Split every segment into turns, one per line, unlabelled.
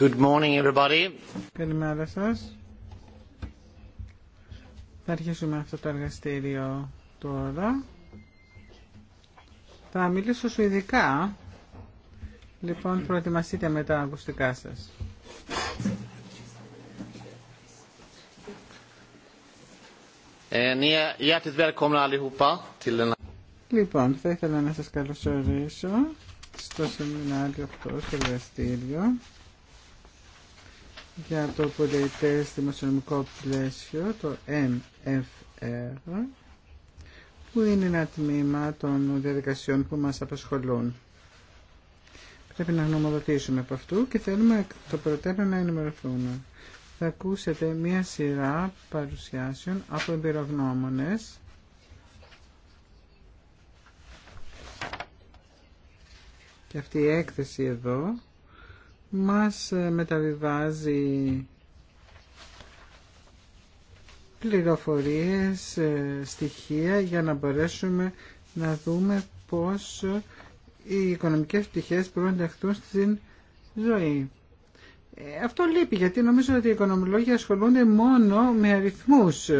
Good morning everybody. Καλημέρα σας. Θα αρχίσουμε αυτό το εργαστήριο τώρα. Θα μιλήσω σου ειδικά. Λοιπόν, προετοιμαστείτε με τα ακουστικά σας. Ε, Λοιπόν, θα ήθελα να σας καλωσορίσω στο σεμινάριο αυτό, στο εργαστήριο για το πολιτές δημοσιονομικό πλαίσιο, το MFR, που είναι ένα τμήμα των διαδικασιών που μας απασχολούν. Πρέπει να γνωμοδοτήσουμε από αυτού και θέλουμε το προτέρα να ενημερωθούμε. Θα ακούσετε μία σειρά παρουσιάσεων από εμπειρογνώμονες Και αυτή η έκθεση εδώ μας ε, μεταβιβάζει πληροφορίες, ε, στοιχεία για να μπορέσουμε να δούμε πώς οι οικονομικές πτυχές μπορούν να ενταχθούν στην ζωή. Ε, αυτό λείπει γιατί νομίζω ότι οι οικονομολόγοι ασχολούνται μόνο με αριθμούς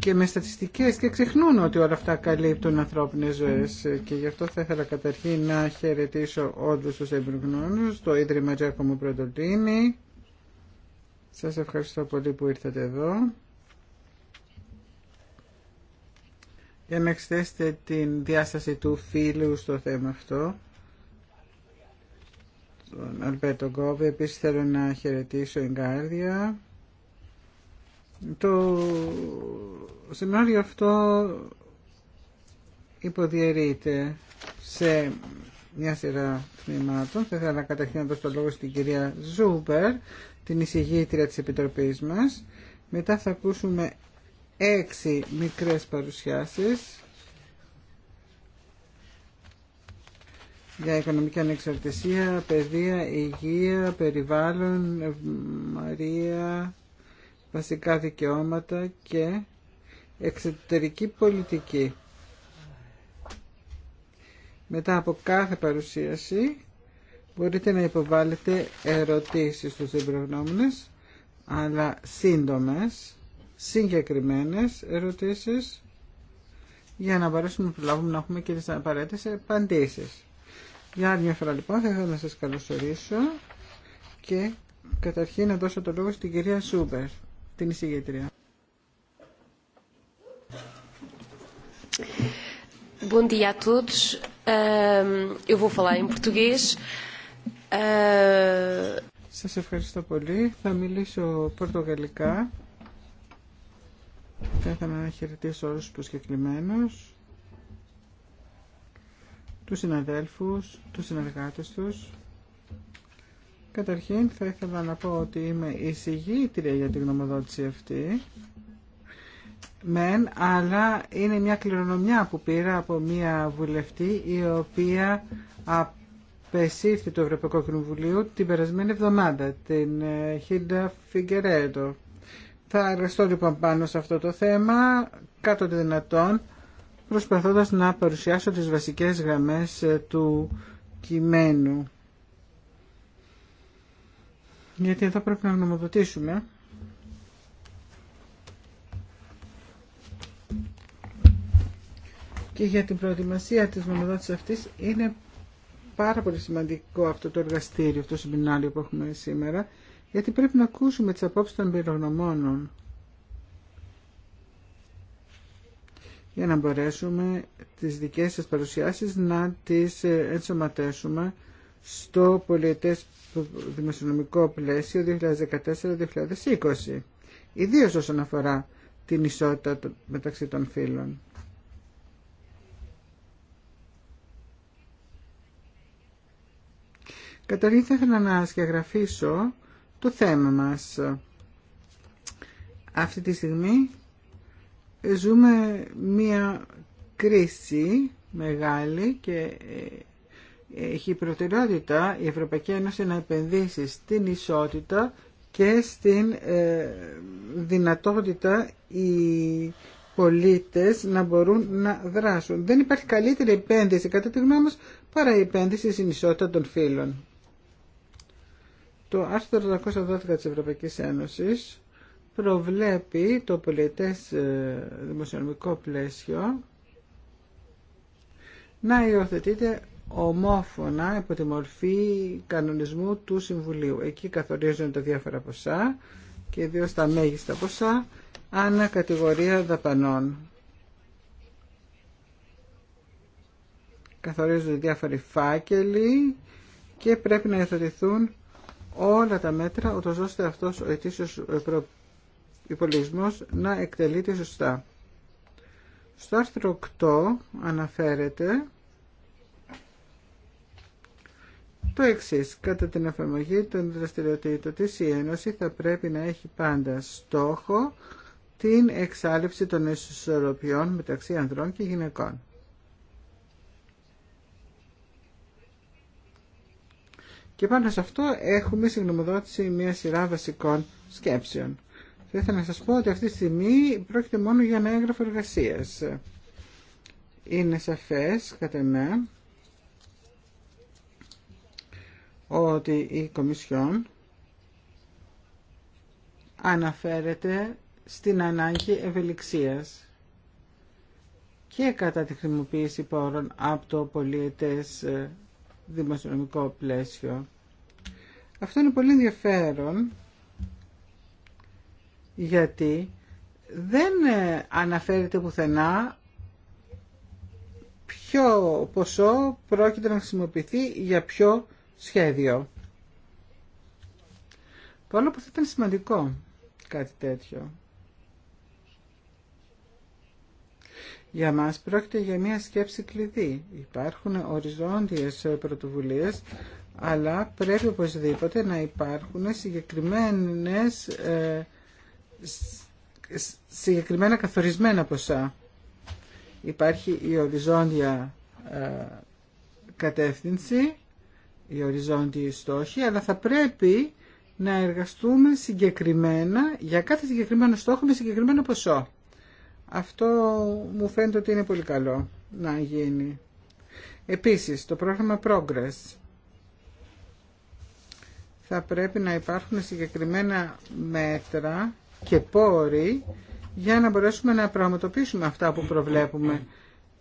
και με στατιστικές και ξεχνούν ότι όλα αυτά καλύπτουν ανθρώπινες ζωές και γι' αυτό θα ήθελα καταρχήν να χαιρετήσω όλους τους εμπειρογνώμους, το Ίδρυμα Τζάκομου Πρωτοτίνη. Σας ευχαριστώ πολύ που ήρθατε εδώ. Για να εξετάσετε την διάσταση του φίλου στο θέμα αυτό. Τον Αλπέτο Γκόβι επίσης θέλω να χαιρετήσω εγκάρδια το σενάριο αυτό υποδιαιρείται σε μια σειρά τμήματων. Θα ήθελα καταρχήν να δώσω το λόγο στην κυρία Ζούπερ, την εισηγήτρια της Επιτροπής μας. Μετά θα ακούσουμε έξι μικρές παρουσιάσεις για οικονομική ανεξαρτησία, παιδεία, υγεία, περιβάλλον, μαρία, βασικά δικαιώματα και εξωτερική πολιτική. Μετά από κάθε παρουσίαση μπορείτε να υποβάλλετε ερωτήσεις στους εμπειρογνώμονες, αλλά σύντομες, συγκεκριμένες ερωτήσεις, για να μπορέσουμε να προλάβουμε να έχουμε και τις απαραίτητες απαντήσεις. Για άλλη μια φορά λοιπόν θα ήθελα να σας καλωσορίσω και καταρχήν να δώσω το λόγο στην κυρία Σούμπερ την εισηγήτρια.
Bom dia a todos. Ehm, eu vou falar em português. Ehm, Σας
ευχαριστώ πολύ. Θα μιλήσω
πορτογαλικά.
Θα ήθελα να χαιρετήσω όλους τους προσκεκλημένους, τους συναδέλφους, τους συνεργάτες τους. Καταρχήν θα ήθελα να πω ότι είμαι εισηγήτρια για την γνωμοδότηση αυτή. Μεν, αλλά είναι μια κληρονομιά που πήρα από μια βουλευτή η οποία απεσύρθη το Ευρωπαϊκού Κοινοβουλίου την περασμένη εβδομάδα, την ε, Χίντα Φιγκερέντο. Θα εργαστώ λοιπόν πάνω σε αυτό το θέμα, κάτω των δυνατόν, προσπαθώντας να παρουσιάσω τις βασικές γραμμές ε, του κειμένου γιατί εδώ πρέπει να γνωμοδοτήσουμε. Και για την προετοιμασία της γνωμοδότησης αυτής είναι πάρα πολύ σημαντικό αυτό το εργαστήριο, αυτό το σεμινάριο που έχουμε σήμερα, γιατί πρέπει να ακούσουμε τις απόψεις των πυρογνωμόνων. για να μπορέσουμε τις δικές σας παρουσιάσεις να τις ενσωματέσουμε στο πολιτευσιο δημοσιονομικο δημοσιονομικό πλαίσιο 2014-2020, ιδίως όσον αφορά την ισότητα μεταξύ των φύλων. Καταρχήν θα ήθελα να σκιαγραφίσω το θέμα μας. Αυτή τη στιγμή ζούμε μία κρίση μεγάλη και ε, έχει προτεραιότητα η Ευρωπαϊκή Ένωση να επενδύσει στην ισότητα και στην ε, δυνατότητα οι πολίτες να μπορούν να δράσουν. Δεν υπάρχει καλύτερη επένδυση κατά τη γνώμη μας παρά η επένδυση στην ισότητα των φύλων. Το άρθρο 312 της Ευρωπαϊκής Ένωσης προβλέπει το πολιτές ε, δημοσιονομικό πλαίσιο να υιοθετείται ομόφωνα υπό τη μορφή κανονισμού του Συμβουλίου. Εκεί καθορίζονται τα διάφορα ποσά και ιδίω τα μέγιστα ποσά ανά κατηγορία δαπανών. Καθορίζονται διάφοροι φάκελοι και πρέπει να εθωρηθούν όλα τα μέτρα ούτως ώστε αυτός ο ετήσιος ε, υπολογισμό να εκτελείται σωστά. Στο άρθρο 8 αναφέρεται το εξή. Κατά την εφαρμογή των δραστηριοτήτων της η Ένωση θα πρέπει να έχει πάντα στόχο την εξάλληψη των ισορροπιών μεταξύ ανδρών και γυναικών. Και πάνω σε αυτό έχουμε συγγνωμοδότηση μια σειρά βασικών σκέψεων. Θα ήθελα να σας πω ότι αυτή τη στιγμή πρόκειται μόνο για ένα έγγραφο εργασία. Είναι σαφές κατά μένα ότι η Κομισιόν αναφέρεται στην ανάγκη ευελιξίας και κατά τη χρησιμοποίηση πόρων από το πολιετές ε, δημοσιονομικό πλαίσιο. Αυτό είναι πολύ ενδιαφέρον γιατί δεν ε, αναφέρεται πουθενά ποιο ποσό πρόκειται να χρησιμοποιηθεί για ποιο σχέδιο. Παρόλο που θα ήταν σημαντικό κάτι τέτοιο. Για μας πρόκειται για μια σκέψη κλειδί. Υπάρχουν οριζόντιες πρωτοβουλίες, αλλά πρέπει οπωσδήποτε να υπάρχουν συγκεκριμένες, ε, συγκεκριμένα καθορισμένα ποσά. Υπάρχει η οριζόντια ε, κατεύθυνση οι οριζόντιοι στόχοι, αλλά θα πρέπει να εργαστούμε συγκεκριμένα για κάθε συγκεκριμένο στόχο με συγκεκριμένο ποσό. Αυτό μου φαίνεται ότι είναι πολύ καλό να γίνει. Επίσης, το πρόγραμμα Progress θα πρέπει να υπάρχουν συγκεκριμένα μέτρα και πόροι για να μπορέσουμε να πραγματοποιήσουμε αυτά που προβλέπουμε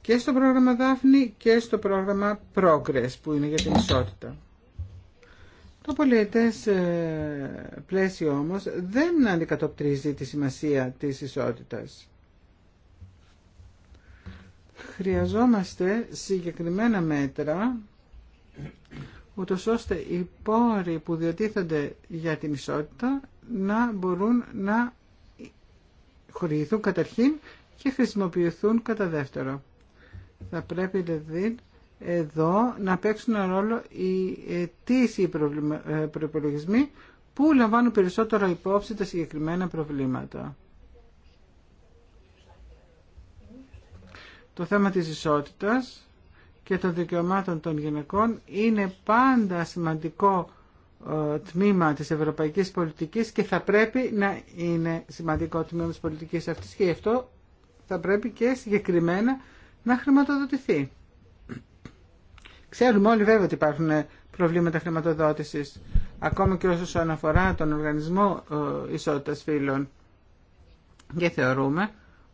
και στο πρόγραμμα Δάφνη και στο πρόγραμμα Progress που είναι για την ισότητα. Το πολιετές ε, πλαίσιο όμως δεν αντικατοπτρίζει τη σημασία της ισότητας. Χρειαζόμαστε συγκεκριμένα μέτρα ούτως ώστε οι πόροι που διατίθενται για την ισότητα να μπορούν να χορηγηθούν καταρχήν και χρησιμοποιηθούν κατά δεύτερο. Θα πρέπει δηλαδή εδώ να παίξουν ένα ρόλο οι αιτήσιοι προπολογισμοί ε, που λαμβάνουν περισσότερο υπόψη τα συγκεκριμένα προβλήματα. Το θέμα της ισότητας και των δικαιωμάτων των γυναικών είναι πάντα σημαντικό ε, τμήμα της ευρωπαϊκής πολιτικής και θα πρέπει να είναι σημαντικό τμήμα της πολιτικής αυτής και γι' αυτό θα πρέπει και συγκεκριμένα να χρηματοδοτηθεί. Ξέρουμε όλοι βέβαια ότι υπάρχουν προβλήματα χρηματοδότησης, ακόμα και όσο αναφορά τον Οργανισμό ε, Ισότητας Φύλων. Και θεωρούμε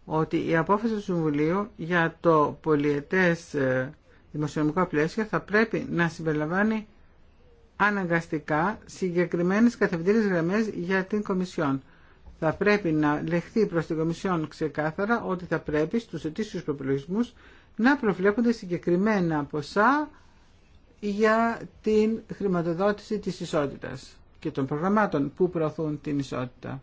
ότι η απόφαση του Συμβουλίου για το πολιετές ε, δημοσιονομικό πλαίσιο θα πρέπει να συμπεριλαμβάνει αναγκαστικά συγκεκριμένες καθευτερές γραμμές για την Κομισιόν θα πρέπει να λεχθεί προς την Κομισιόν ξεκάθαρα ότι θα πρέπει στους ετήσιους προπολογισμού να προβλέπονται συγκεκριμένα ποσά για την χρηματοδότηση της ισότητας και των προγραμμάτων που προωθούν την ισότητα.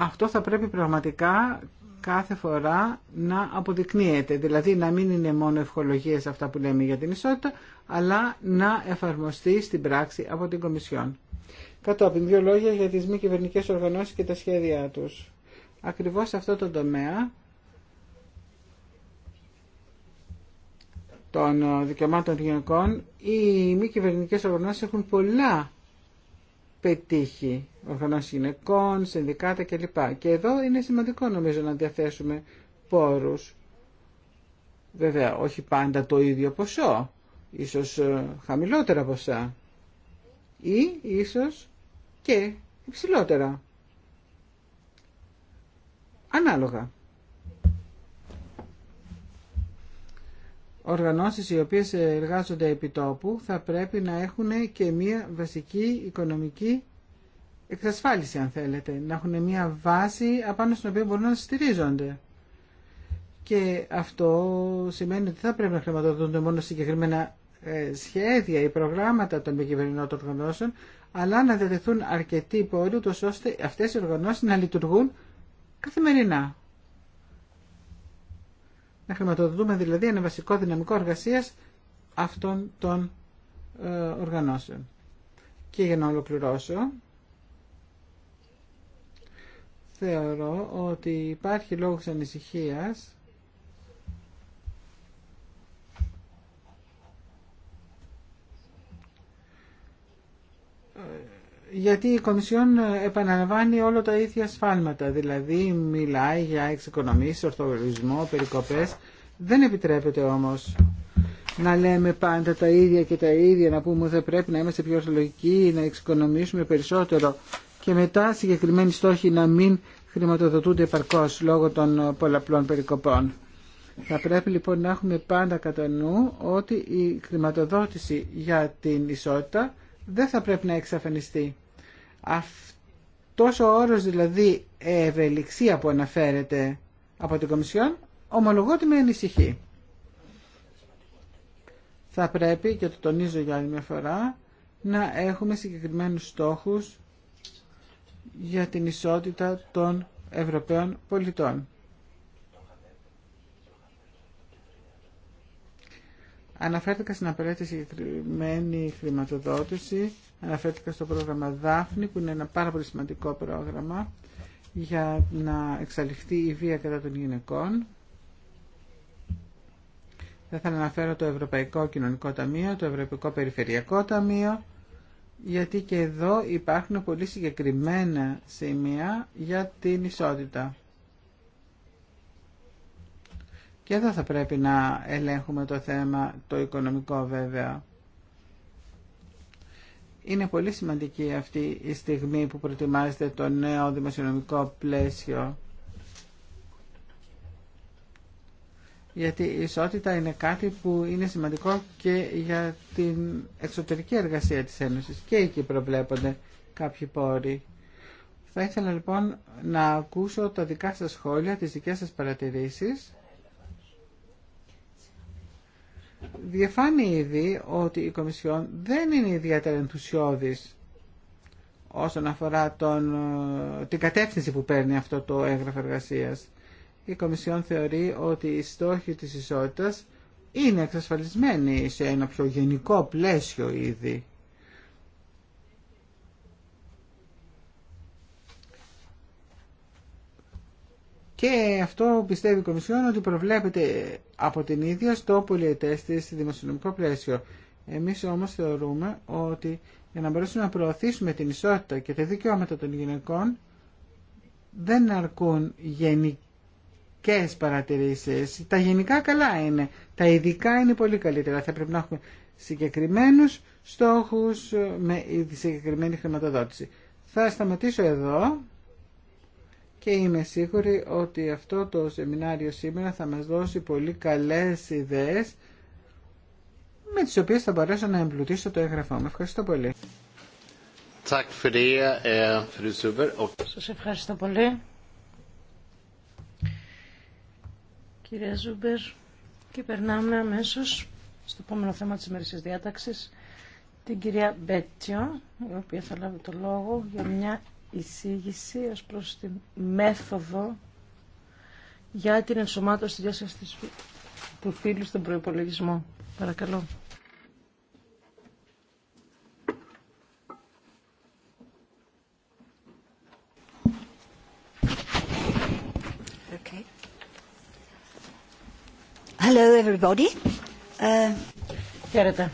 Αυτό θα πρέπει πραγματικά κάθε φορά να αποδεικνύεται. Δηλαδή να μην είναι μόνο ευχολογίες αυτά που λέμε για την ισότητα, αλλά να εφαρμοστεί στην πράξη από την Κομισιόν. Κατόπιν δύο λόγια για τις μη κυβερνικές οργανώσεις και τα σχέδιά τους. Ακριβώς σε αυτό το τομέα των δικαιωμάτων γυναικών οι μη κυβερνικές οργανώσεις έχουν πολλά πετύχει. Οργανώσει γυναικών, συνδικάτα κλπ. Και εδώ είναι σημαντικό νομίζω να διαθέσουμε πόρους. Βέβαια, όχι πάντα το ίδιο ποσό, ίσως ε, χαμηλότερα ποσά ή ίσως και υψηλότερα. Ανάλογα. οργανώσεις οι οποίες εργάζονται επί τόπου θα πρέπει να έχουν και μία βασική οικονομική εξασφάλιση αν θέλετε, να έχουν μία βάση απάνω στην οποία μπορούν να στηρίζονται. Και αυτό σημαίνει ότι θα πρέπει να χρηματοδοτούνται μόνο συγκεκριμένα ε, σχέδια ή προγράμματα των μη των οργανώσεων, αλλά να δεδεθούν αρκετοί πόροι, ώστε αυτές οι οργανώσεις να λειτουργούν καθημερινά να χρηματοδοτούμε δηλαδή ένα βασικό δυναμικό εργασία αυτών των ε, οργανώσεων. Και για να ολοκληρώσω, θεωρώ ότι υπάρχει λόγος ανησυχίας γιατί η Κομισιόν επαναλαμβάνει όλα τα ίδια σφάλματα. Δηλαδή μιλάει για εξοικονομήσεις, ορθογωρισμό, περικοπές. Δεν επιτρέπεται όμως να λέμε πάντα τα ίδια και τα ίδια, να πούμε ότι δεν πρέπει να είμαστε πιο ορθολογικοί, να εξοικονομήσουμε περισσότερο και μετά συγκεκριμένοι στόχοι να μην χρηματοδοτούνται επαρκώς λόγω των πολλαπλών περικοπών. Θα πρέπει λοιπόν να έχουμε πάντα κατά νου ότι η χρηματοδότηση για την ισότητα δεν θα πρέπει να εξαφανιστεί. Αυτός ο όρος δηλαδή ευελιξία που αναφέρεται από την Κομισιόν ομολογώ ότι με ανησυχεί. Θα πρέπει, και το τονίζω για άλλη μια φορά, να έχουμε συγκεκριμένους στόχους για την ισότητα των Ευρωπαίων πολιτών. Αναφέρθηκα στην απαραίτητη συγκεκριμένη χρηματοδότηση, αναφέρθηκα στο πρόγραμμα Δάφνη που είναι ένα πάρα πολύ σημαντικό πρόγραμμα για να εξαλειφθεί η βία κατά των γυναικών. Δεν θα αναφέρω το Ευρωπαϊκό Κοινωνικό Ταμείο, το Ευρωπαϊκό Περιφερειακό Ταμείο, γιατί και εδώ υπάρχουν πολύ συγκεκριμένα σημεία για την ισότητα. Και εδώ θα πρέπει να ελέγχουμε το θέμα το οικονομικό βέβαια. Είναι πολύ σημαντική αυτή η στιγμή που προετοιμάζεται το νέο δημοσιονομικό πλαίσιο. Γιατί η ισότητα είναι κάτι που είναι σημαντικό και για την εξωτερική εργασία της Ένωσης. Και εκεί προβλέπονται κάποιοι πόροι. Θα ήθελα λοιπόν να ακούσω τα δικά σας σχόλια, τις δικές σας παρατηρήσεις Διαφάνει ήδη ότι η Κομισιόν δεν είναι ιδιαίτερα ενθουσιώδης όσον αφορά τον, την κατεύθυνση που παίρνει αυτό το έγγραφο εργασίας. Η Κομισιόν θεωρεί ότι οι στόχοι της ισότητας είναι εξασφαλισμένοι σε ένα πιο γενικό πλαίσιο ήδη. Και αυτό πιστεύει η Κομισιόν ότι προβλέπεται από την ίδια στο πολιετές τη δημοσιονομικό πλαίσιο. Εμείς όμως θεωρούμε ότι για να μπορέσουμε να προωθήσουμε την ισότητα και τα δικαιώματα των γυναικών δεν αρκούν γενικές παρατηρήσεις. Τα γενικά καλά είναι, τα ειδικά είναι πολύ καλύτερα. Θα πρέπει να έχουμε συγκεκριμένους στόχους με συγκεκριμένη χρηματοδότηση. Θα σταματήσω εδώ και είμαι σίγουρη ότι αυτό το σεμινάριο σήμερα θα μας δώσει πολύ καλές ιδέες με τις οποίες θα μπορέσω να εμπλουτίσω το έγγραφό μου. Ευχαριστώ πολύ.
Eh,
Σας ευχαριστώ πολύ. Κυρία Ζούμπερ, και περνάμε αμέσω στο επόμενο θέμα της ημερήσιας διάταξης, την κυρία Μπέτσιο, η οποία θα λάβει το λόγο για μια εισήγηση ως προς τη μέθοδο για την ενσωμάτωση της διάστασης του φίλου στον προϋπολογισμό. Παρακαλώ. Okay. Hello everybody. Uh... Χαίρετε.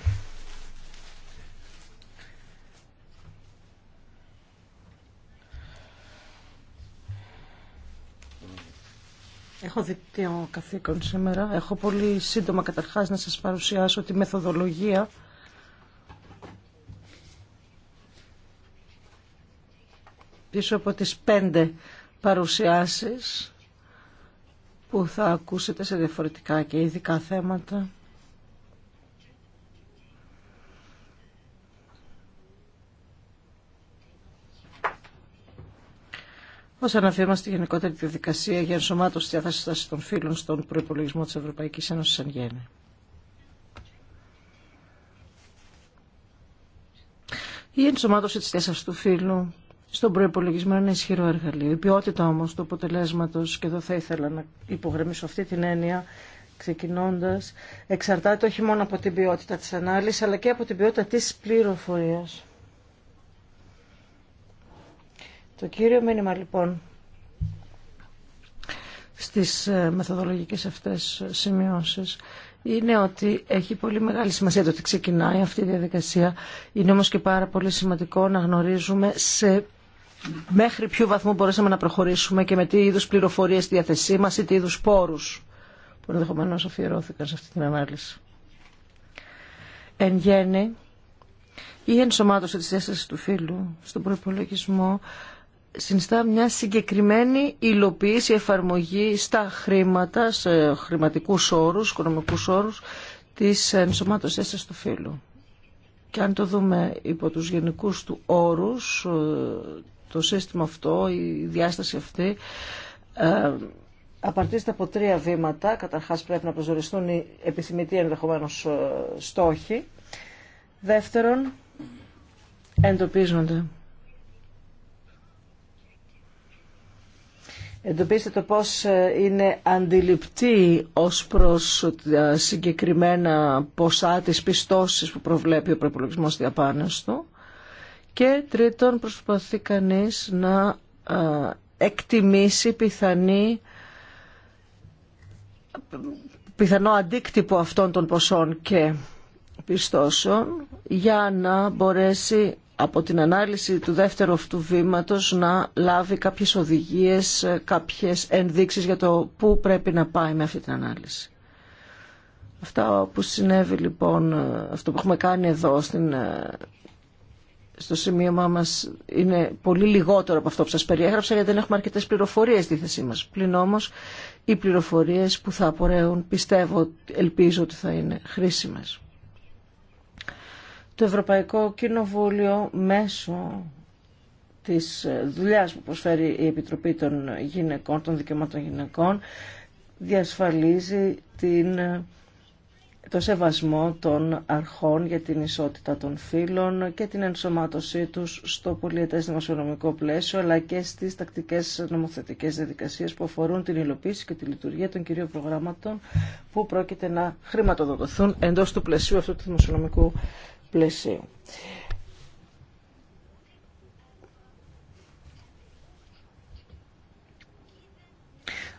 Έχω ο καθήκον σήμερα. Έχω πολύ σύντομα καταρχάς να σας παρουσιάσω τη μεθοδολογία πίσω από τις πέντε παρουσιάσεις που θα ακούσετε σε διαφορετικά και ειδικά θέματα. ω αναφέρουμε στη γενικότερη διαδικασία για ενσωμάτωση τη διάθεση των φύλων στον προπολογισμό τη Ευρωπαϊκή Ένωση εν γέννη. Η ενσωμάτωση τη διάσταση του φύλου στον προπολογισμό είναι ένα ισχυρό εργαλείο. Η ποιότητα όμω του αποτελέσματο, και εδώ θα ήθελα να υπογραμμίσω αυτή την έννοια, ξεκινώντα, εξαρτάται όχι μόνο από την ποιότητα τη ανάλυση, αλλά και από την ποιότητα τη πληροφορία. Το κύριο μήνυμα λοιπόν στις ε, μεθοδολογικές αυτές σημειώσεις είναι ότι έχει πολύ μεγάλη σημασία το ότι ξεκινάει αυτή η διαδικασία. Είναι όμως και πάρα πολύ σημαντικό να γνωρίζουμε σε μέχρι ποιο βαθμό μπορέσαμε να προχωρήσουμε και με τι είδους πληροφορίες στη διάθεσή μας ή τι είδους πόρους που ενδεχομένω αφιερώθηκαν σε αυτή την ανάλυση. Εν γέννη, η ενσωμάτωση της αίσθησης του φίλου στον προπολογισμό συνιστά μια συγκεκριμένη υλοποίηση, εφαρμογή στα χρήματα, σε χρηματικούς όρους, οικονομικούς όρους, της ενσωμάτωσής του φίλου. Και αν το δούμε υπό τους γενικούς του όρους, ε, το σύστημα αυτό, η διάσταση αυτή, ε, απαρτίζεται από τρία βήματα. Καταρχάς πρέπει να προσδοριστούν οι επιθυμητοί ενδεχομένω ε, στόχοι. Δεύτερον, εντοπίζονται Εντοπίστε το πώς ε, είναι αντιληπτή ως προς τα ε, συγκεκριμένα ποσά της πιστώσης που προβλέπει ο προπολογισμό διαπάνω του και τρίτον προσπαθεί κανείς να ε, εκτιμήσει πιθανή πιθανό αντίκτυπο αυτών των ποσών και πιστώσεων για να μπορέσει από την ανάλυση του δεύτερου αυτού βήματος να λάβει κάποιες οδηγίες, κάποιες ενδείξεις για το πού πρέπει να πάει με αυτή την ανάλυση. Αυτά που συνέβη λοιπόν, αυτό που έχουμε κάνει εδώ στην, ε, στο σημείωμά μας είναι πολύ λιγότερο από αυτό που σας περιέγραψα γιατί δεν έχουμε αρκετές πληροφορίες στη θέση μας. Πλην όμως οι πληροφορίες που θα απορρέουν πιστεύω, ελπίζω ότι θα είναι χρήσιμες το Ευρωπαϊκό Κοινοβούλιο μέσω της δουλειάς που προσφέρει η Επιτροπή των Γυναικών, των Δικαιωμάτων Γυναικών, διασφαλίζει την, το σεβασμό των αρχών για την ισότητα των φύλων και την ενσωμάτωσή τους στο πολιετές δημοσιονομικό πλαίσιο, αλλά και στις τακτικές νομοθετικές διαδικασίες που αφορούν την υλοποίηση και τη λειτουργία των κυρίων προγράμματων που πρόκειται να χρηματοδοτηθούν εντός του πλαισίου αυτού του δημοσιονομικού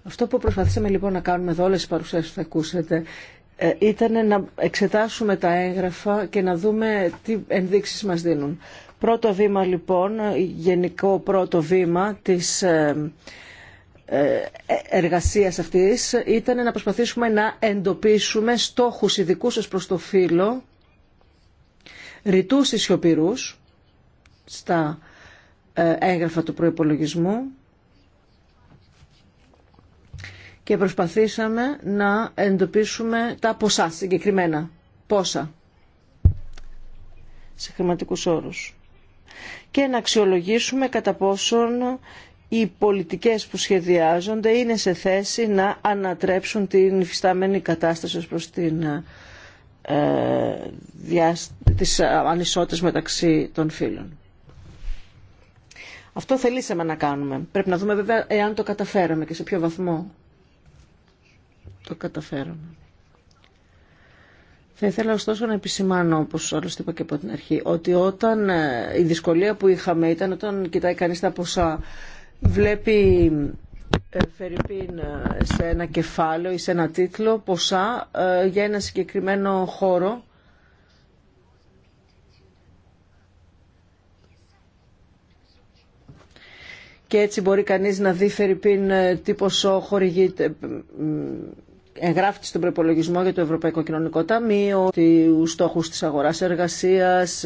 αυτό που προσπαθήσαμε λοιπόν να κάνουμε εδώ όλες τις παρουσιάσεις που θα ακούσετε ε, ήταν να εξετάσουμε τα έγγραφα και να δούμε τι ενδείξεις μας δίνουν. Πρώτο βήμα λοιπόν, γενικό πρώτο βήμα της ε, ε, εργασίας αυτής ήταν να προσπαθήσουμε να εντοπίσουμε στόχους ειδικού σας προς το φύλλο ρητούς ή σιωπηρούς στα ε, έγγραφα του προϋπολογισμού και προσπαθήσαμε να εντοπίσουμε τα ποσά συγκεκριμένα. Πόσα σε χρηματικούς όρους. Και να αξιολογήσουμε κατά πόσον οι πολιτικές που σχεδιάζονται είναι σε θέση να ανατρέψουν την υφιστάμενη κατάσταση προς την ε, ε, τις ε, ανισότητες μεταξύ των φύλων. Αυτό θελήσαμε να κάνουμε. Πρέπει να δούμε βέβαια εάν το καταφέραμε και σε ποιο βαθμό το καταφέραμε. Θα ήθελα ωστόσο να επισημάνω, όπως άλλωστε είπα και από την αρχή, ότι όταν ε, η δυσκολία που είχαμε ήταν όταν κοιτάει κανείς τα ποσά, βλέπει ε, Φερρυπίν ε, σε ένα κεφάλαιο ή σε ένα τίτλο ποσά ε, για ένα συγκεκριμένο χώρο και έτσι μπορεί κανείς να δει Φερρυπίν τι ποσό χορηγείται εγγράφεται στον προπολογισμό για το Ευρωπαϊκό Κοινωνικό Ταμείο, του στόχου της αγοράς εργασίας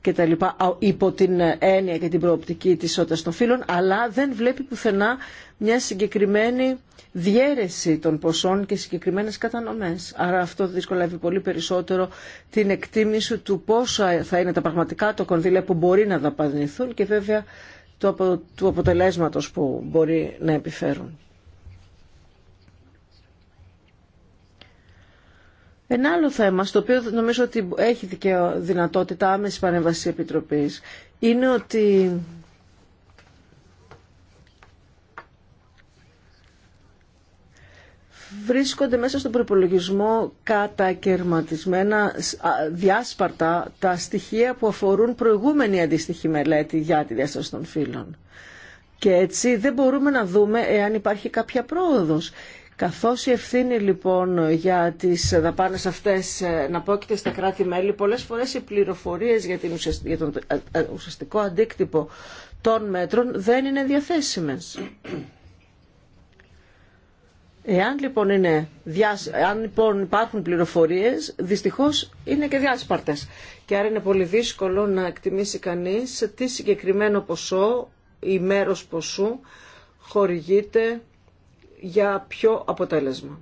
και τα λοιπά, υπό την έννοια και την προοπτική της ισότητας των φύλων, αλλά δεν βλέπει πουθενά μια συγκεκριμένη διέρεση των ποσών και συγκεκριμένες κατανομές. Άρα αυτό δυσκολεύει πολύ περισσότερο την εκτίμηση του πόσα θα είναι τα πραγματικά το κονδύλια που μπορεί να δαπανηθούν και βέβαια του, απο, αποτελέσματος που μπορεί να επιφέρουν. Ένα άλλο θέμα, στο οποίο νομίζω ότι έχει δυνατότητα άμεση παρέμβαση Επιτροπής, είναι ότι βρίσκονται μέσα στον προπολογισμό κατακαιρματισμένα διάσπαρτα τα στοιχεία που αφορούν προηγούμενη αντίστοιχη μελέτη για τη διάσταση των φύλων. Και έτσι δεν μπορούμε να δούμε εάν υπάρχει κάποια πρόοδος. Καθώς η ευθύνη λοιπόν για τις δαπάνες αυτές ε, να πρόκειται στα κράτη-μέλη, πολλές φορές οι πληροφορίες για, την για τον ε, ε, ουσιαστικό αντίκτυπο των μέτρων δεν είναι διαθέσιμες. Εάν λοιπόν, είναι, αν λοιπόν υπάρχουν πληροφορίες, δυστυχώς είναι και διάσπαρτες. Και άρα είναι πολύ δύσκολο να εκτιμήσει κανείς τι συγκεκριμένο ποσό ή μέρος ποσού χορηγείται για ποιο αποτέλεσμα.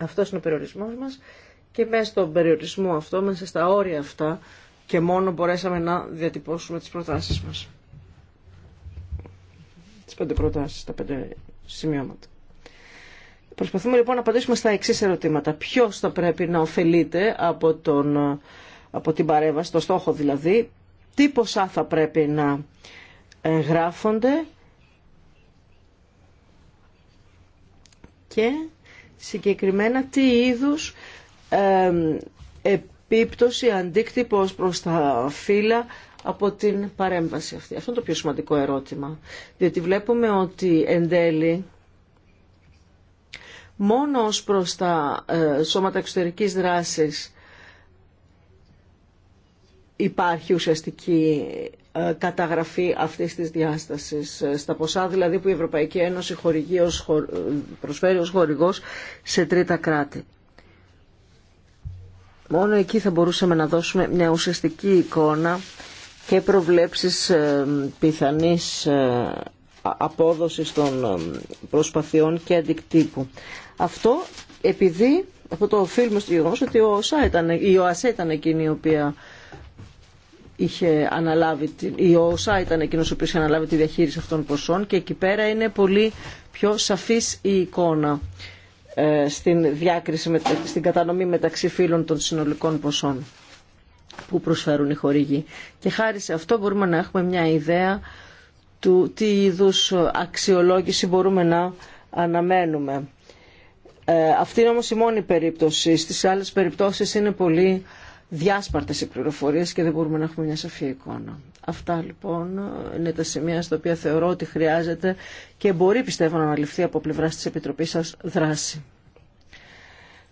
Αυτός είναι ο περιορισμός μας και μέσα στον περιορισμό αυτό, μέσα στα όρια αυτά και μόνο μπορέσαμε να διατυπώσουμε τις προτάσεις μας τις πέντε προτάσεις, τα πέντε σημειώματα. Προσπαθούμε λοιπόν να απαντήσουμε στα εξή ερωτήματα. Ποιο θα πρέπει να ωφελείται από, τον, από την παρέμβαση, το στόχο δηλαδή, τι ποσά θα πρέπει να ε, γράφονται και συγκεκριμένα τι είδους ε, επίπτωση, αντίκτυπος προς τα φύλλα από την παρέμβαση αυτή. Αυτό είναι το πιο σημαντικό ερώτημα. Διότι βλέπουμε ότι εν τέλει μόνο ως προς τα ε, σώματα εξωτερικής δράσης υπάρχει ουσιαστική ε, καταγραφή αυτής της διάστασης ε, στα ποσά δηλαδή που η Ευρωπαϊκή Ένωση χορηγεί ως, προσφέρει ως χορηγός σε τρίτα κράτη. Μόνο εκεί θα μπορούσαμε να δώσουμε μια ουσιαστική εικόνα και προβλέψεις ε, πιθανής ε, απόδοσης των ε, προσπαθειών και αντικτύπου. Αυτό επειδή, αυτό το οφείλουμε στο γεγονό ότι ο ΟΣΑ ήταν, η ΟΑΣΕ ήταν εκείνη η οποία είχε αναλάβει, η ΟΣΑ ήταν εκείνο ο οποίος αναλάβει τη διαχείριση αυτών των ποσών και εκεί πέρα είναι πολύ πιο σαφής η εικόνα στην διάκριση, στην κατανομή μεταξύ φίλων των συνολικών ποσών που προσφέρουν οι χορηγοί. Και χάρη σε αυτό μπορούμε να έχουμε μια ιδέα του τι είδους αξιολόγηση μπορούμε να αναμένουμε. Ε, αυτή είναι όμως η μόνη περίπτωση. Στις άλλες περιπτώσεις είναι πολύ διάσπαρτες οι πληροφορίες και δεν μπορούμε να έχουμε μια σαφή εικόνα. Αυτά λοιπόν είναι τα σημεία στα οποία θεωρώ ότι χρειάζεται και μπορεί πιστεύω να αναλυφθεί από πλευρά της Επιτροπής σας δράση.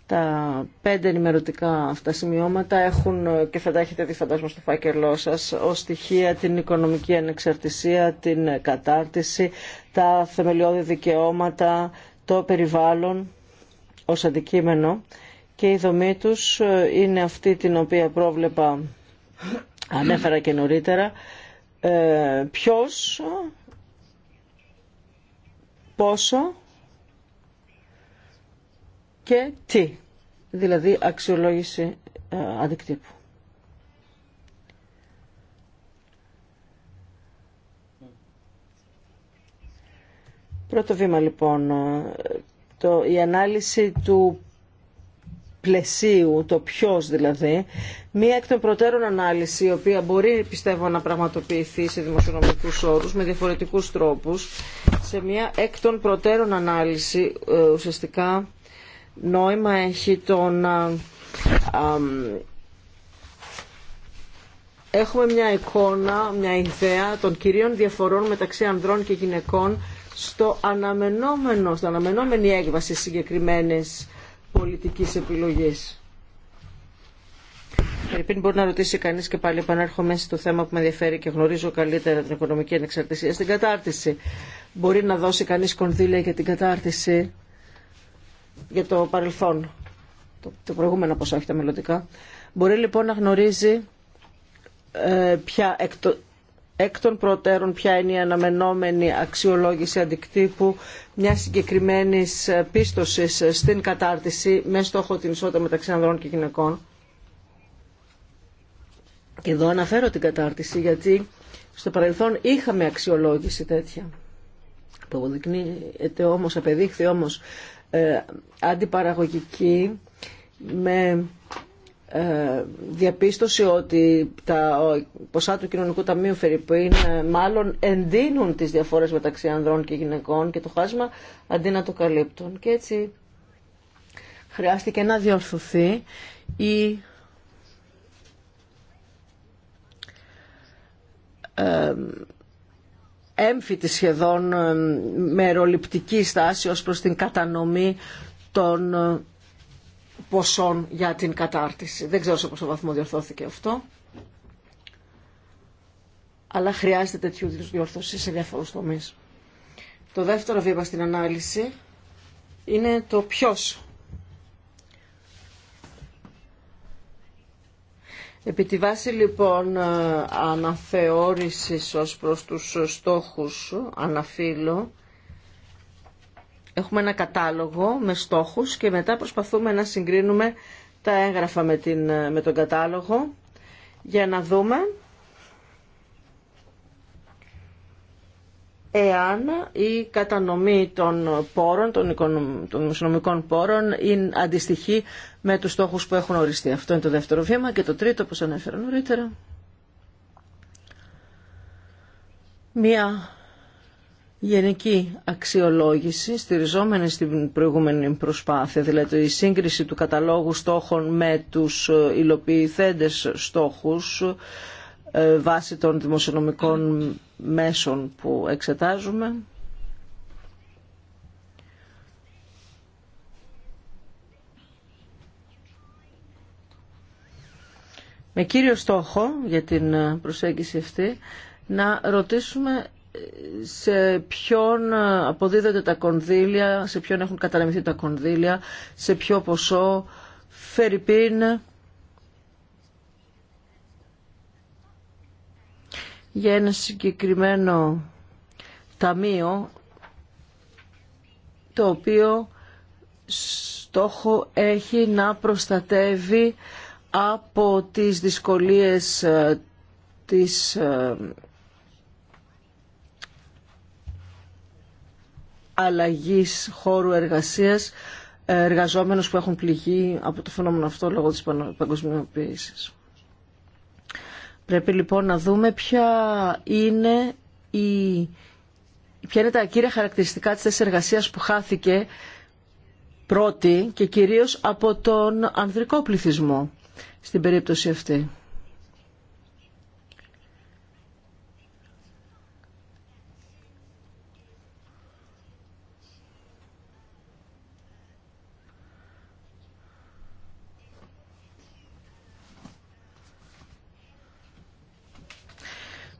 Τα πέντε ενημερωτικά αυτά σημειώματα έχουν και θα τα έχετε δει στο φάκελό σας ως στοιχεία την οικονομική ανεξαρτησία, την κατάρτιση, τα θεμελιώδη δικαιώματα, το περιβάλλον ως αντικείμενο και η δομή τους ε, είναι αυτή την οποία πρόβλεπα ανέφερα και νωρίτερα ε, ποιος, πόσο και τι, δηλαδή αξιολόγηση ε, αντικτύπου. Πρώτο βήμα λοιπόν, ε, το, η ανάλυση του πλαισίου, το ποιος δηλαδή, μία εκ των προτέρων ανάλυση, η οποία μπορεί πιστεύω να πραγματοποιηθεί σε δημοσιονομικούς όρους, με διαφορετικούς τρόπους, σε μία εκ των προτέρων ανάλυση ε, ουσιαστικά νόημα έχει το να έχουμε μια εικόνα, μια ιδέα των κυρίων διαφορών μεταξύ ανδρών και γυναικών στο αναμενόμενο, στην αναμενόμενη έκβαση συγκεκριμένης πολιτικής επιλογής. Πριν μπορεί να ρωτήσει κανείς και πάλι επανέρχομαι στο θέμα που με ενδιαφέρει και γνωρίζω καλύτερα την οικονομική ανεξαρτησία στην κατάρτιση. Μπορεί να δώσει κανείς κονδύλια για την κατάρτιση για το παρελθόν, το, το προηγούμενο ποσό, όχι τα μελλοντικά. Μπορεί λοιπόν να γνωρίζει ε, ποια εκ, των προτέρων ποια είναι η αναμενόμενη αξιολόγηση αντικτύπου μια συγκεκριμένη ε, πίστοση ε, στην κατάρτιση με στόχο την ισότητα μεταξύ ανδρών και γυναικών. Και εδώ αναφέρω την κατάρτιση γιατί στο παρελθόν είχαμε αξιολόγηση τέτοια. Που αποδεικνύεται όμως, απεδείχθη όμως ε, αντιπαραγωγική με ε, διαπίστωση ότι τα ποσά του κοινωνικού ταμείου είναι μάλλον εντείνουν τις διαφορές μεταξύ ανδρών και γυναικών και το χάσμα αντί να το καλύπτουν. Και έτσι χρειάστηκε να διορθωθεί η ε, έμφυτη σχεδόν ε, μεροληπτική στάση ως προς την κατανομή των ε, ποσών για την κατάρτιση. Δεν ξέρω σε πόσο βαθμό διορθώθηκε αυτό. Αλλά χρειάζεται τέτοιου είδου διορθώση σε διάφορου τομεί. Το δεύτερο βήμα στην ανάλυση είναι το ποιος Επί τη βάση λοιπόν ε, αναθεώρησης ως προς τους στόχους αναφύλω, έχουμε ένα κατάλογο με στόχους και μετά προσπαθούμε να συγκρίνουμε τα έγγραφα την, ε, με τον κατάλογο για να δούμε εάν η κατανομή των πόρων, των, οικονομικών πόρων είναι αντιστοιχή με τους στόχους που έχουν οριστεί. Αυτό είναι το δεύτερο βήμα και το τρίτο που ανέφερα νωρίτερα. Μία γενική αξιολόγηση στηριζόμενη στην προηγούμενη προσπάθεια, δηλαδή η σύγκριση του καταλόγου στόχων με τους υλοποιηθέντες στόχους, ε, βάσει των δημοσιονομικών μέσων που εξετάζουμε. Με κύριο στόχο για την ε, προσέγγιση αυτή να ρωτήσουμε ε, σε ποιον αποδίδονται τα κονδύλια, σε ποιον έχουν καταναμηθεί τα κονδύλια, σε ποιο ποσό, φερρυπίν, για ένα συγκεκριμένο ταμείο το οποίο στόχο έχει να προστατεύει από τις δυσκολίες ε, της ε, αλλαγής χώρου εργασίας ε, εργαζόμενους που έχουν πληγεί από το φαινόμενο αυτό λόγω της παγκοσμιοποίησης. Πρέπει λοιπόν να δούμε ποια είναι, η... ποια είναι τα κύρια χαρακτηριστικά της εργασίας που χάθηκε πρώτη και κυρίως από τον ανδρικό πληθυσμό στην περίπτωση αυτή.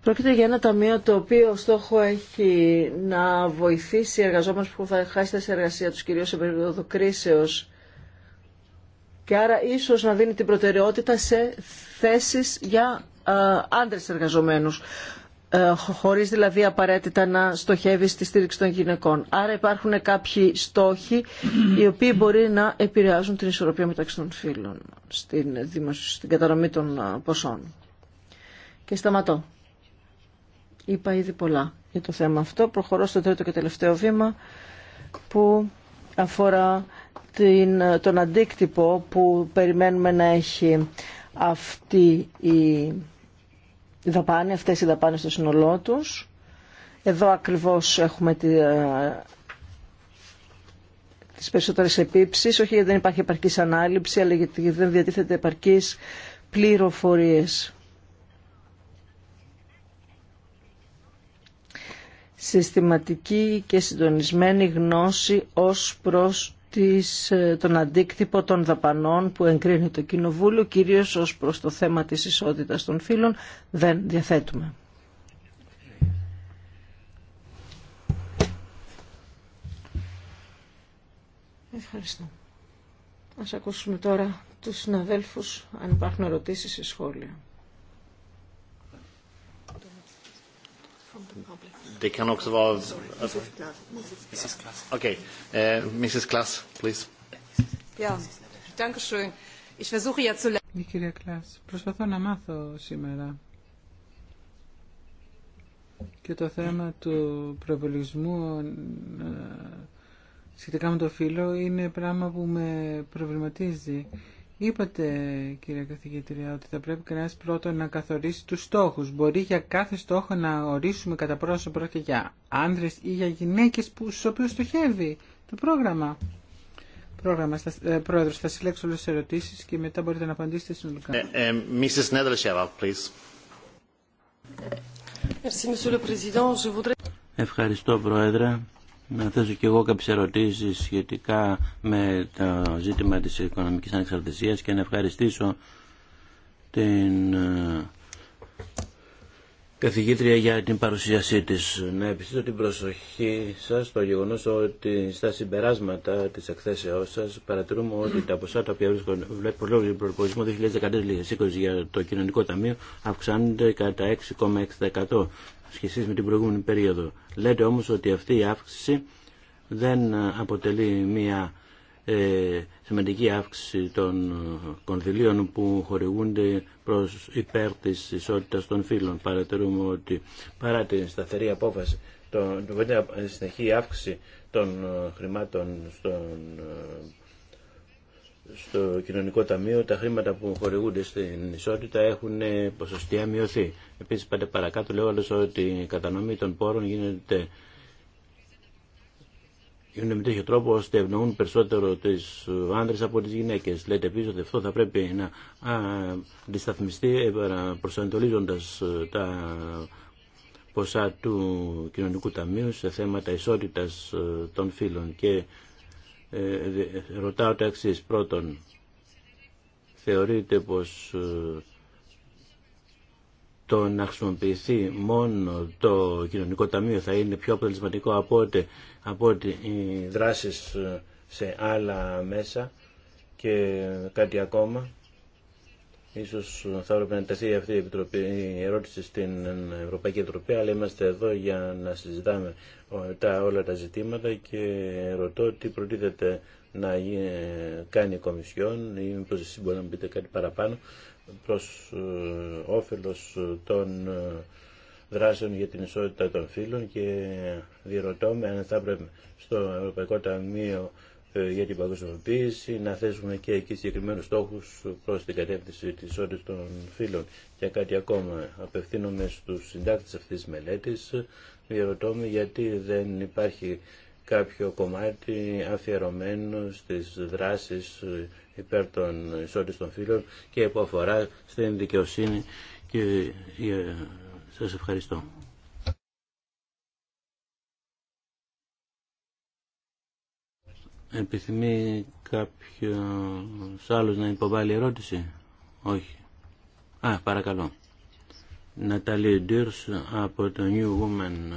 Πρόκειται για ένα ταμείο το οποίο στόχο έχει να βοηθήσει εργαζόμενους που θα χάσει τη εργασία τους κυρίως σε περίοδο κρίσεως και άρα ίσως να δίνει την προτεραιότητα σε θέσεις για άντρες εργαζομένους ε, χωρίς δηλαδή απαραίτητα να στοχεύει στη στήριξη των γυναικών. Άρα υπάρχουν κάποιοι στόχοι οι οποίοι μπορεί να επηρεάζουν την ισορροπία μεταξύ των φύλων στην, στην κατανομή των ποσών. Και σταματώ. Είπα ήδη πολλά για το θέμα αυτό. Προχωρώ στο τρίτο και τελευταίο βήμα που αφορά την, τον αντίκτυπο που περιμένουμε να έχει αυτή η δαπάνη, αυτές οι δαπάνες στο σύνολό τους. Εδώ ακριβώς έχουμε τη, ε, τις περισσότερες επίψεις, όχι γιατί δεν υπάρχει επαρκής ανάληψη, αλλά γιατί δεν διατίθεται επαρκής πληροφορίες. συστηματική και συντονισμένη γνώση ως προς της, ε, τον αντίκτυπο των δαπανών που εγκρίνει το Κοινοβούλιο, κυρίως ως προς το θέμα της ισότητας των φύλων, δεν διαθέτουμε. Ευχαριστώ. Ας ακούσουμε τώρα τους συναδέλφους, αν υπάρχουν ερωτήσεις ή σχόλια
det kan också vara... Okej, Mrs. Klass, please.
Ja, danke schön. Ich versuche ja zu... Η κυρία Κλάς, προσπαθώ να μάθω σήμερα και το θέμα του προβολισμού ε, σχετικά με το φύλλο είναι πράγμα που με προβληματίζει. Είπατε, κύριε καθηγητρία, ότι θα πρέπει κανένα πρώτον να καθορίσει τους στόχους. Μπορεί για κάθε στόχο να ορίσουμε κατά πρόσωπο πρόκειται για άνδρε ή για γυναίκες που, στους οποίους στοχεύει το πρόγραμμα. Πρόγραμμα, στα, ε, πρόεδρος, θα συλλέξω όλε τι ερωτήσει, και μετά μπορείτε να απαντήσετε συνολικά. Ε,
ε, Ευχαριστώ, Πρόεδρε. Να θέσω και εγώ κάποιες ερωτήσεις σχετικά με το ζήτημα της οικονομικής ανεξαρτησίας και να ευχαριστήσω την ε, καθηγήτρια για την παρουσίασή της. Να επιστήσω την προσοχή σας στο γεγονός ότι στα συμπεράσματα της εκθέσεώς σας παρατηρούμε ότι τα ποσά τα οποία βρίσκονται λόγω του 2014-2020 για το κοινωνικό ταμείο αυξάνονται κατά 6,6% σχετικά με την προηγούμενη περίοδο. Λέτε όμως ότι αυτή η αύξηση δεν αποτελεί μια ε, σημαντική αύξηση των κονδυλίων που χορηγούνται προς υπέρ της ισότητας των φύλων. Παρατηρούμε ότι παρά την σταθερή απόφαση, την συνεχή αύξηση των ε, χρημάτων στον ε, στο κοινωνικό ταμείο τα χρήματα που χορηγούνται στην ισότητα έχουν ε, ποσοστία μειωθεί. Επίσης πάντα παρακάτω όλες ότι η κατανομή των πόρων γίνεται είναι με τέτοιο τρόπο ώστε ευνοούν περισσότερο τις ε, άνδρες από τις γυναίκες. Λέτε επίσης ότι αυτό θα πρέπει να αντισταθμιστεί ε, προσανατολίζοντα τα ποσά του κοινωνικού ταμείου σε θέματα ισότητας των φύλων και ε, ρωτάω τα εξή. Πρώτον, θεωρείτε πως ε, το να χρησιμοποιηθεί μόνο το κοινωνικό ταμείο θα είναι πιο αποτελεσματικό από ότι, από ότι οι δράσεις ε, σε άλλα μέσα και κάτι ακόμα. Ίσως θα έπρεπε να τεθεί αυτή η, επιτροπή, η ερώτηση στην Ευρωπαϊκή Επιτροπή, αλλά είμαστε εδώ για να συζητάμε τα, όλα τα ζητήματα και ρωτώ τι προτίθεται να κάνει η Κομισιόν ή μήπως εσείς μπορείτε να πείτε κάτι παραπάνω προς ε, όφελος των ε, δράσεων για την ισότητα των φύλων και διερωτώ με αν θα έπρεπε στο Ευρωπαϊκό Ταμείο ε, για την παγκοσμιοποίηση, να θέσουμε και εκεί συγκεκριμένου στόχου προ την κατεύθυνση τη όρη των φύλων. Και κάτι ακόμα, απευθύνομαι στου συντάκτες αυτή τη μελέτη, διαρωτώ γιατί δεν υπάρχει κάποιο κομμάτι αφιερωμένο στις δράσεις υπέρ των ισότητων των φύλων και που αφορά στην δικαιοσύνη και ε, σας ευχαριστώ. Επιθυμεί κάποιο άλλο να υποβάλει ερώτηση. Όχι. Α, παρακαλώ. Ναταλή Ντύρς από το New Woman.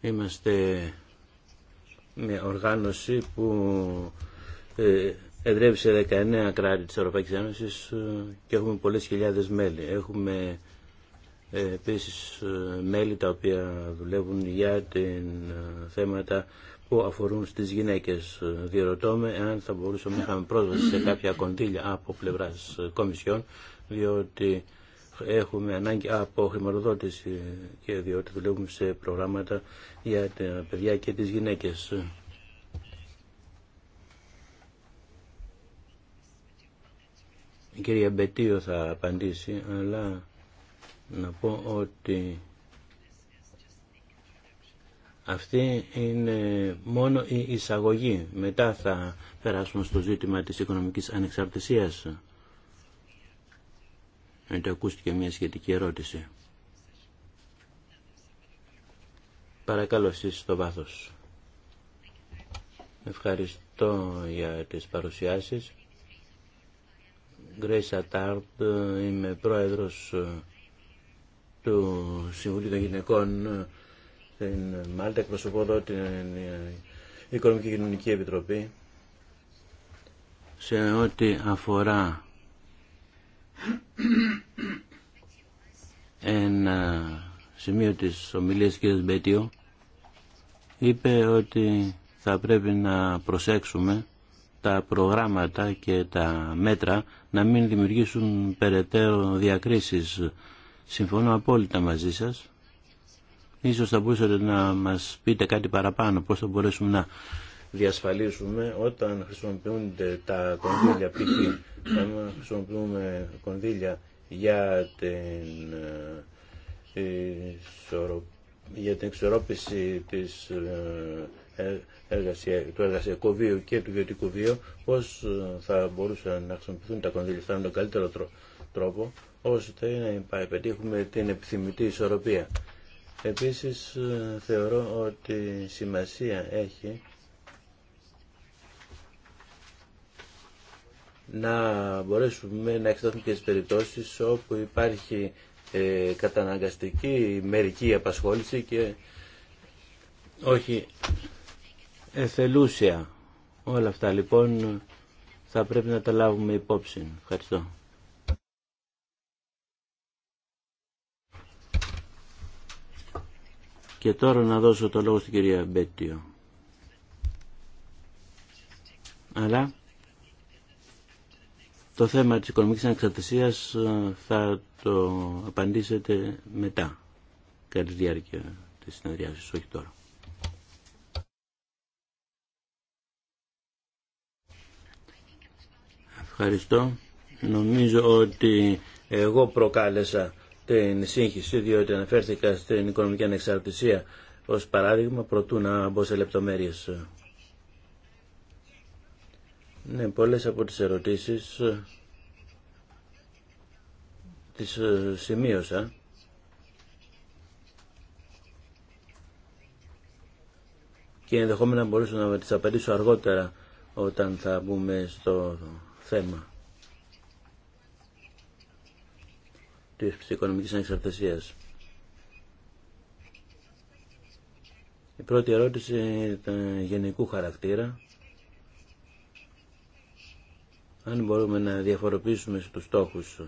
Είμαστε μια οργάνωση που ε, εδρεύει σε 19 κράτη της Ευρωπαϊκής Ένωσης ε, και έχουμε πολλές χιλιάδες μέλη. Έχουμε ε, επίσης μέλη τα οποία δουλεύουν για την θέματα που αφορούν στις γυναίκες. Διερωτώ αν εάν θα μπορούσαμε να είχαμε πρόσβαση σε κάποια κονδύλια από πλευράς κομισιών, διότι έχουμε ανάγκη από χρηματοδότηση και διότι δουλεύουμε σε προγράμματα για τα παιδιά και τις γυναίκες. Η κυρία Μπετίο θα απαντήσει, αλλά να πω ότι αυτή είναι μόνο η εισαγωγή. Μετά θα περάσουμε στο ζήτημα της οικονομικής ανεξαρτησίας. Είτε ακούστηκε μια σχετική ερώτηση. Παρακαλώ εσείς στο βάθος. Ευχαριστώ για τις παρουσιάσεις. Γκρέισα Τάρτ, είμαι πρόεδρος του Συμβουλίου των Γυναικών στην Μάλτα, εκπροσωπώ εδώ την ε, Οικονομική και Κοινωνική Επιτροπή σε ό,τι αφορά ένα σημείο της ομιλίας κ. Μπέτιο είπε ότι θα πρέπει να προσέξουμε τα προγράμματα και τα μέτρα να μην δημιουργήσουν περαιτέρω διακρίσεις. Συμφωνώ απόλυτα μαζί σας Ίσως θα μπορούσατε να μας πείτε κάτι παραπάνω, πώς θα μπορέσουμε να διασφαλίσουμε όταν χρησιμοποιούνται τα κονδύλια π.χ. όταν χρησιμοποιούμε κονδύλια για την, ε, για την εξορρόπηση της ε, ε, του εργασιακού βίου και του βιωτικού βίου, πώς θα μπορούσαν να χρησιμοποιηθούν τα κονδύλια αυτά με τον καλύτερο τρόπο, ώστε να πετύχουμε την επιθυμητή ισορροπία. Επίσης ε, θεωρώ ότι σημασία έχει να μπορέσουμε να εξετάσουμε και τις περιπτώσεις όπου υπάρχει ε, καταναγκαστική μερική απασχόληση και όχι εθελούσια. Όλα αυτά λοιπόν θα πρέπει να τα λάβουμε υπόψη. Ευχαριστώ. Και τώρα να δώσω το λόγο στην κυρία Μπέτιο. Αλλά το θέμα της οικονομικής ανεξαρτησίας ε, θα το απαντήσετε μετά, κατά τη διάρκεια της συνεδριάσης, όχι τώρα. Ευχαριστώ. Νομίζω ότι εγώ προκάλεσα την σύγχυση διότι αναφέρθηκα στην οικονομική ανεξαρτησία ως παράδειγμα προτού να μπω σε λεπτομέρειες. Ναι, πολλές από τις ερωτήσεις ε, τις ε, σημείωσα. και ενδεχόμενα μπορούσα να τις απαντήσω αργότερα όταν θα μπούμε στο θέμα. της οικονομικής ανεξαρτησίας. Η πρώτη ερώτηση ήταν γενικού χαρακτήρα. Αν μπορούμε να διαφοροποιήσουμε στους στόχους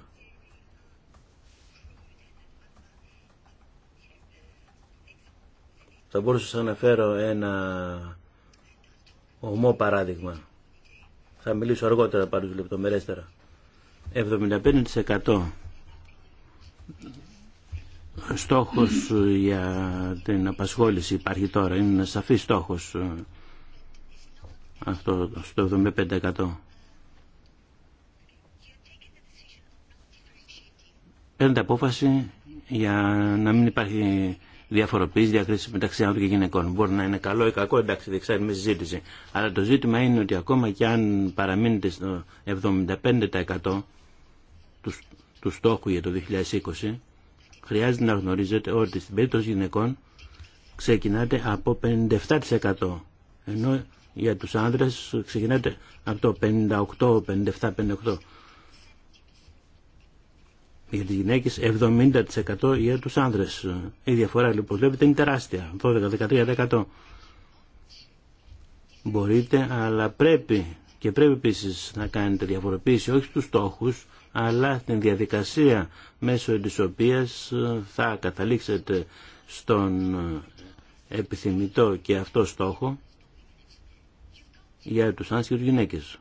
Θα μπορούσα να σας αναφέρω ένα ομό παράδειγμα. Θα μιλήσω αργότερα πάντως λεπτομερέστερα. 75% στόχος για την απασχόληση υπάρχει τώρα. Είναι ένα σαφής στόχος αυτό στο 75%. Παίρνετε απόφαση για να μην υπάρχει διαφοροποίηση, διακρίση μεταξύ άνθρωπων και γυναικών. Μπορεί να είναι καλό ή κακό, εντάξει, δεν ξερουμε με συζήτηση. Αλλά το ζήτημα είναι ότι ακόμα και αν παραμείνετε στο 75% του του στόχου για το 2020 χρειάζεται να γνωρίζετε ότι στην περίπτωση γυναικών ξεκινάτε από 57% ενώ για τους άνδρες ξεκινάτε από το 58, 57, 58 για τις γυναίκες 70% για τους άνδρες η διαφορά λοιπόν βλέπετε είναι τεράστια 12-13% μπορείτε αλλά πρέπει και πρέπει επίση να κάνετε διαφοροποίηση όχι στους στόχους αλλά την διαδικασία μέσω της οποίας ε, θα καταλήξετε στον ε, επιθυμητό και αυτό στόχο για τους άνθρωπους και τους γυναίκες.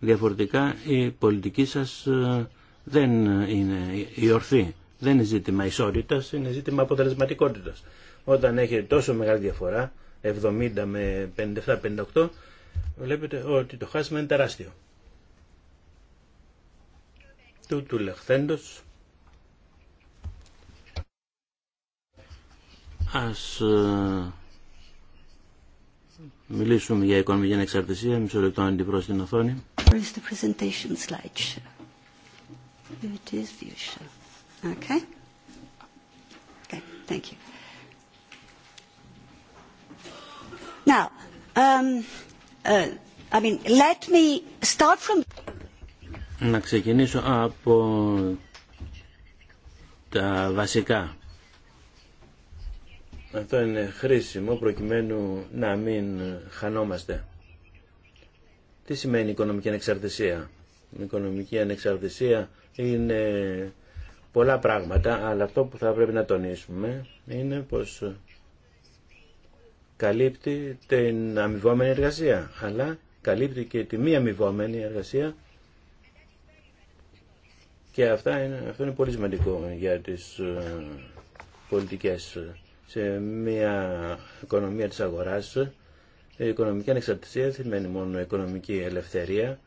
Διαφορετικά η πολιτική σας ε, δεν είναι η ορθή. Δεν είναι ζήτημα ισότητας, είναι ζήτημα αποτελεσματικότητας. Όταν έχετε τόσο μεγάλη διαφορά, 70 με 57-58, βλέπετε ότι το χάσμα είναι τεράστιο τούτου λεχθέντος ας ε, μιλήσουμε για οικονομική ανεξαρτησία μισό λεπτό αν την προς την οθόνη
Where the presentation slide It is view Okay. Okay, thank you.
Now, um, uh, I mean, let me start from...
Να ξεκινήσω από τα βασικά. Αυτό είναι χρήσιμο προκειμένου να μην χανόμαστε. Τι σημαίνει οικονομική ανεξαρτησία. Η οικονομική ανεξαρτησία είναι πολλά πράγματα, αλλά αυτό που θα πρέπει να τονίσουμε είναι πως καλύπτει την αμοιβόμενη εργασία, αλλά καλύπτει και τη μη αμοιβόμενη εργασία και αυτά είναι, αυτό είναι πολύ σημαντικό για τις ε, πολιτικές. Σε μια οικονομία της αγοράς, η οικονομική ανεξαρτησία δεν σημαίνει μόνο οικονομική ελευθερία,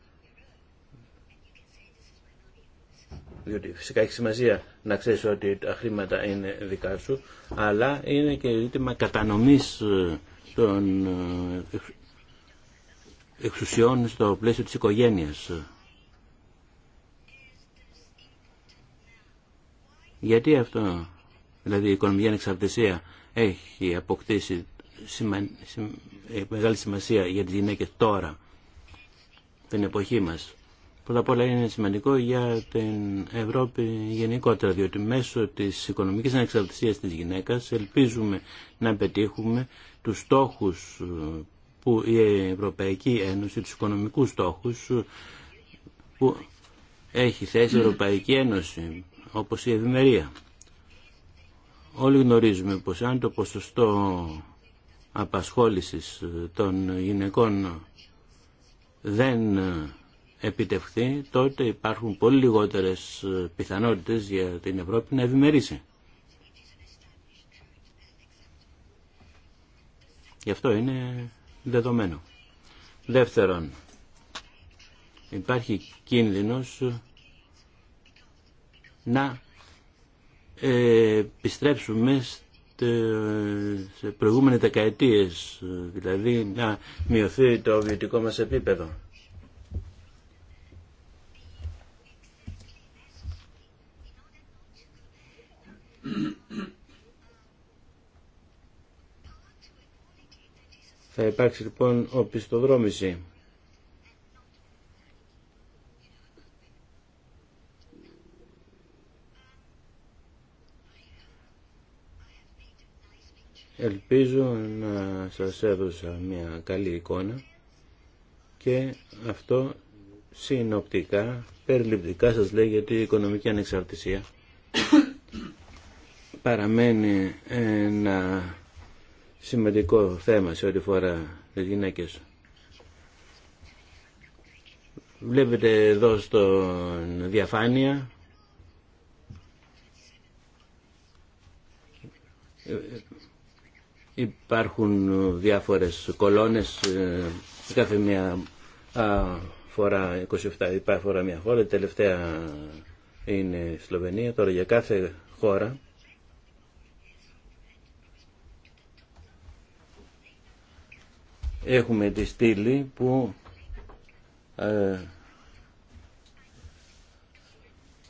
διότι φυσικά έχει σημασία να ξέρεις ότι τα χρήματα είναι δικά σου, αλλά είναι και ζήτημα κατανομής ε, των ε, εξουσιών στο πλαίσιο της οικογένειας. Γιατί αυτό, δηλαδή η οικονομική ανεξαρτησία έχει αποκτήσει ε, μεγάλη σημασία για τις γυναίκες τώρα, την εποχή μας. Πρώτα απ' όλα είναι σημαντικό για την Ευρώπη γενικότερα, διότι μέσω της οικονομικής ανεξαρτησίας της γυναίκας ελπίζουμε να πετύχουμε τους στόχους ε, που η Ευρωπαϊκή Ένωση, τους οικονομικούς στόχους ε, που έχει θέσει η Ευρωπαϊκή Ένωση όπως η ευημερία. Όλοι γνωρίζουμε πως αν το ποσοστό απασχόλησης ε, των γυναικών δεν ε, επιτευχθεί, τότε υπάρχουν πολύ λιγότερες ε, πιθανότητες για την Ευρώπη να ευημερίσει. Γι' αυτό είναι δεδομένο. Δεύτερον, υπάρχει κίνδυνος να ε, επιστρέψουμε σε προηγούμενες δεκαετίες, δηλαδή να μειωθεί το βιωτικό μας επίπεδο. Θα υπάρξει λοιπόν οπισθοδρόμηση. Ελπίζω να σας έδωσα μια καλή εικόνα και αυτό συνοπτικά, περιληπτικά σας λέει γιατί η οικονομική ανεξαρτησία παραμένει ένα σημαντικό θέμα σε ό,τι φορά τις γυναίκες. Βλέπετε εδώ στον διαφάνεια Υπάρχουν ε, διάφορες κολόνες, ε, κάθε μια φορά 27 υπάρχει φορά μια χώρα, η τελευταία είναι η Σλοβενία. Τώρα για κάθε χώρα έχουμε τη στήλη που ε,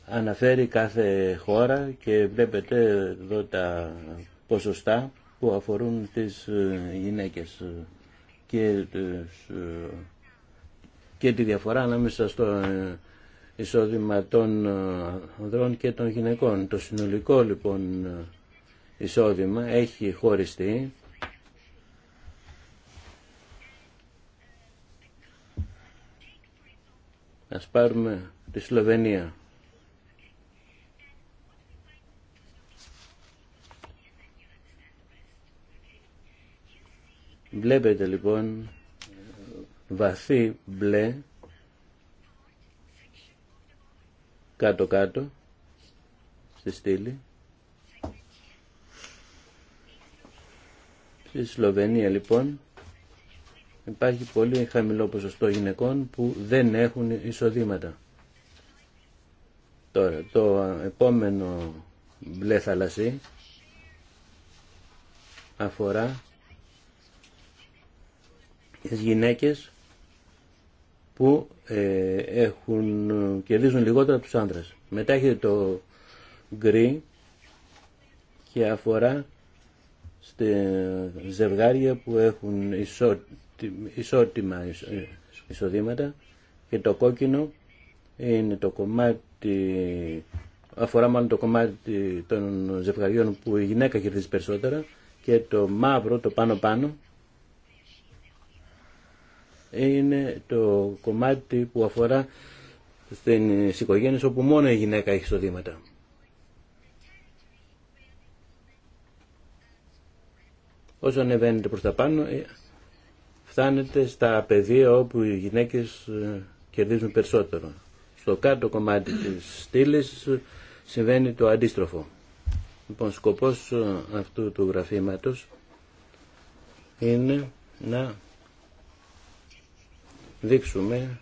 αναφέρει κάθε χώρα και βλέπετε εδώ τα ποσοστά που αφορούν τις ε, γυναίκες και, ε, και τη διαφορά ανάμεσα στο ε, εισόδημα των ανδρών και των γυναικών. Το συνολικό λοιπόν εισόδημα έχει χωριστεί Ας πάρουμε τη Σλοβενία. Βλέπετε λοιπόν βαθύ μπλε κάτω-κάτω στη στήλη. Στη Σλοβενία λοιπόν υπάρχει πολύ χαμηλό ποσοστό γυναικών που δεν έχουν εισοδήματα. Τώρα το επόμενο μπλε θαλασσί αφορά τις γυναίκες που ε, έχουν, κερδίζουν λιγότερα από τους άντρες. Μετά έχετε το γκρι και αφορά στη ζευγάρια που έχουν ισότιμα εισοδήματα και το κόκκινο είναι το κομμάτι αφορά μάλλον το κομμάτι των ζευγαριών που η γυναίκα κερδίζει περισσότερα και το μαύρο, το πάνω πάνω είναι το κομμάτι που αφορά στην οικογένειες όπου μόνο η γυναίκα έχει εισοδήματα. Όσο ανεβαίνετε προς τα πάνω, ε, φτάνετε στα πεδία όπου οι γυναίκες ε, κερδίζουν περισσότερο. Στο κάτω κομμάτι της στήλη ε, συμβαίνει το αντίστροφο. Λοιπόν, σκοπός αυτού του γραφήματος είναι να δείξουμε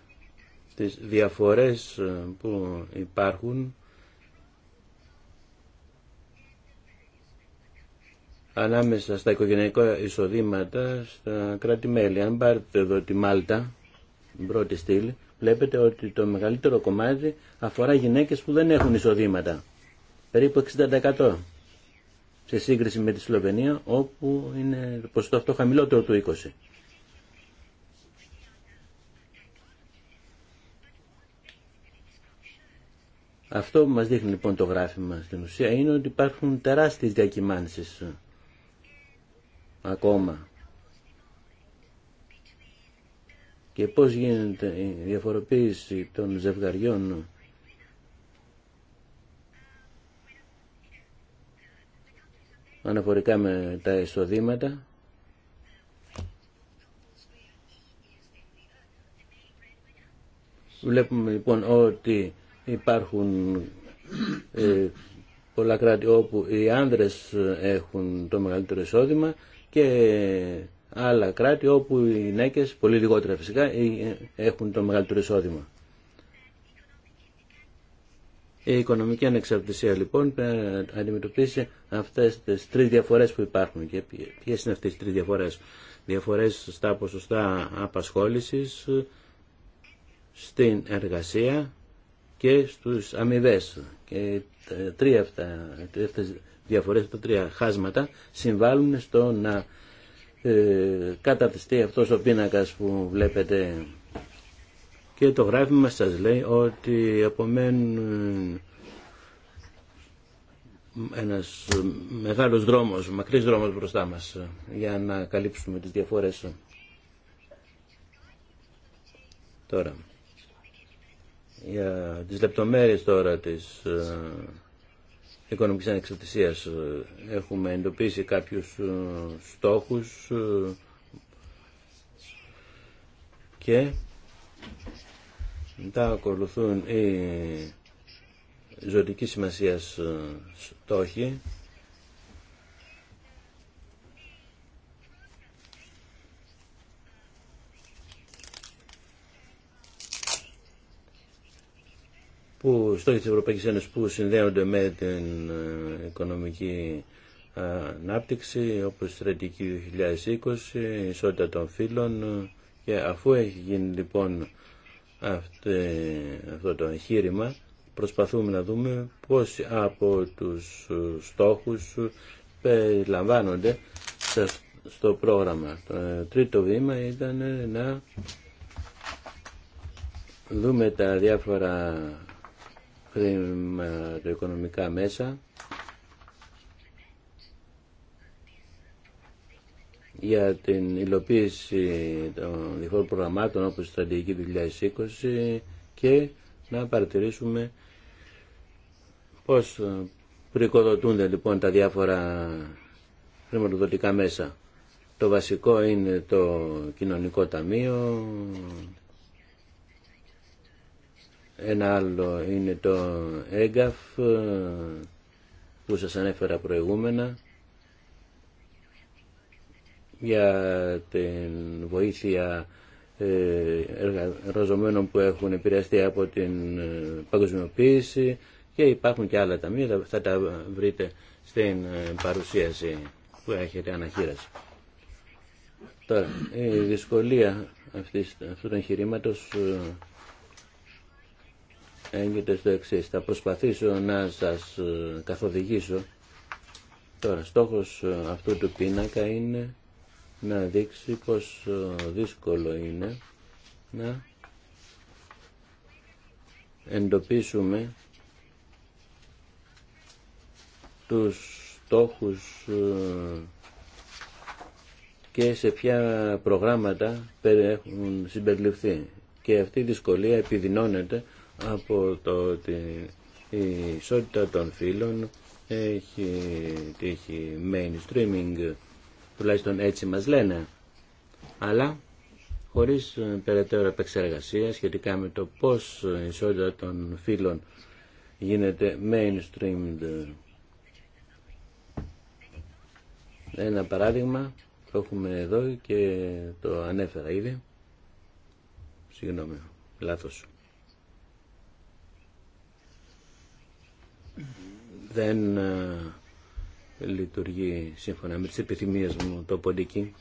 τις διαφορές ε, που υπάρχουν ανάμεσα στα οικογενειακά εισοδήματα στα κράτη-μέλη. Αν πάρετε εδώ τη Μάλτα, την πρώτη στήλη, βλέπετε ότι το μεγαλύτερο κομμάτι αφορά γυναίκες που δεν έχουν εισοδήματα. Περίπου 60% σε σύγκριση με τη Σλοβενία, όπου είναι το ποσοστό αυτό χαμηλότερο του 20%. Αυτό που μας δείχνει λοιπόν το γράφημα στην ουσία είναι ότι υπάρχουν τεράστιες διακυμάνσεις ακόμα. Και πώς γίνεται η διαφοροποίηση των ζευγαριών αναφορικά με τα εισοδήματα Βλέπουμε λοιπόν ότι Υπάρχουν ε, πολλά κράτη όπου οι άνδρες έχουν το μεγαλύτερο εισόδημα και άλλα κράτη όπου οι γυναίκες, πολύ λιγότερα φυσικά, ε, έχουν το μεγαλύτερο εισόδημα. Η οικονομική ανεξαρτησία λοιπόν αντιμετωπίσει αυτές τις τρεις διαφορές που υπάρχουν. Και ποιες είναι αυτές οι τρεις διαφορές. Διαφορές στα ποσοστά απασχόλησης, στην εργασία και στους αμοιβέ. Και τρία αυτά, διαφορές, τα τρία χάσματα συμβάλλουν στο να ε, καταρτιστεί αυτός ο πίνακας που βλέπετε και το γράφημα σας λέει ότι απομένουν ένας μεγάλος δρόμος, μακρύς δρόμος μπροστά μας για να καλύψουμε τις διαφορές. Τώρα για τις λεπτομέρειες τώρα της ε, οικονομικής ανεξαρτησίας. Ε, έχουμε εντοπίσει κάποιους ε, στόχους και μετά ακολουθούν οι ζωτική σημασίας στόχοι που στόχοι της Ευρωπαϊκής Ένωσης που συνδέονται με την ε, οικονομική ε, ανάπτυξη όπως η στρατηγική 2020, η ισότητα των φύλων ε, και αφού έχει γίνει λοιπόν αυτό το εγχείρημα προσπαθούμε να δούμε πώς από τους στόχους περιλαμβάνονται στο πρόγραμμα. Το τρίτο βήμα ήταν να δούμε τα διάφορα χρηματοοικονομικά μέσα για την υλοποίηση των διαφόρων προγραμμάτων όπως η στρατηγική 2020 και να παρατηρήσουμε πώς προοικοδοτούνται λοιπόν τα διάφορα χρηματοδοτικά μέσα. Το βασικό είναι το κοινωνικό ταμείο, ένα άλλο είναι το ΕΓΑΦ ε, που σας ανέφερα προηγούμενα για την βοήθεια ε, εργαζομένων που έχουν επηρεαστεί από την ε, παγκοσμιοποίηση και υπάρχουν και άλλα ταμεία, θα τα βρείτε στην παρουσίαση που έχετε αναχείραση. Τώρα, η δυσκολία αυτής, αυτού του εγχειρήματο έγινε το εξή. Θα προσπαθήσω να σας ε, καθοδηγήσω. Τώρα, στόχος ε, αυτού του πίνακα είναι να δείξει πως ε, δύσκολο είναι να εντοπίσουμε τους στόχους και σε ποια προγράμματα έχουν συμπεριληφθεί. Και αυτή η δυσκολία επιδεινώνεται από το ότι η ισότητα των φύλων έχει τύχει mainstreaming, τουλάχιστον έτσι μας λένε, αλλά χωρίς περαιτέρω επεξεργασία σχετικά με το πώς η ισότητα των φύλων γίνεται mainstreamed. Ένα παράδειγμα το έχουμε εδώ και το ανέφερα ήδη. Συγγνώμη, λάθος. δεν ε, λειτουργεί σύμφωνα με τις επιθυμίες μου το ποντίκι.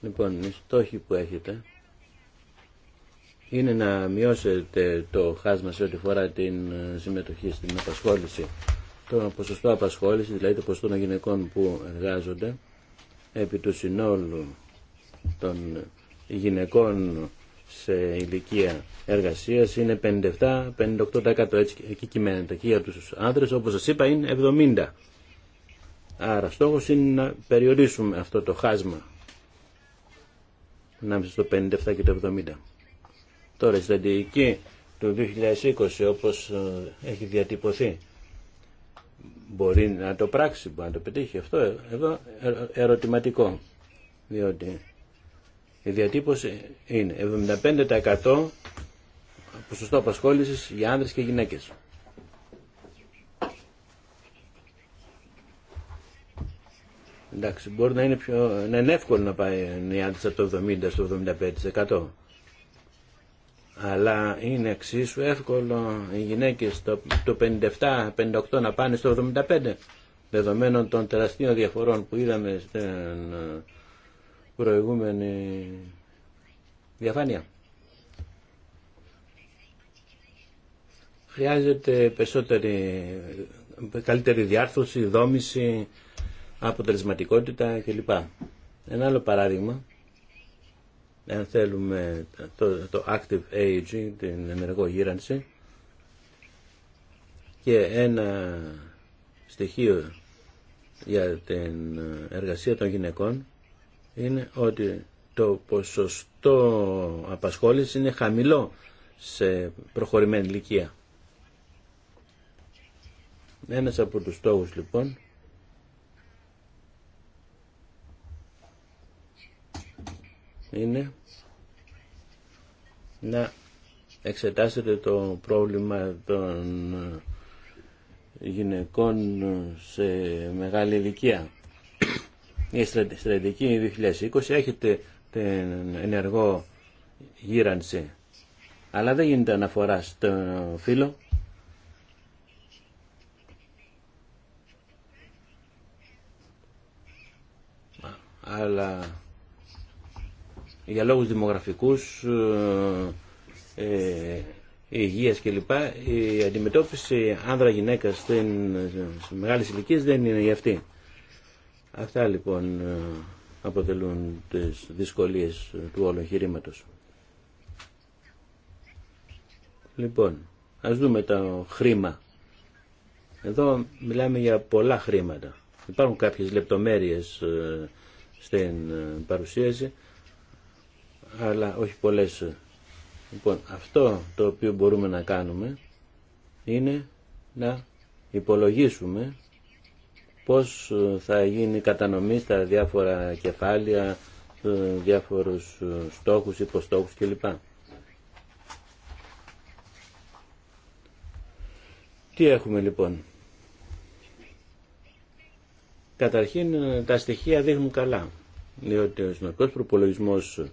Λοιπόν, οι στόχοι που έχετε είναι να μειώσετε το χάσμα σε ό,τι φορά την ε, συμμετοχή στην απασχόληση. Το ποσοστό απασχόληση, δηλαδή το ποσοστό των γυναικών που εργάζονται, επί του συνόλου των γυναικών σε ηλικια εργασια εργασίας είναι 57-58% έτσι εκεί κυμαίνεται και για τους άντρε όπως σας είπα είναι 70% άρα στόχο είναι να περιορίσουμε αυτό το χάσμα ανάμεσα στο 57% και το 70% τώρα η στρατηγική του 2020 όπως ε, έχει διατυπωθεί μπορεί να το πράξει, μπορεί να το πετύχει αυτό εδώ ε, ε, ερωτηματικό διότι η διατύπωση είναι 75% ποσοστό απασχόλησης για άνδρες και γυναίκες. Εντάξει, μπορεί να είναι, πιο, να είναι εύκολο να πάει οι άντρες από το 70% στο 75%. Αλλά είναι εξίσου εύκολο οι γυναίκες το, το 57-58 να πάνε στο 75% δεδομένων των τεραστίων διαφορών που είδαμε στην προηγούμενη διαφάνεια. Χρειάζεται περισσότερη, καλύτερη διάρθρωση, δόμηση, αποτελεσματικότητα κλπ. Ένα άλλο παράδειγμα, αν θέλουμε το, το active aging, την ενεργό γύρανση, και ένα στοιχείο για την εργασία των γυναικών είναι ότι το ποσοστό απασχόληση είναι χαμηλό σε προχωρημένη ηλικία. Ένας από τους στόχους λοιπόν είναι να εξετάσετε το πρόβλημα των γυναικών σε μεγάλη ηλικία η στρατηγική 2020 έχετε την ενεργό γύρανση αλλά δεν γίνεται αναφορά στο φύλλο αλλά για λόγους δημογραφικούς ε, ε υγείας κλπ η αντιμετώπιση άνδρα-γυναίκα στην μεγάλη ηλικία δεν είναι η αυτή Αυτά λοιπόν ε, αποτελούν τις δυσκολίες ε, του όλου Λοιπόν, ας δούμε το χρήμα. Εδώ μιλάμε για πολλά χρήματα. Υπάρχουν κάποιες λεπτομέρειες ε, στην παρουσίαση, αλλά όχι πολλές. Λοιπόν, αυτό το οποίο μπορούμε να κάνουμε είναι να υπολογίσουμε πώς ε, θα γίνει η κατανομή στα διάφορα κεφάλια, ε, διάφορους ε, στόχους, υποστόχους κλπ. Τι έχουμε λοιπόν. Καταρχήν τα στοιχεία δείχνουν καλά, διότι ο συνολικός προπολογισμός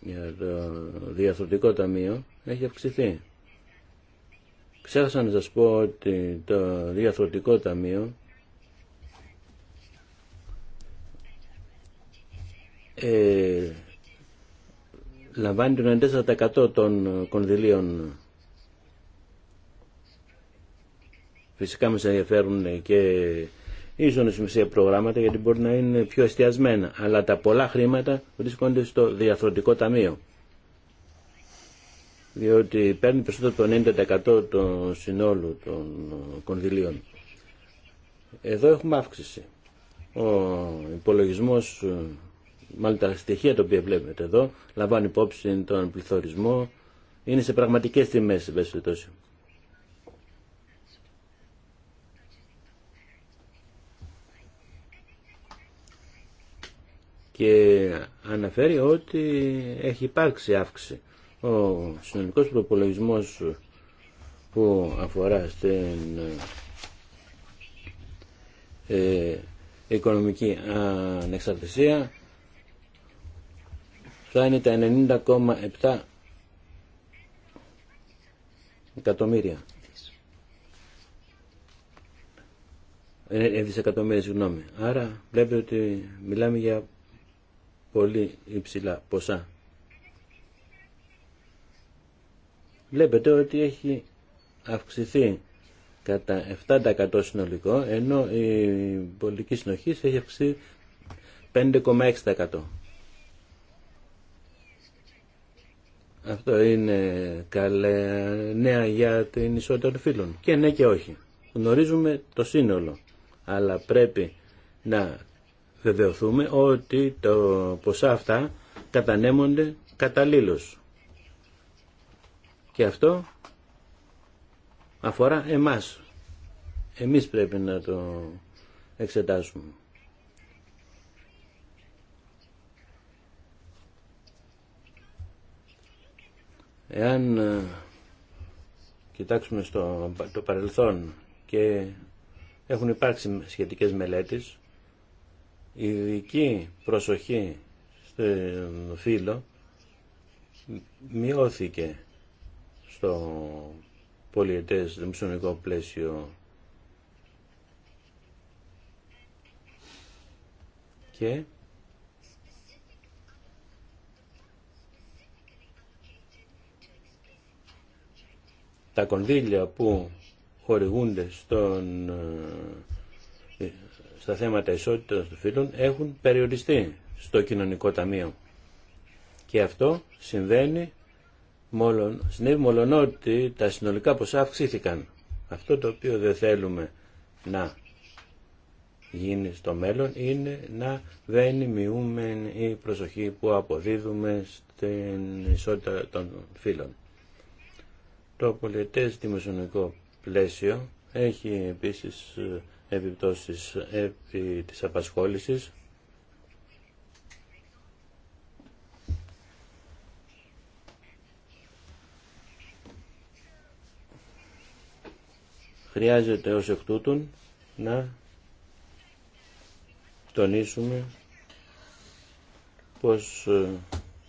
για το διαθροτικό ταμείο έχει αυξηθεί Ξέχασα να σας πω ότι το Διαθροτικό Ταμείο ε, λαμβάνει το 94% των κονδυλίων. Φυσικά μας ενδιαφέρουν και ίσον σημασία προγράμματα γιατί μπορεί να είναι πιο εστιασμένα. Αλλά τα πολλά χρήματα βρίσκονται στο διαθροτικό ταμείο διότι παίρνει περισσότερο το 90% των συνόλου των κονδυλίων. Εδώ έχουμε αύξηση. Ο υπολογισμός, μάλλον τα στοιχεία τα οποία βλέπετε εδώ, λαμβάνει υπόψη τον πληθωρισμό, είναι σε πραγματικές τιμές, σε περιπτώσει. Και αναφέρει ότι έχει υπάρξει αύξηση. Ο συνολικός προπολογισμός που αφορά στην ε, οικονομική ανεξαρτησία θα είναι τα 90,7 εκατομμύρια. Ε, ε, δισεκατομμύρια, συγγνώμη. Άρα βλέπετε ότι μιλάμε για πολύ υψηλά ποσά. βλέπετε ότι έχει αυξηθεί κατά 7% συνολικό, ενώ η πολιτική συνοχή έχει αυξηθεί 5,6%. Αυτό είναι καλέ νέα για την ισότητα των φύλων. Και ναι και όχι. Γνωρίζουμε το σύνολο, αλλά πρέπει να βεβαιωθούμε ότι το ποσά αυτά κατανέμονται καταλήλως. Και αυτό αφορά εμάς. Εμείς πρέπει να το εξετάσουμε. Εάν ε, κοιτάξουμε στο το παρελθόν και έχουν υπάρξει σχετικές μελέτες, η ειδική προσοχή στο φύλλο μειώθηκε στο πολιετές δημοσιονομικό πλαίσιο και τα κονδύλια που χορηγούνται στον, ε, στα θέματα ισότητας των φίλων, έχουν περιοριστεί στο κοινωνικό ταμείο. Και αυτό συμβαίνει μόλον, συνέβη μόλον ότι τα συνολικά ποσά αυξήθηκαν. Αυτό το οποίο δεν θέλουμε να γίνει στο μέλλον είναι να δεν μειούμε η προσοχή που αποδίδουμε στην ισότητα των φίλων. Το πολιτές δημοσιονομικό πλαίσιο έχει επίσης επιπτώσεις επί της απασχόλησης Χρειάζεται ως εκ τούτου να τονίσουμε πως ε,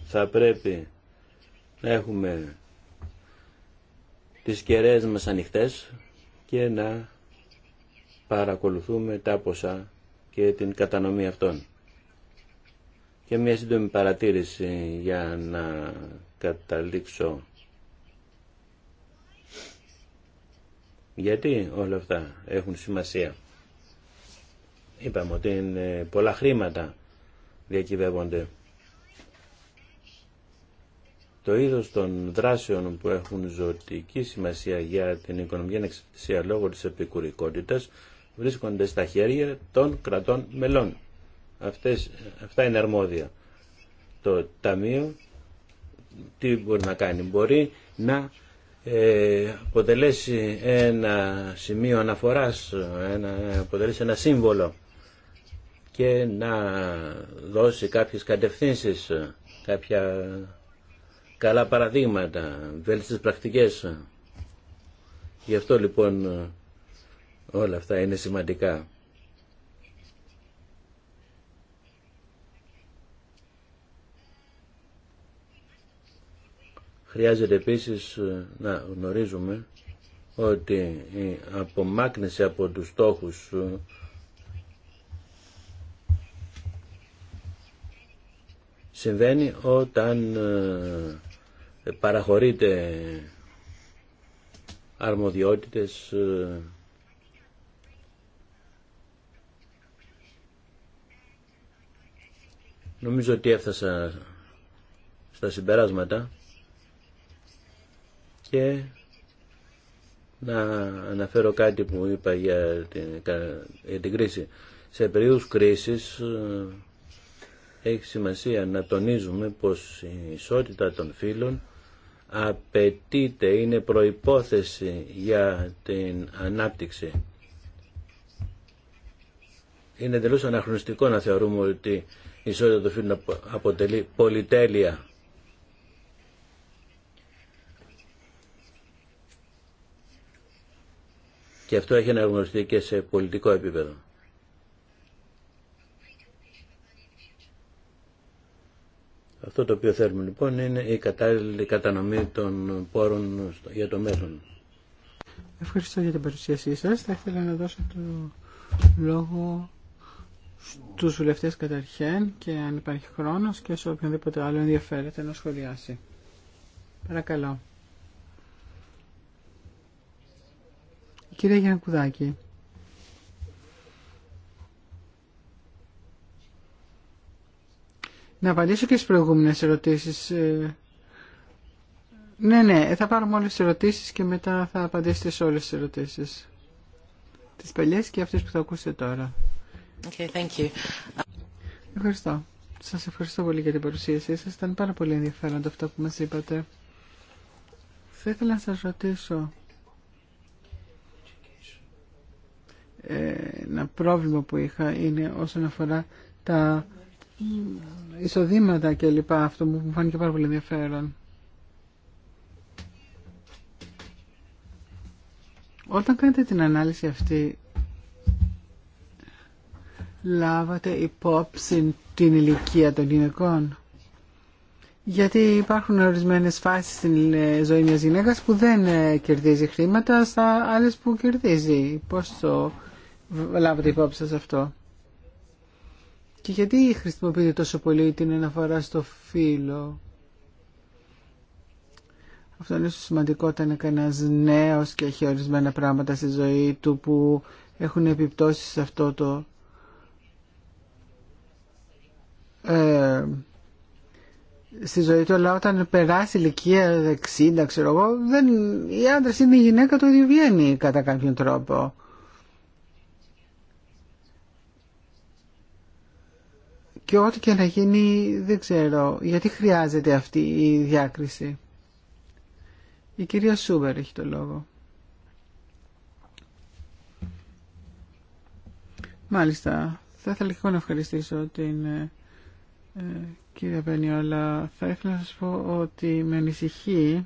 θα πρέπει να έχουμε τις κεραίες μας ανοιχτές και να παρακολουθούμε τα ποσά και την κατανομή αυτών. Και μια σύντομη παρατήρηση για να καταλήξω Γιατί όλα αυτά έχουν σημασία. Είπαμε ότι είναι πολλά χρήματα διακυβεύονται. Το είδος των δράσεων που έχουν ζωτική σημασία για την οικονομική ανεξαρτησία λόγω της επικουρικότητας βρίσκονται στα χέρια των κρατών μελών. Αυτές, αυτά είναι αρμόδια. Το Ταμείο τι μπορεί να κάνει. Μπορεί να ε, αποτελέσει ένα σημείο αναφοράς, ένα, αποτελέσει ένα σύμβολο και να δώσει κάποιες κατευθύνσεις, κάποια καλά παραδείγματα, βέλτιστες πρακτικές. Γι' αυτό λοιπόν όλα αυτά είναι σημαντικά. Χρειάζεται επίσης ε, να γνωρίζουμε ότι η απομάκνηση από τους στόχους ε, συμβαίνει όταν ε, παραχωρείται αρμοδιότητες Νομίζω ότι έφτασα στα συμπεράσματα και να αναφέρω κάτι που είπα για την, για την κρίση. Σε περίοδους κρίσης ε, έχει σημασία να τονίζουμε πως η ισότητα των φύλων απαιτείται, είναι προϋπόθεση για την ανάπτυξη. Είναι εντελώς αναχρονιστικό να θεωρούμε ότι η ισότητα των φύλων αποτελεί πολυτέλεια Και αυτό έχει αναγνωριστεί και σε πολιτικό επίπεδο. Αυτό το οποίο θέλουμε λοιπόν είναι η κατάλληλη κατανομή των πόρων για το μέλλον.
Ευχαριστώ για την παρουσίασή σας. Θα ήθελα να δώσω το λόγο στους βουλευτές καταρχήν και αν υπάρχει χρόνος και σε οποιονδήποτε άλλο ενδιαφέρεται να σχολιάσει. Παρακαλώ. Κύριε Γιανακουδάκη. Να απαντήσω και στις προηγούμενες ερωτήσεις. Ε, ναι, ναι, ε, θα πάρουμε όλες τις ερωτήσεις και μετά θα απαντήσετε σε όλες τις ερωτήσεις. Τις παλιές και αυτές που θα ακούσετε τώρα. Okay, thank you. Ευχαριστώ. Σας ευχαριστώ πολύ για την παρουσίασή σας. Ήταν πάρα πολύ ενδιαφέροντα αυτό που μας είπατε. Θα ήθελα να σας ρωτήσω Ε, ένα πρόβλημα που είχα είναι όσον αφορά τα εισοδήματα και λοιπά αυτό μου φάνηκε πάρα πολύ ενδιαφέρον όταν κάνετε την ανάλυση αυτή λάβατε υπόψη την ηλικία των γυναικών γιατί υπάρχουν ορισμένες φάσεις στην ε, ζωή μιας γυναίκας που δεν ε, κερδίζει χρήματα στα άλλες που κερδίζει πώς το λάβετε υπόψη σας αυτό. Και γιατί χρησιμοποιείτε τόσο πολύ την αναφορά στο φύλλο. Αυτό είναι σημαντικό όταν είναι κανένα νέος και έχει ορισμένα πράγματα στη ζωή του που έχουν επιπτώσεις σε αυτό το ε, στη ζωή του, αλλά όταν περάσει ηλικία 60, ξέρω εγώ, δεν, οι είναι η γυναίκα του ότι βγαίνει κατά κάποιον τρόπο. και ό,τι και να γίνει δεν ξέρω γιατί χρειάζεται αυτή η διάκριση. Η κυρία Σούβερ έχει το λόγο. Μάλιστα, θα ήθελα και εγώ να ευχαριστήσω την ε, ε, κυρία Πενιόλα. θα ήθελα να σας πω ότι με ανησυχεί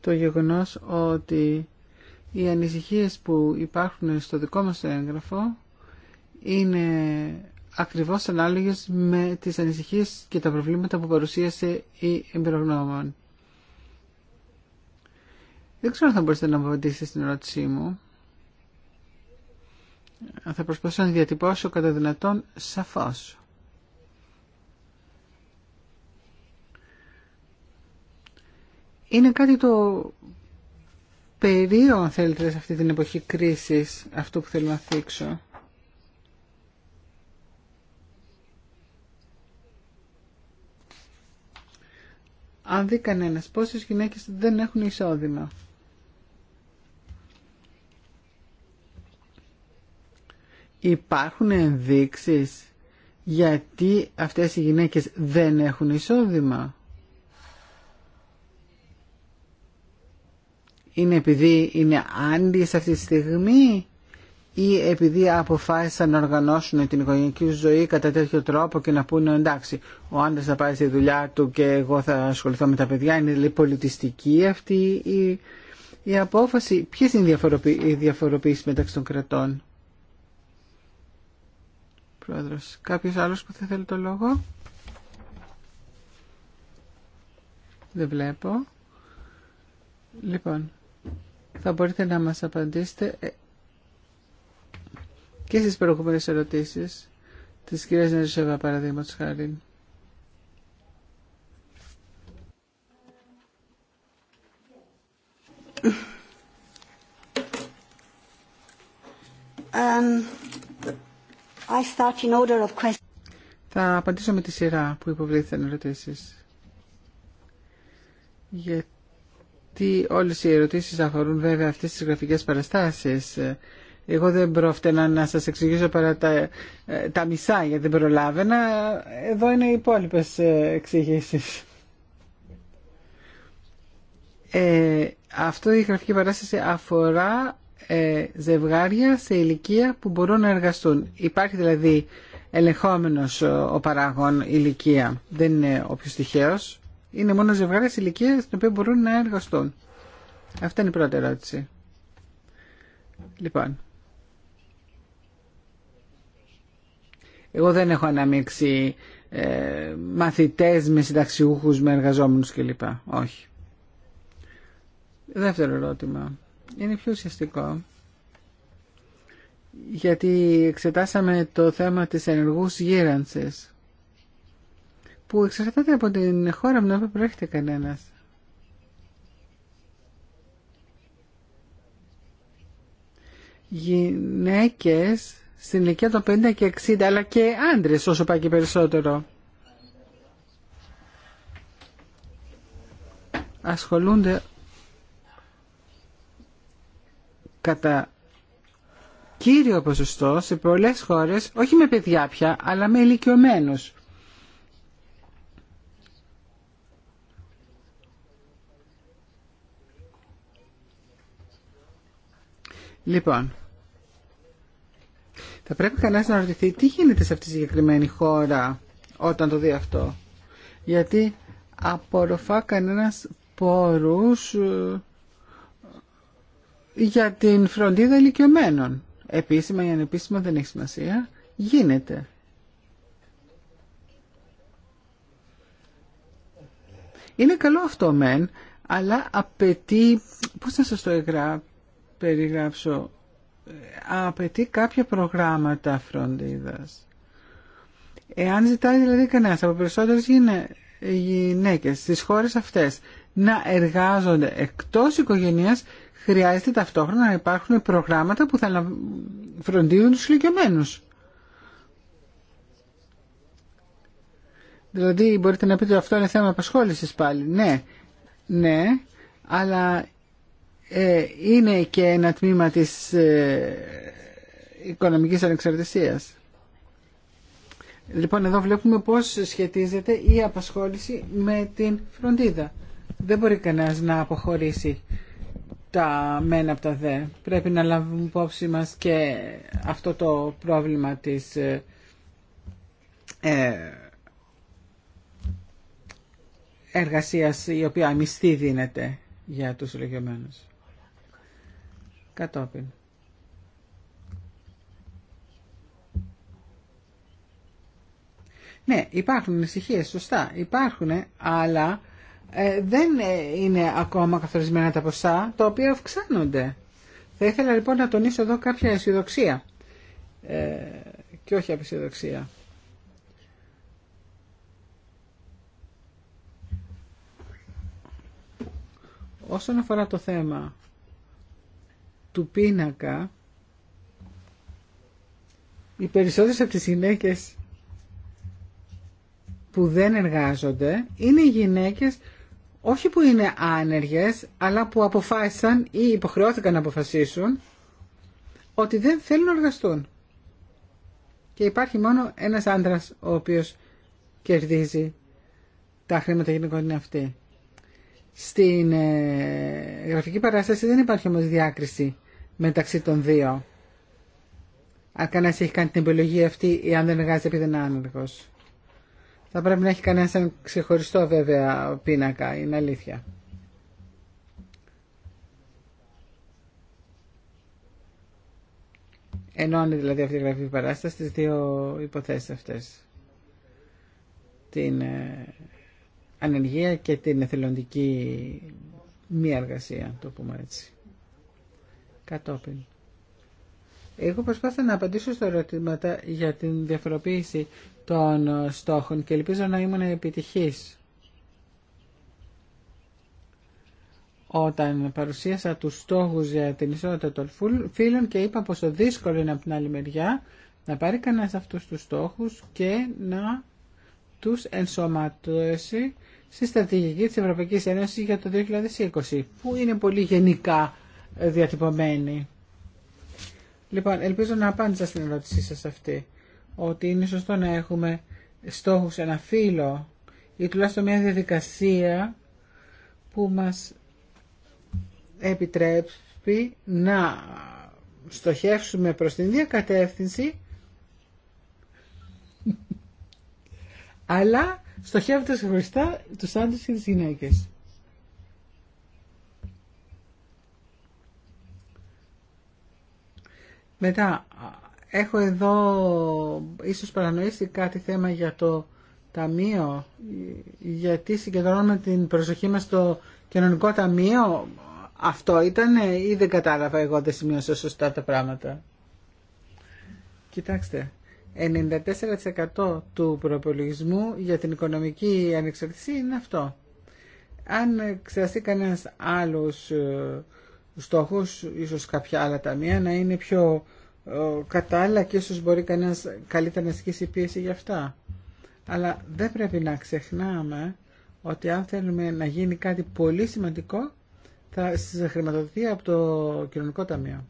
το γεγονός ότι οι ανησυχίες που υπάρχουν στο δικό μας έγγραφο είναι ακριβώς ανάλογες με τις ανησυχίες και τα προβλήματα που παρουσίασε η εμπειρογνώμων. Δεν ξέρω αν θα μπορούσατε να μου απαντήσετε στην ερώτησή μου. Θα προσπαθήσω να διατυπώσω κατά δυνατόν σαφώς. Είναι κάτι το περίο, αν θέλετε σε αυτή την εποχή κρίσης αυτό που θέλω να θίξω. Αν δει κανένα πόσες γυναίκες δεν έχουν εισόδημα. Υπάρχουν ενδείξεις γιατί αυτές οι γυναίκες δεν έχουν εισόδημα. Είναι επειδή είναι άντιες αυτή τη στιγμή ή επειδή αποφάσισαν να οργανώσουν την οικογενειακή ζωή κατά τέτοιο τρόπο και να πούνε εντάξει, ο άντρας θα πάει στη δουλειά του και εγώ θα ασχοληθώ με τα παιδιά. Είναι πολιτιστική αυτή η, η απόφαση. Ποιε είναι οι, οι διαφοροποιήσεις μεταξύ των κρατών. Πρόεδρος, κάποιος άλλος που θα θέλει το λόγο. Δεν βλέπω. Λοιπόν, θα μπορείτε να μας απαντήσετε ε, και στις προηγούμενες ερωτήσεις της κυρίας Νερισέβα παραδείγματος χάρη. Um, Θα απαντήσω με τη σειρά που υποβλήθηκαν ερωτήσει. Γιατί όλες οι ερωτήσεις αφορούν βέβαια αυτές τις γραφικές παραστάσεις εγώ δεν πρόφτενα να σας εξηγήσω παρά ε, τα, μισά γιατί δεν προλάβαινα. Εδώ είναι οι υπόλοιπε εξηγήσει. Ε, αυτό η γραφική παράσταση αφορά ε, ζευγάρια σε ηλικία που μπορούν να εργαστούν. Υπάρχει δηλαδή ελεγχόμενος ο παράγων ηλικία. Δεν είναι όποιος τυχαίος. Είναι μόνο ζευγάρια σε ηλικία στην οποία μπορούν να εργαστούν. Αυτή είναι η πρώτη ερώτηση. Λοιπόν, Εγώ δεν έχω αναμίξει ε, μαθητές με συνταξιούχους, με εργαζόμενους κλπ. Όχι. Δεύτερο ερώτημα. Είναι πιο ουσιαστικό. Γιατί εξετάσαμε το θέμα της ενεργούς γύρανσης που εξαρτάται από την χώρα μου να προέρχεται κανένας. Γυναίκες στην ηλικία των 50 και 60, αλλά και άντρε όσο πάει και περισσότερο. Ασχολούνται κατά κύριο ποσοστό σε πολλές χώρες, όχι με παιδιά πια, αλλά με ηλικιωμένους. Λοιπόν, θα πρέπει κανένας να ρωτηθεί τι γίνεται σε αυτή τη συγκεκριμένη χώρα όταν το δει αυτό. Γιατί απορροφά κανένας πόρους ε, για την φροντίδα ηλικιωμένων. Επίσημα ή ανεπίσημα δεν έχει σημασία. Γίνεται. Είναι καλό αυτό μεν, αλλά απαιτεί, πώς να σας το εγρά περιγράψω, απαιτεί κάποια προγράμματα φροντίδας. Εάν ζητάει δηλαδή κανένα από περισσότερες γυναίκες στις χώρες αυτές να εργάζονται εκτός οικογένειας, χρειάζεται ταυτόχρονα να υπάρχουν προγράμματα που θα φροντίζουν τους ηλικιωμένους. Δηλαδή μπορείτε να πείτε ότι αυτό είναι θέμα απασχόλησης πάλι. Ναι, ναι, αλλά ε, είναι και ένα τμήμα της ε, οικονομικής ανεξαρτησίας. Λοιπόν, εδώ βλέπουμε πώς σχετίζεται η απασχόληση με την φροντίδα. Δεν μπορεί κανένας να αποχωρήσει τα μένα από τα δε. Πρέπει να λάβουμε υπόψη μας και αυτό το πρόβλημα της ε, ε εργασίας η οποία μισθή δίνεται για τους ηλικιωμένους κατόπιν. Ναι, υπάρχουν ανησυχίε, σωστά, υπάρχουν, αλλά ε, δεν ε, είναι ακόμα καθορισμένα τα ποσά, τα οποία αυξάνονται. Θα ήθελα λοιπόν να τονίσω εδώ κάποια αισιοδοξία ε, και όχι απεσιοδοξία. Όσον αφορά το θέμα του πίνακα οι περισσότερες από τις γυναίκες που δεν εργάζονται είναι οι γυναίκες όχι που είναι άνεργες αλλά που αποφάσισαν ή υποχρεώθηκαν να αποφασίσουν ότι δεν θέλουν να εργαστούν. Και υπάρχει μόνο ένας άντρας ο οποίος κερδίζει τα χρήματα γυναικών είναι αυτή. Στην ε, γραφική παράσταση δεν υπάρχει όμως διάκριση μεταξύ των δύο. Αν κανένα έχει κάνει την επιλογή αυτή ή αν δεν εργάζεται επειδή είναι άνεργο. Θα πρέπει να έχει κανένα έναν ξεχωριστό βέβαια πίνακα, είναι αλήθεια. Ενώνει δηλαδή αυτή η γραφή παράσταση στις δύο υποθέσεις αυτές. Την ε, ανεργία και την εθελοντική μη εργασία, το πούμε έτσι κατόπιν. Εγώ προσπάθησα να απαντήσω στα ερωτήματα για την διαφοροποίηση των στόχων και ελπίζω να ήμουν επιτυχής. Όταν παρουσίασα τους στόχους για την ισότητα των φίλων και είπα πόσο δύσκολο είναι από την άλλη μεριά να πάρει κανένας αυτούς τους στόχους και να τους ενσωματώσει στη στρατηγική της Ευρωπαϊκής Ένωσης για το 2020, που είναι πολύ γενικά διατυπωμένη. Λοιπόν, ελπίζω να απάντησα στην ερώτησή σας αυτή, ότι είναι σωστό να έχουμε στόχους, ένα φύλλο ή τουλάχιστον μια διαδικασία που μας επιτρέπει να στοχεύσουμε προς την ίδια κατεύθυνση αλλά στοχεύοντας χωριστά τους άντρες και τις γυναίκες. Μετά, έχω εδώ, ίσως παρανοήσει κάτι θέμα για το ταμείο, γιατί συγκεντρώνουμε την προσοχή μας στο κοινωνικό ταμείο. Αυτό ήταν ή δεν κατάλαβα εγώ, δεν σημείωσα σωστά τα πράγματα. Κοιτάξτε, 94% του προπολογισμού για την οικονομική ανεξαρτησία είναι αυτό. Αν ξεραστεί κανένα άλλος ε, στόχους, ίσως κάποια άλλα ταμεία να είναι πιο ε, κατάλληλα και ίσως μπορεί κανένας καλύτερα να ασκήσει πίεση για αυτά. Αλλά δεν πρέπει να ξεχνάμε ότι αν θέλουμε να γίνει κάτι πολύ σημαντικό θα χρηματοδοτεί από το κοινωνικό ταμείο.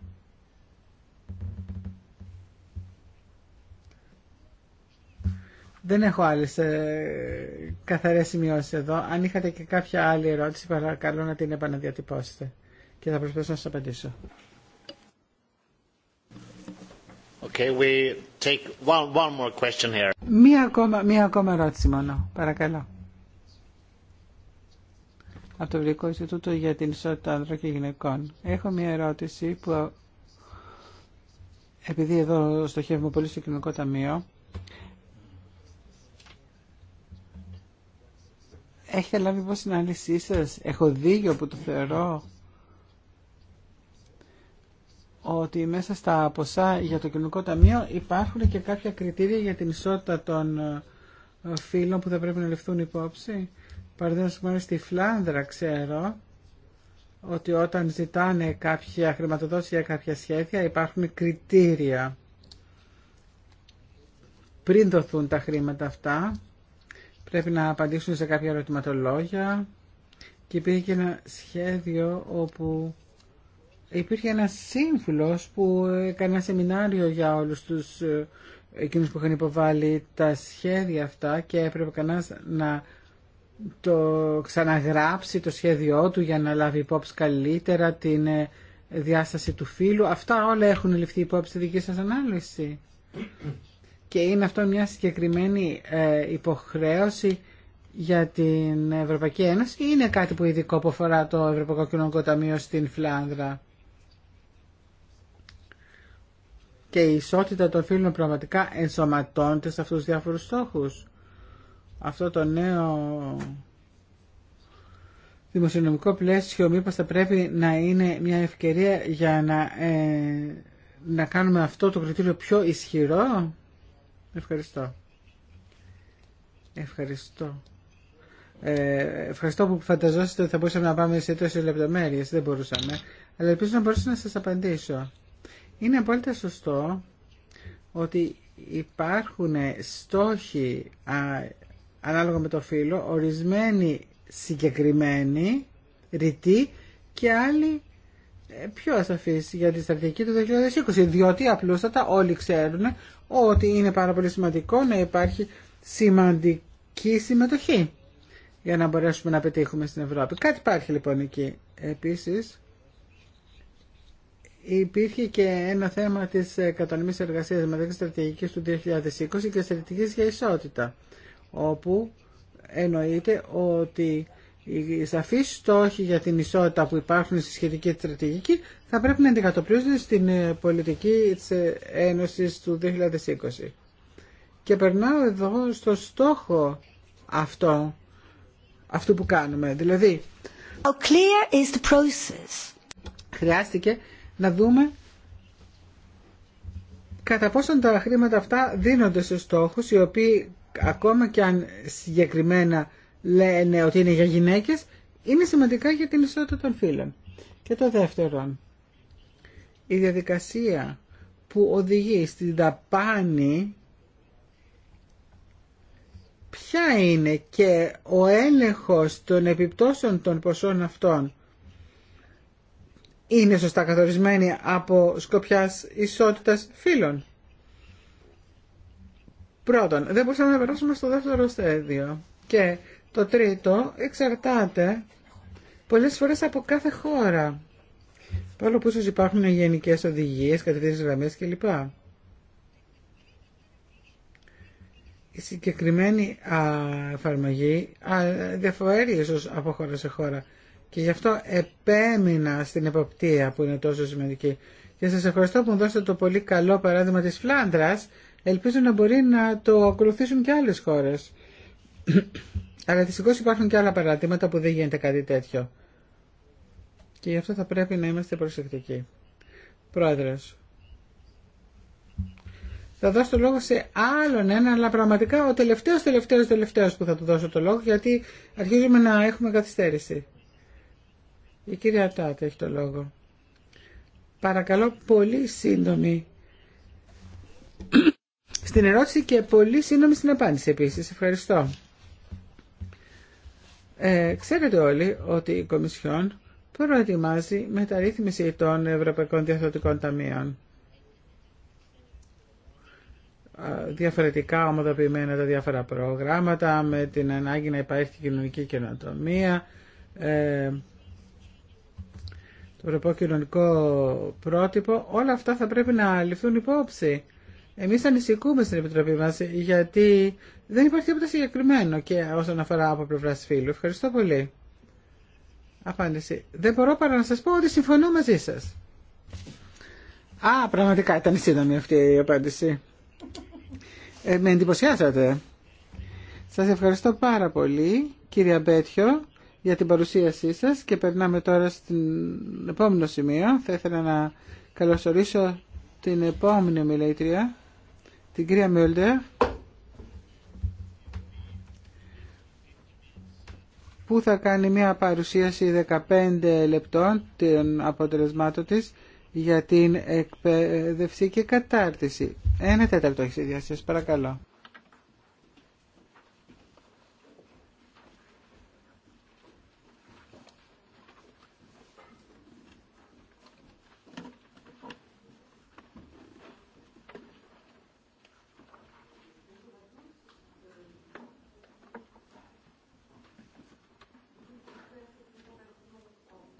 Δεν έχω άλλες ε, καθαρές σημειώσεις εδώ. Αν είχατε και κάποια άλλη ερώτηση παρακαλώ να την επαναδιατυπώσετε και θα προσπαθήσω να σας απαντήσω.
Okay, we take one, one more question here.
Μία, ακόμα, μία ακόμα ερώτηση μόνο, παρακαλώ. Από το Βρυκό Ινστιτούτο για την Ισότητα Ανδρών και Γυναικών. Έχω μία ερώτηση που, επειδή εδώ στοχεύουμε πολύ στο Κοινωνικό Ταμείο, έχετε λάβει πώς την ανάλυση σα, Έχω δίκιο που το θεωρώ ότι μέσα στα ποσά για το κοινωνικό ταμείο υπάρχουν και κάποια κριτήρια για την ισότητα των ε, φύλων που θα πρέπει να ληφθούν υπόψη. Παραδείγματος στη Φλάνδρα ξέρω ότι όταν ζητάνε κάποια χρηματοδότηση για κάποια σχέδια υπάρχουν κριτήρια πριν δοθούν τα χρήματα αυτά πρέπει να απαντήσουν σε κάποια ερωτηματολόγια και υπήρχε και ένα σχέδιο όπου υπήρχε ένας σύμφυλος που έκανε ένα σεμινάριο για όλους τους ε, εκείνους που είχαν υποβάλει τα σχέδια αυτά και έπρεπε κανένα να το ξαναγράψει το σχέδιό του για να λάβει υπόψη καλύτερα την ε, διάσταση του φύλου. Αυτά όλα έχουν ληφθεί υπόψη στη δική σας ανάλυση. Και είναι αυτό μια συγκεκριμένη ε, υποχρέωση για την Ευρωπαϊκή Ένωση ή είναι κάτι που ειδικό που αφορά το Ευρωπαϊκό Κοινωνικό Ταμείο στην Φλάνδρα. και η ισότητα των φίλων πραγματικά ενσωματώνεται σε αυτούς τους διάφορους στόχους. Αυτό το νέο δημοσιονομικό πλαίσιο μήπως θα πρέπει να είναι μια ευκαιρία για να, ε, να κάνουμε αυτό το κριτήριο πιο ισχυρό. Ευχαριστώ. Ευχαριστώ. Ε, ευχαριστώ που φανταζόσατε ότι θα μπορούσαμε να πάμε σε τόσες λεπτομέρειες. Δεν μπορούσαμε. Αλλά ελπίζω να μπορούσα να σας απαντήσω. Είναι απόλυτα σωστό ότι υπάρχουν στόχοι ανάλογα με το φύλλο, ορισμένοι συγκεκριμένοι, ρητοί και άλλοι ε, πιο ασαφείς για τη στρατηγική του 2020, διότι απλούστατα όλοι ξέρουν ότι είναι πάρα πολύ σημαντικό να υπάρχει σημαντική συμμετοχή για να μπορέσουμε να πετύχουμε στην Ευρώπη. Κάτι υπάρχει λοιπόν εκεί. Επίσης, υπήρχε και ένα θέμα της κατανομής εργασίας μεταξύ στρατηγικής του 2020 και στρατηγικής για ισότητα, όπου εννοείται ότι οι σαφείς στόχοι για την ισότητα που υπάρχουν στη σχετική στρατηγική θα πρέπει να αντικατοπτρίζονται στην πολιτική της Ένωσης του 2020. Και περνάω εδώ στο στόχο αυτό, αυτού που κάνουμε. Δηλαδή, χρειάστηκε να δούμε κατά πόσον τα χρήματα αυτά δίνονται στους στόχους οι οποίοι ακόμα και αν συγκεκριμένα λένε ότι είναι για γυναίκες είναι σημαντικά για την ισότητα των φίλων Και το δεύτερο, η διαδικασία που οδηγεί στην δαπάνη ποια είναι και ο έλεγχος των επιπτώσεων των ποσών αυτών είναι σωστά καθορισμένη από σκοπιάς ισότητας φύλων. Πρώτον, δεν μπορούσαμε να περάσουμε στο δεύτερο στέδιο. Και το τρίτο εξαρτάται πολλές φορές από κάθε χώρα. Παρόλο που ίσως υπάρχουν γενικές οδηγίες, κατευθύνσεις γραμμές κλπ. Η συγκεκριμένη εφαρμογή διαφέρει ίσως από χώρα σε χώρα. Και γι' αυτό επέμεινα στην εποπτεία που είναι τόσο σημαντική. Και σας ευχαριστώ που μου δώσατε το πολύ καλό παράδειγμα της Φλάνδρας. Ελπίζω να μπορεί να το ακολουθήσουν και άλλες χώρες. Αλλά δυστυχώ υπάρχουν και άλλα παραδείγματα που δεν γίνεται κάτι τέτοιο. Και γι' αυτό θα πρέπει να είμαστε προσεκτικοί. Πρόεδρος. Θα δώσω το λόγο σε άλλον ένα, αλλά πραγματικά ο τελευταίος, τελευταίος, τελευταίος που θα του δώσω το λόγο, γιατί αρχίζουμε να έχουμε καθυστέρηση. Η κυρία Τάτα έχει το λόγο. Παρακαλώ πολύ σύντομη στην ερώτηση και πολύ σύντομη στην απάντηση επίσης. Ευχαριστώ. Ε, ξέρετε όλοι ότι η Κομισιόν προετοιμάζει μεταρρύθμιση των Ευρωπαϊκών Διαθωτικών Ταμείων. Διαφορετικά ομοδοποιημένα τα διάφορα προγράμματα, με την ανάγκη να υπάρχει κοινωνική καινοτομία, ε, το ευρωπαϊκό κοινωνικό πρότυπο, όλα αυτά θα πρέπει να ληφθούν υπόψη. Εμείς ανησυχούμε στην Επιτροπή μας γιατί δεν υπάρχει τίποτα συγκεκριμένο και όσον αφορά από πλευρά φίλου. Ευχαριστώ πολύ. Απάντηση. Δεν μπορώ παρά να σας πω ότι συμφωνώ μαζί σας. Α, πραγματικά ήταν σύντομη αυτή η απάντηση. Ε, με εντυπωσιάσατε. Σας ευχαριστώ πάρα πολύ, κυρία Μπέτιο για την παρουσίασή σας και περνάμε τώρα στην επόμενο σημείο. Θα ήθελα να καλωσορίσω την επόμενη μιλήτρια, την κυρία Μιούλτερ, που θα κάνει μια παρουσίαση 15 λεπτών των αποτελεσμάτων της για την εκπαίδευση και κατάρτιση. Ένα τέταρτο έχει παρακαλώ.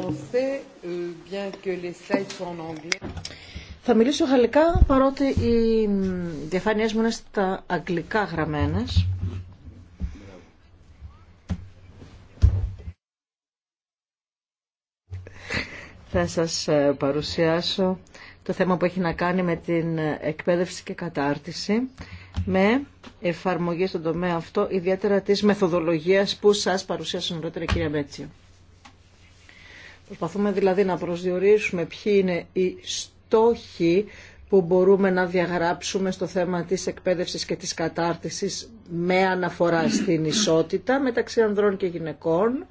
Euh, Θα μιλήσω γαλλικά παρότι οι διαφάνειές μου είναι στα αγγλικά γραμμένες. Θα σας ε, παρουσιάσω το θέμα που έχει να κάνει με την εκπαίδευση και κατάρτιση με εφαρμογή στον τομέα αυτό, ιδιαίτερα της μεθοδολογίας που σας παρουσίασε νωρίτερα κυρία Μέτσιο. Προσπαθούμε δηλαδή να προσδιορίσουμε ποιοι είναι οι στόχοι που μπορούμε να διαγράψουμε στο θέμα της εκπαίδευσης και της κατάρτισης με αναφορά στην ισότητα μεταξύ ανδρών και γυναικών,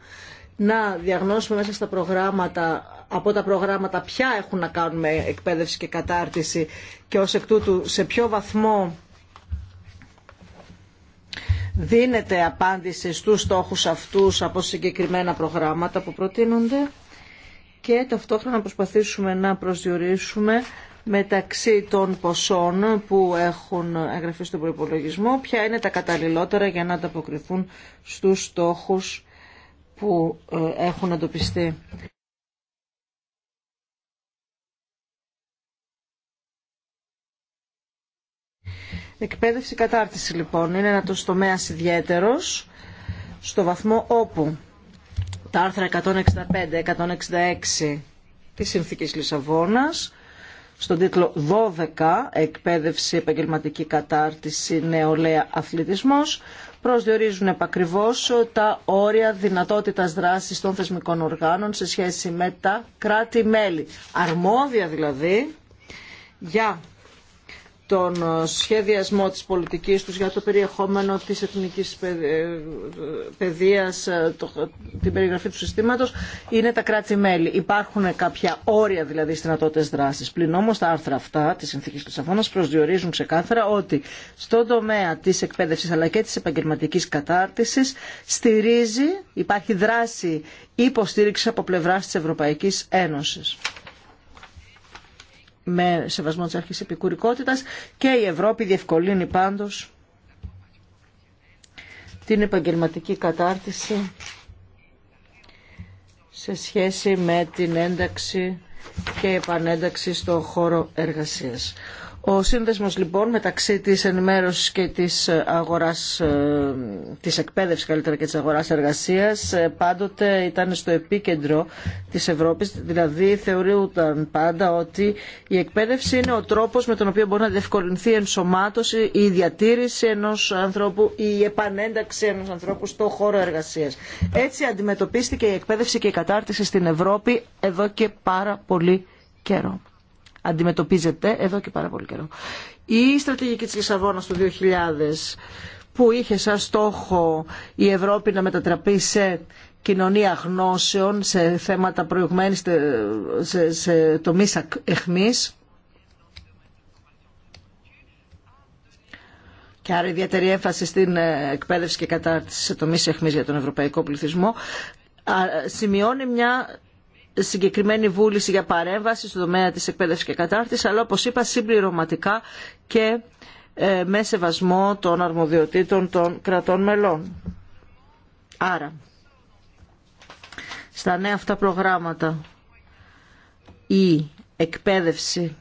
να διαγνώσουμε μέσα στα προγράμματα, από τα προγράμματα ποια έχουν να κάνουν με εκπαίδευση και κατάρτιση και ως εκ τούτου σε ποιο βαθμό δίνεται απάντηση στους στόχους αυτούς από συγκεκριμένα προγράμματα που προτείνονται και ταυτόχρονα προσπαθήσουμε να προσδιορίσουμε μεταξύ των ποσών που έχουν εγγραφεί στον προϋπολογισμό ποια είναι τα καταλληλότερα για να τα ανταποκριθούν στους στόχους που ε, έχουν εντοπιστεί. Εκπαίδευση κατάρτιση λοιπόν είναι ένα τομέα ιδιαίτερο στο βαθμό όπου τα άρθρα 165-166 της Συνθήκης Λισαβόνας, στον τίτλο 12 «Εκπαίδευση, επαγγελματική κατάρτιση, νεολαία, αθλητισμός» προσδιορίζουν επακριβώς τα όρια δυνατότητας δράσης των θεσμικών οργάνων σε σχέση με τα κράτη-μέλη. Αρμόδια δηλαδή για τον ε, σχεδιασμό της πολιτικής τους για το περιεχόμενο της εθνικής ε, παιδείας, ε, την περιγραφή του συστήματος, είναι τα κράτη-μέλη. Υπάρχουν κάποια όρια δηλαδή στις δυνατότητες δράσης. Πλην όμως τα άρθρα αυτά της Συνθήκης του Σαφώνας προσδιορίζουν ξεκάθαρα ότι στον τομέα της εκπαίδευσης αλλά και της επαγγελματικής κατάρτισης στηρίζει, υπάρχει δράση υποστήριξη από πλευράς της Ευρωπαϊκής Ένωσης με σεβασμό της αρχής επικουρικότητας και η Ευρώπη διευκολύνει πάντως την επαγγελματική κατάρτιση σε σχέση με την ένταξη και επανένταξη στον χώρο εργασίας. Ο σύνδεσμος λοιπόν μεταξύ της ενημέρωσης και της αγοράς, ε, της εκπαίδευσης καλύτερα και της αγοράς εργασίας ε, πάντοτε ήταν στο επίκεντρο της Ευρώπης, δηλαδή θεωρούταν πάντα ότι η εκπαίδευση είναι ο τρόπος με τον οποίο μπορεί να διευκολυνθεί η ενσωμάτωση, η διατήρηση ενός ανθρώπου, η επανένταξη ενός ανθρώπου στο χώρο εργασίας. Έτσι αντιμετωπίστηκε η εκπαίδευση και η κατάρτιση στην Ευρώπη εδώ και πάρα πολύ καιρό αντιμετωπίζεται εδώ και πάρα πολύ καιρό. Η στρατηγική της Λισαβόνας του 2000 που είχε σαν στόχο η Ευρώπη να μετατραπεί σε κοινωνία γνώσεων, σε θέματα προηγουμένης, σε, σε τομείς εχμής. και άρα ιδιαίτερη έμφαση στην ε, εκπαίδευση και κατάρτιση σε τομείς εχμής για τον ευρωπαϊκό πληθυσμό, σημειώνει μια συγκεκριμένη βούληση για παρέμβαση στον τομέα της εκπαίδευσης και κατάρτισης, αλλά όπως είπα συμπληρωματικά και ε, με σεβασμό των αρμοδιοτήτων των κρατών μελών. Άρα, στα νέα αυτά προγράμματα η εκπαίδευση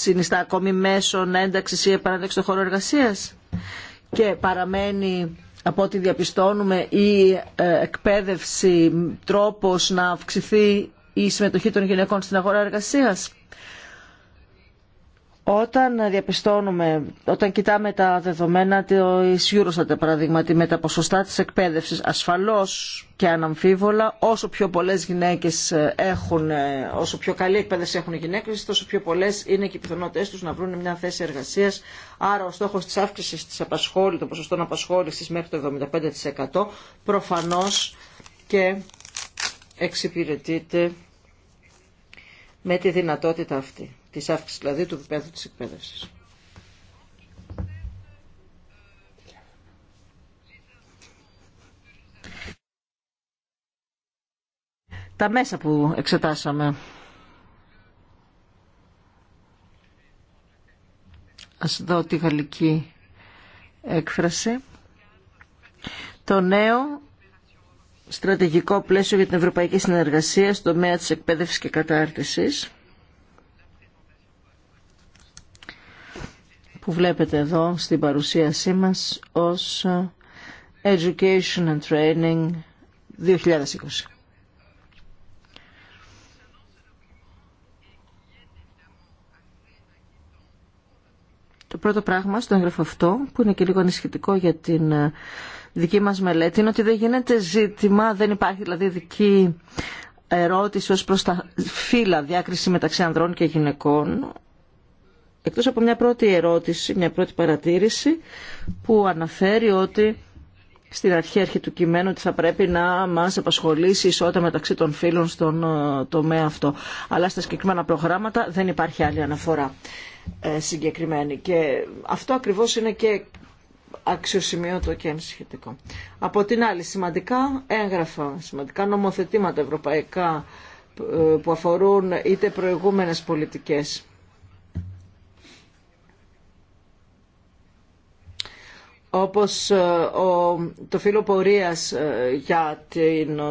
συνιστά ακόμη μέσων ένταξης ή επανένταξης στον χώρο εργασίας και παραμένει από ό,τι διαπιστώνουμε η ε, εκπαίδευση τρόπος να αυξηθεί η συμμετοχή των γυναικών στην αγορά εργασίας. Όταν διαπιστώνουμε, όταν κοιτάμε τα δεδομένα της Eurostat, παράδειγμα, με τα ποσοστά της εκπαίδευσης, ασφαλώς και αναμφίβολα, όσο πιο πολλές γυναίκες ε, έχουν, ε, όσο πιο καλή εκπαίδευση έχουν οι γυναίκες, τόσο πιο πολλές είναι και οι πιθανότητες τους να βρουν μια θέση εργασίας. Άρα ο στόχος της αύξησης της απασχόλησης, των ποσοστών απασχόλησης μέχρι το 75% προφανώς και εξυπηρετείται με τη δυνατότητα αυτή της αύξησης δηλαδή του επίπεδου της εκπαίδευσης. Τα μέσα που εξετάσαμε. Ας δω τη γαλλική έκφραση. Το νέο στρατηγικό πλαίσιο για την ευρωπαϊκή συνεργασία στο τομέα της εκπαίδευσης και κατάρτισης. που βλέπετε εδώ στην παρουσίασή μας ως Education and Training 2020. Το πρώτο πράγμα στο έγγραφο αυτό, που είναι και λίγο ανησυχητικό για την ε, δική μας μελέτη, είναι ότι δεν γίνεται ζήτημα, δεν υπάρχει δηλαδή δική ερώτηση ως προς τα φύλλα διάκριση μεταξύ ανδρών και γυναικών, εκτός από μια πρώτη ερώτηση, μια πρώτη παρατήρηση που αναφέρει ότι στην αρχή αρχή του κειμένου ότι θα πρέπει να μας απασχολήσει ισότητα μεταξύ των φίλων στον ε, τομέα αυτό. Αλλά στα συγκεκριμένα προγράμματα δεν υπάρχει άλλη αναφορά ε, συγκεκριμένη. Και αυτό ακριβώς είναι και αξιοσημείωτο και ενσχετικό. Από την άλλη, σημαντικά έγγραφα, σημαντικά νομοθετήματα ευρωπαϊκά ε, που αφορούν είτε προηγούμενες πολιτικές όπως ε, το φύλλο πορείας ε, για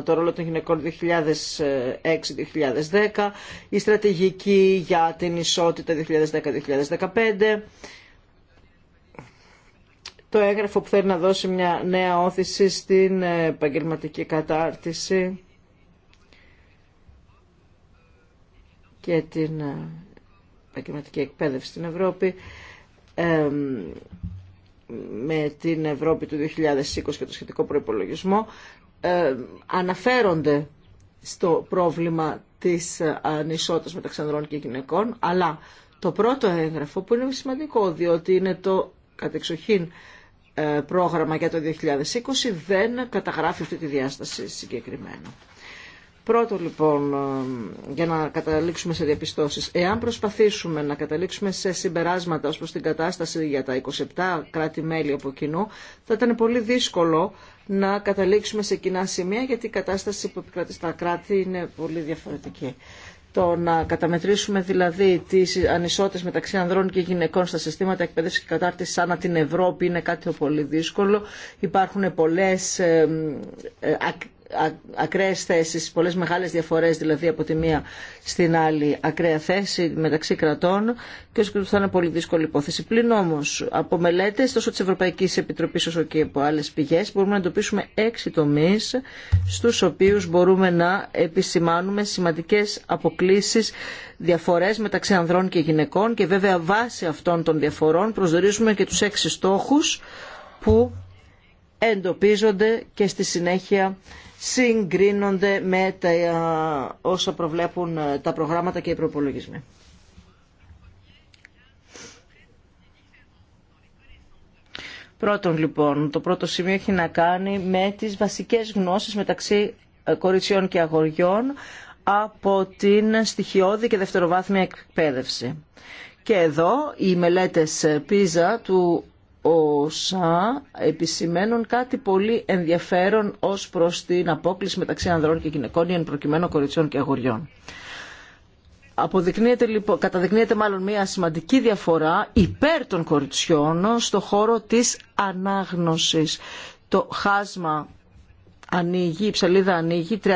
το ρόλο των γυναικών 2006-2010, η στρατηγική για την ισότητα 2010-2015, το έγγραφο που θέλει να δώσει μια νέα όθηση στην επαγγελματική κατάρτιση και την ε, επαγγελματική εκπαίδευση στην Ευρώπη με την Ευρώπη του 2020 και το σχετικό προϋπολογισμό ε, αναφέρονται στο πρόβλημα της ε, ανισότητας μεταξύ ανδρών και γυναικών, αλλά το πρώτο έγγραφο που είναι σημαντικό, διότι είναι το κατεξοχήν ε, πρόγραμμα για το 2020, δεν καταγράφει αυτή τη διάσταση συγκεκριμένα. Πρώτο λοιπόν, ε, για να καταλήξουμε σε διαπιστώσεις, εάν προσπαθήσουμε να καταλήξουμε σε συμπεράσματα ως προς την κατάσταση για τα 27 κράτη-μέλη από κοινού, θα ήταν πολύ δύσκολο να καταλήξουμε σε κοινά σημεία γιατί η κατάσταση που επικρατεί στα κράτη είναι πολύ διαφορετική. Το να καταμετρήσουμε δηλαδή τι ανισότητε μεταξύ ανδρών και γυναικών στα συστήματα εκπαίδευση και κατάρτιση ανά την Ευρώπη είναι κάτι πολύ δύσκολο. Υπάρχουν πολλέ ε, ε, ακραίες θέσεις, πολλές μεγάλες διαφορές δηλαδή από τη μία στην άλλη ακραία θέση μεταξύ κρατών και όσο θα είναι πολύ δύσκολη υπόθεση. Πλην όμως από μελέτες τόσο της Ευρωπαϊκής Επιτροπής όσο και από άλλες πηγές μπορούμε να εντοπίσουμε έξι τομείς στους οποίους μπορούμε να επισημάνουμε σημαντικές αποκλήσεις διαφορές μεταξύ ανδρών και γυναικών και βέβαια βάσει αυτών των διαφορών προσδορίζουμε και τους έξι στόχους που εντοπίζονται και στη συνέχεια συγκρίνονται με τα, όσα προβλέπουν τα προγράμματα και οι προπολογισμοί. Πρώτον λοιπόν, το πρώτο σημείο έχει να κάνει με τις βασικές γνώσεις μεταξύ κοριτσιών και αγοριών από την στοιχειώδη και δευτεροβάθμια εκπαίδευση. Και εδώ οι μελέτες PISA του ΩΣΑ επισημαίνουν κάτι πολύ ενδιαφέρον ως προς την απόκληση μεταξύ ανδρών και γυναικών ή εν προκειμένου κοριτσιών και αγοριών. Αποδεικνύεται, λοιπόν, καταδεικνύεται μάλλον μια σημαντική διαφορά υπέρ των κοριτσιών στο χώρο της ανάγνωσης. Το χάσμα ανοίγει, η ψαλίδα ανοίγει 39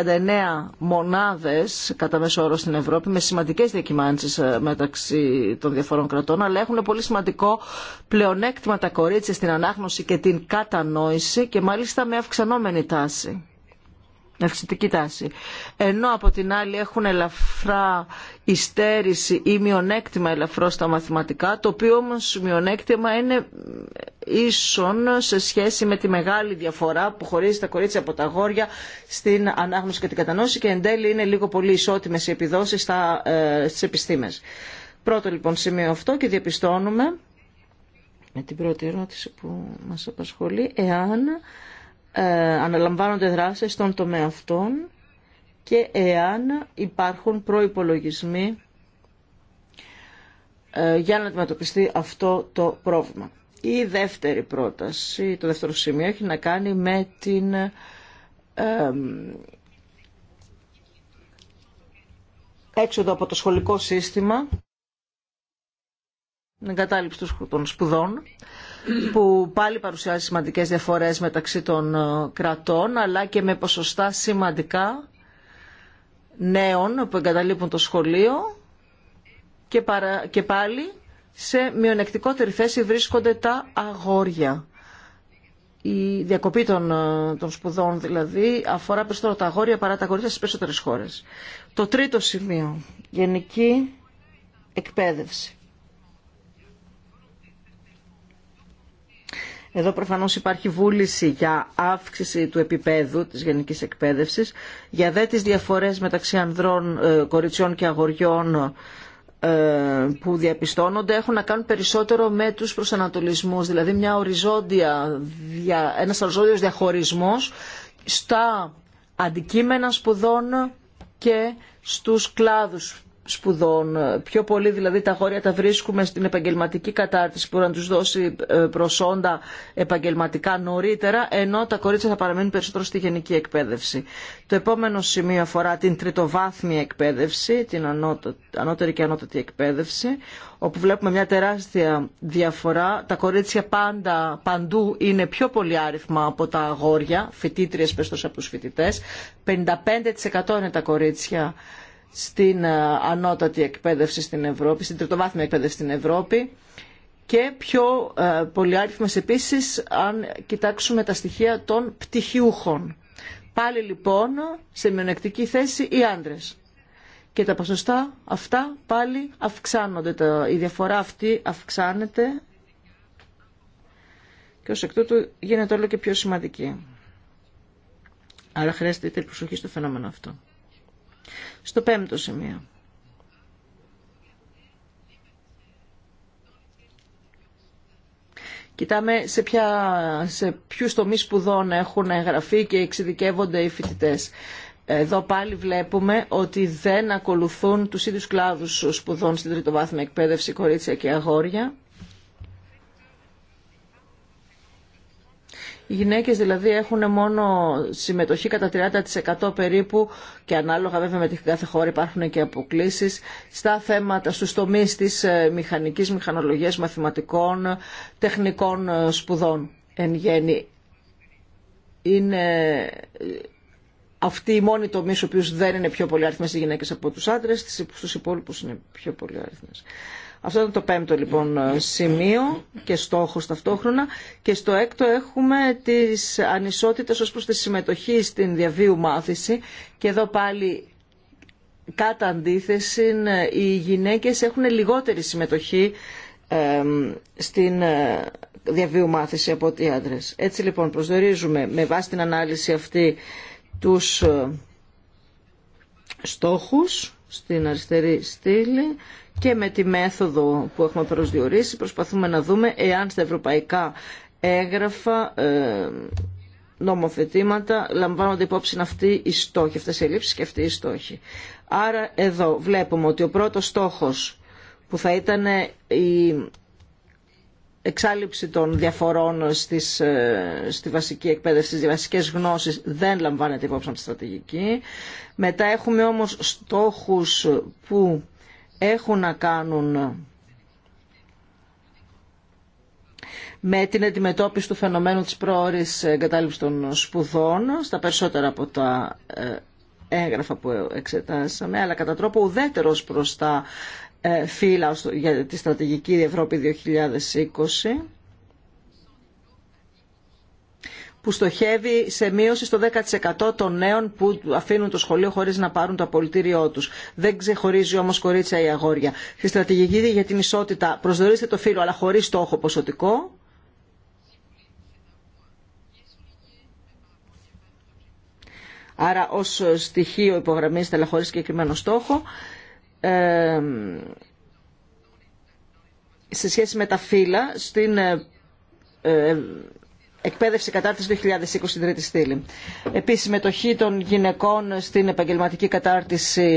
μονάδες κατά μέσο όρο στην Ευρώπη με σημαντικές διακυμάνσεις ε, μεταξύ των διαφορών κρατών αλλά έχουν πολύ σημαντικό πλεονέκτημα τα κορίτσια στην ανάγνωση και την κατανόηση και μάλιστα με αυξανόμενη τάση αυξητική τάση. Ενώ από την άλλη έχουν ελαφρά υστέρηση ή μειονέκτημα ελαφρώ στα μαθηματικά, το οποίο όμως μειονέκτημα είναι ίσον σε σχέση με τη μεγάλη διαφορά που χωρίζει τα κορίτσια από τα αγόρια στην ανάγνωση και την κατανόηση και εν τέλει είναι λίγο πολύ ισότιμες οι επιδόσεις στα, ε, στις επιστήμες. Πρώτο λοιπόν σημείο αυτό και διαπιστώνουμε με την πρώτη ερώτηση που μας απασχολεί, εάν ε, αναλαμβάνονται δράσεις στον τομέα αυτών και εάν υπάρχουν προϋπολογισμοί ε, για να αντιμετωπιστεί αυτό το πρόβλημα. Η δεύτερη πρόταση, το δεύτερο σημείο, έχει να κάνει με την ε, έξοδο από το σχολικό σύστημα, την εγκατάλειψη των σπουδών, που πάλι παρουσιάζει σημαντικές διαφορές μεταξύ των ε, κρατών αλλά και με ποσοστά σημαντικά νέων που εγκαταλείπουν το σχολείο και, και πάλι σε μειονεκτικότερη θέση βρίσκονται τα αγόρια. Η διακοπή ε, των, σπουδών δηλαδή αφορά περισσότερο τα αγόρια παρά τα αγόρια στις περισσότερες χώρες. Το τρίτο σημείο, γενική εκπαίδευση. Εδώ προφανώς υπάρχει βούληση για αύξηση του επίπεδου της γενικής εκπαίδευσης. Για δε τις διαφορές μεταξύ ανδρών, ε, κοριτσιών και αγοριών ε, που διαπιστώνονται έχουν να κάνουν περισσότερο με τους προσανατολισμούς, δηλαδή μια οριζόντια, ένας οριζόντιος διαχωρισμός στα αντικείμενα σπουδών και στους κλάδους σπουδών. Πιο πολύ δηλαδή τα αγόρια τα βρίσκουμε στην επαγγελματική κατάρτιση που να τους δώσει ε, προσόντα επαγγελματικά νωρίτερα, ενώ τα κορίτσια θα παραμείνουν περισσότερο στη γενική εκπαίδευση. Το επόμενο σημείο αφορά την τριτοβάθμια εκπαίδευση, την ανώτερη και ανώτατη εκπαίδευση, όπου βλέπουμε μια τεράστια διαφορά. Τα κορίτσια πάντα, παντού είναι πιο πολύ άριθμα από τα αγόρια, φοιτήτριες πέστος από τους φοιτητές. 55% είναι τα κορίτσια στην ε, ανώτατη εκπαίδευση στην Ευρώπη, στην τριτοβάθμια εκπαίδευση στην Ευρώπη και πιο ε, πολυάριθμες επίσης αν κοιτάξουμε τα στοιχεία των πτυχιούχων. Πάλι λοιπόν σε μειονεκτική θέση οι άντρες. Και τα ποσοστά αυτά πάλι αυξάνονται. Η διαφορά αυτή αυξάνεται και ως εκ τούτου γίνεται όλο και πιο σημαντική. Άρα χρειάζεται η προσοχή στο φαινόμενο αυτό. Στο πέμπτο σημείο. Κοιτάμε σε, ποια, σε ποιους τομείς σπουδών έχουν εγγραφεί και εξειδικεύονται οι φοιτητές. Εδώ πάλι βλέπουμε ότι δεν ακολουθούν τους ίδιους κλάδους σπουδών στην τριτοβάθμια εκπαίδευση κορίτσια και αγόρια. Οι γυναίκες δηλαδή έχουν μόνο συμμετοχή κατά 30% περίπου και ανάλογα βέβαια με την κάθε χώρα υπάρχουν και αποκλήσεις στα θέματα, στους τομείς της ε, μηχανικής, μηχανολογίας, μαθηματικών, τεχνικών ε, σπουδών εν γέννη. Είναι ε, αυτοί οι μόνοι τομεί στου οποίου δεν είναι πιο πολύ άριθμε οι γυναίκες από τους άντρε, στους υπόλοιπου είναι πιο πολύ αυτό ήταν το πέμπτο λοιπόν σημείο και στόχος ταυτόχρονα. Και στο έκτο έχουμε τις ανισότητες ως προς τη συμμετοχή στην διαβίου μάθηση. Και εδώ πάλι κατά αντίθεση οι γυναίκες έχουν λιγότερη συμμετοχή στην ε, διαβίου μάθηση από ότι οι άντρες. Έτσι λοιπόν προσδορίζουμε με βάση την ανάλυση αυτή τους ε, στόχους στην αριστερή στήλη και με τη μέθοδο που έχουμε προσδιορίσει προσπαθούμε να δούμε εάν στα ευρωπαϊκά έγγραφα ε, νομοθετήματα λαμβάνονται υπόψη αυτή οι στόχοι, αυτές οι ελλείψεις και αυτή οι στόχοι. Άρα εδώ βλέπουμε ότι ο πρώτος στόχος που θα ήταν η εξάλληψη των διαφορών στις, ε, στη βασική εκπαίδευση, στις βασικές γνώσεις δεν λαμβάνεται υπόψη από τη στρατηγική. Μετά έχουμε όμως στόχους που έχουν να κάνουν με την αντιμετώπιση του φαινομένου της πρόορης εγκατάλειψης των σπουδών στα περισσότερα από τα ε, έγγραφα που εξετάσαμε, αλλά κατά τρόπο ουδέτερος προς τα ε, φύλλα για τη στρατηγική Ευρώπη 2020 που στοχεύει σε μείωση στο 10% των νέων που αφήνουν το σχολείο χωρίς να πάρουν το απολυτήριό τους. Δεν ξεχωρίζει όμως κορίτσια ή αγόρια. Στη στρατηγική για την ισότητα προσδορίστε το φύλλο αλλά χωρίς στόχο ποσοτικό. Άρα ως στοιχείο υπογραμμίζεται αλλά χωρίς συγκεκριμένο στόχο. Ε, σε σχέση με τα φύλλα, στην ε, ε εκπαίδευση κατάρτιση 2020 στην τρίτη στήλη. Επίση, συμμετοχή των γυναικών στην επαγγελματική κατάρτιση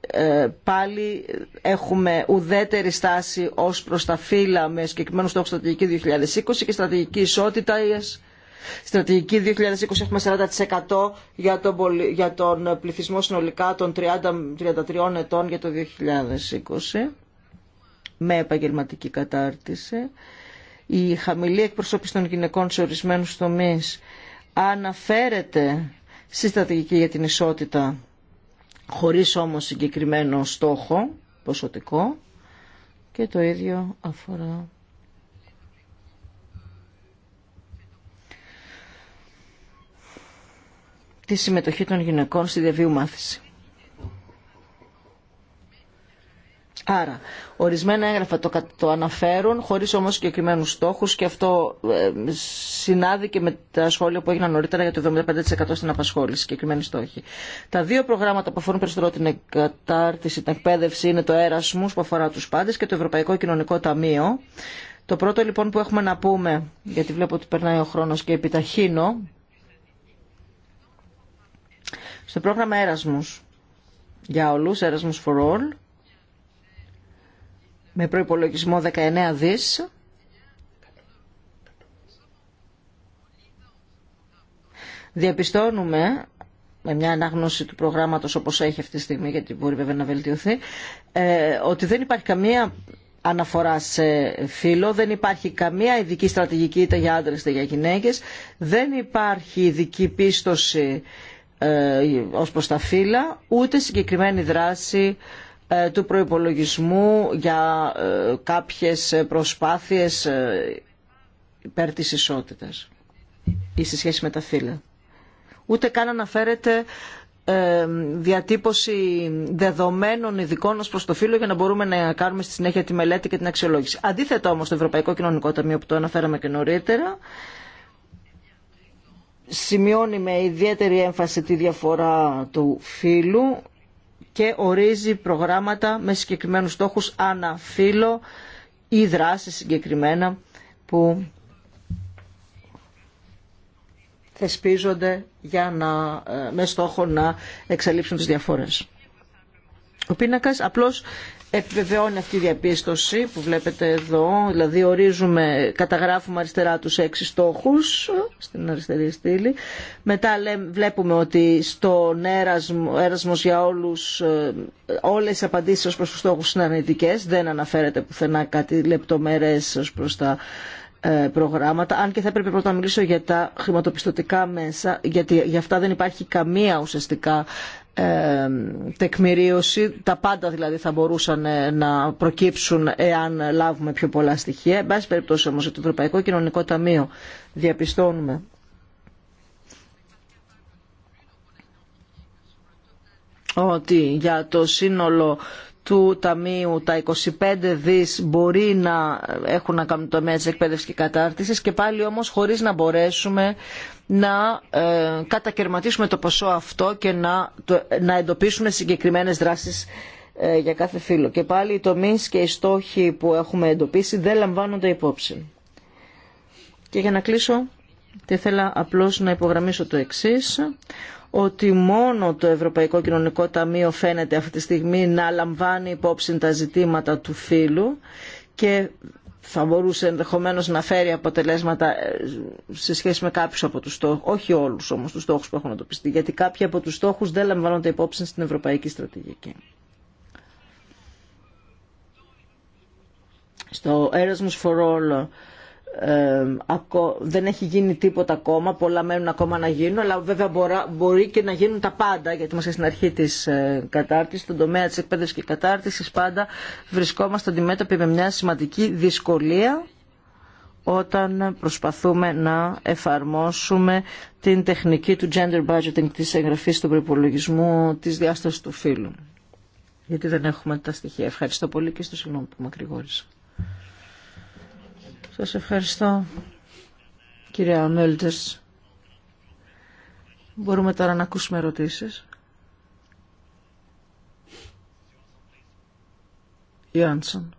ε, πάλι έχουμε ουδέτερη στάση ω προ τα φύλλα με συγκεκριμένο στόχο στρατηγική 2020 και στρατηγική ισότητα Στρατηγική 2020 έχουμε 40% για τον, για τον πληθυσμό συνολικά των 30-33 ετών για το 2020 με επαγγελματική κατάρτιση η χαμηλή εκπροσώπηση των γυναικών σε ορισμένους τομείς αναφέρεται στη στρατηγική για την ισότητα χωρίς όμως συγκεκριμένο στόχο ποσοτικό και το ίδιο αφορά τη συμμετοχή των γυναικών στη διαβίου μάθηση. Άρα, ορισμένα έγγραφα το, το αναφέρουν, χωρίς όμως συγκεκριμένου στόχους και αυτό ε, συνάδει και με τα σχόλια που έγιναν νωρίτερα για το 75% στην απασχόληση, συγκεκριμένοι στόχοι. Τα δύο προγράμματα που αφορούν περισσότερο την εγκατάρτιση, την εκπαίδευση είναι το Έρασμους που αφορά τους πάντες και το Ευρωπαϊκό Κοινωνικό Ταμείο. Το πρώτο λοιπόν που έχουμε να πούμε, γιατί βλέπω ότι περνάει ο χρόνος και επιταχύνω, στο πρόγραμμα έρασμου για όλους, Erasmus for All, με προϋπολογισμό 19 δις διαπιστώνουμε με μια ανάγνωση του προγράμματος όπως έχει αυτή τη στιγμή γιατί μπορεί βέβαια να βελτιωθεί ε, ότι δεν υπάρχει καμία αναφορά σε φύλλο, δεν υπάρχει καμία ειδική στρατηγική είτε για άντρες είτε για γυναίκες, δεν υπάρχει ειδική πίστοση ε, ως προς τα φύλλα, ούτε συγκεκριμένη δράση ε, του προϋπολογισμού για ε, κάποιες προσπάθειες ε, υπέρ της ισότητας ή στη σχέση με τα φύλλα. Ούτε καν αναφέρεται διατύπωση δεδομένων ειδικών ω προ το φύλλο για να μπορούμε να κάνουμε στη συνέχεια τη μελέτη και την αξιολόγηση. Αντίθετα όμω το Ευρωπαϊκό Κοινωνικό Ταμείο που το αναφέραμε και νωρίτερα σημειώνει με ιδιαίτερη έμφαση τη διαφορά του φύλλου και ορίζει προγράμματα με συγκεκριμένους στόχους φύλο ή δράσεις συγκεκριμένα που θεσπίζονται για να, ε, με στόχο να εξαλείψουν τις διαφορές. Ο πίνακας απλώς επιβεβαιώνει αυτή η διαπίστωση που βλέπετε εδώ, δηλαδή ορίζουμε, καταγράφουμε αριστερά τους έξι στόχους στην αριστερή στήλη. Μετά βλέπουμε ότι στον έρασμο, έρασμος για όλους, ε, όλες οι απαντήσεις ως προς τους στόχους είναι αρνητικές, δεν αναφέρεται πουθενά κάτι λεπτομέρες ως προς τα ε, προγράμματα, αν και θα έπρεπε πρώτα να μιλήσω για τα χρηματοπιστωτικά μέσα, γιατί για αυτά δεν υπάρχει καμία ουσιαστικά τεκμηρίωση. Τα πάντα δηλαδή θα μπορούσαν ε, να προκύψουν εάν λάβουμε πιο πολλά στοιχεία. Εν πάση περιπτώσει όμως το Ευρωπαϊκό Κοινωνικό Ταμείο διαπιστώνουμε ότι για το σύνολο του Ταμείου τα 25 δις μπορεί να έχουν να κάνουν το της εκπαίδευσης και κατάρτισης και πάλι όμως χωρίς να μπορέσουμε να ε, κατακαιρματίσουμε το ποσό αυτό και να, να εντοπίσουμε συγκεκριμένες δράσεις ε, για κάθε φύλλο. Και πάλι οι τομείς και οι στόχοι που έχουμε εντοπίσει δεν λαμβάνονται υπόψη. Και για να κλείσω, και θέλω απλώς να υπογραμμίσω το εξής, ότι μόνο το Ευρωπαϊκό Κοινωνικό Ταμείο φαίνεται αυτή τη στιγμή να λαμβάνει υπόψη τα ζητήματα του φύλου και θα μπορούσε ενδεχομένως να φέρει αποτελέσματα ε, σε σχέση με κάποιους από τους στόχους, όχι όλους όμως τους στόχους που έχουν εντοπιστεί, γιατί κάποιοι από τους στόχους δεν λαμβάνονται υπόψη στην ευρωπαϊκή στρατηγική. Στο Erasmus for All δεν έχει γίνει τίποτα ακόμα, πολλά μένουν ακόμα να γίνουν, αλλά βέβαια μπορεί και να γίνουν τα πάντα, γιατί είμαστε στην αρχή της ε, κατάρτισης, στον τομέα της εκπαίδευσης και κατάρτισης πάντα βρισκόμαστε αντιμέτωποι με μια σημαντική δυσκολία όταν προσπαθούμε να εφαρμόσουμε την τεχνική του gender budgeting, της εγγραφής του προπολογισμού, της διάστασης του φύλου. Γιατί δεν έχουμε τα στοιχεία. Ευχαριστώ πολύ και στο συγγνώμη που σας ευχαριστώ, κυρία Μέλτερς. Μπορούμε τώρα να ακούσουμε ερωτήσεις. Ιάνσον.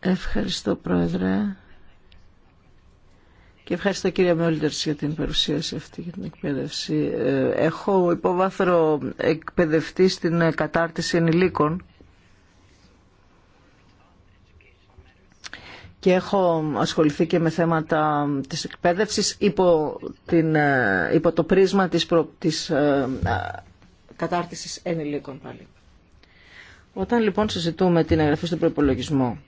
Ευχαριστώ, Πρόεδρε. Και ευχαριστώ κύριε Μόλτερς για την παρουσίαση αυτή για την εκπαίδευση. Ε, έχω υπόβαθρο εκπαιδευτεί στην ε, κατάρτιση ενηλίκων και έχω ασχοληθεί και με θέματα της εκπαίδευσης υπό, ε, υπό το πρίσμα της, κατάρτιση κατάρτισης ενηλίκων πάλι. Όταν λοιπόν συζητούμε την εγγραφή στον προπολογισμό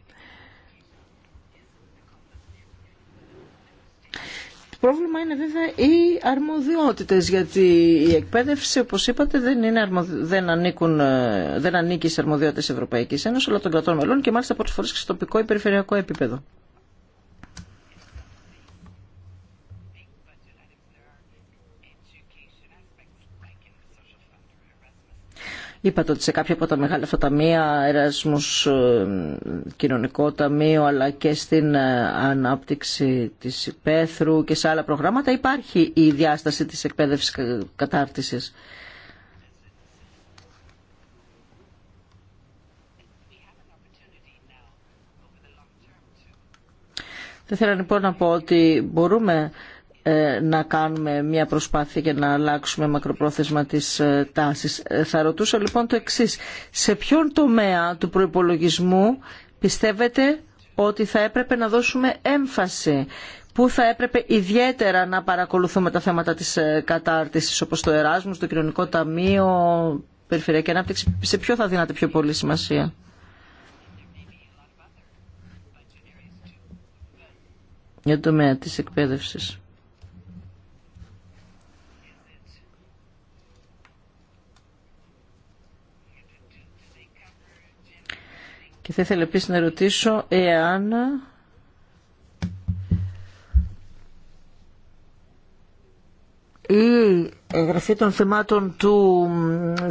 Πρόβλημα είναι βέβαια οι αρμοδιότητες, γιατί η εκπαίδευση, όπως είπατε, δεν, είναι δεν, ανήκουν... Ε, δεν ανήκει σε αρμοδιότητες Ευρωπαϊκής Ένωσης, αλλά των κρατών μελών και μάλιστα πολλέ φορές και στο τοπικό ή περιφερειακό επίπεδο. Είπατε ότι σε κάποια από τα μεγάλα αυτά ταμεία, Εράσμους, ε, Κοινωνικό Ταμείο, αλλά και στην ε, ανάπτυξη της υπαίθρου και σε άλλα προγράμματα υπάρχει η διάσταση της εκπαίδευσης κατάρτισης. Θα ήθελα λοιπόν να πω ότι μπορούμε ε, να κάνουμε μια προσπάθεια και να αλλάξουμε μακροπρόθεσμα τις ε, τάσεις. Ε, θα ρωτούσα λοιπόν το εξής. Σε ποιον τομέα του προϋπολογισμού πιστεύετε ότι θα έπρεπε να δώσουμε έμφαση που θα έπρεπε ιδιαίτερα να παρακολουθούμε τα θέματα της κατάρτισης όπως το Εράσμος, το Κοινωνικό Ταμείο, Περιφερειακή Ανάπτυξη, σε ποιο θα δίνατε πιο πολύ σημασία. Για το τομέα της εκπαίδευσης. Και θα ήθελα επίσης να ρωτήσω εάν η εγγραφή των θεμάτων του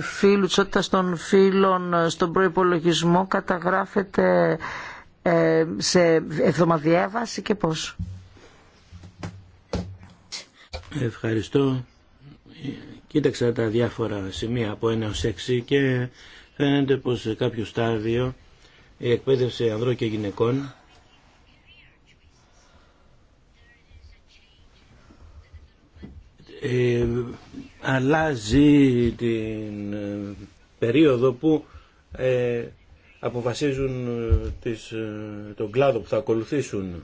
φίλου, της των φίλων στον προϋπολογισμό καταγράφεται ε, σε εβδομαδιαία βάση και πώς.
Ευχαριστώ. Κοίταξα τα διάφορα σημεία από 1 ως 6 και φαίνεται πως σε κάποιο στάδιο η εκπαίδευση ανδρών και γυναικών ε, αλλάζει την ε, περίοδο που ε, αποφασίζουν ε, τις, ε, τον κλάδο που θα ακολουθήσουν.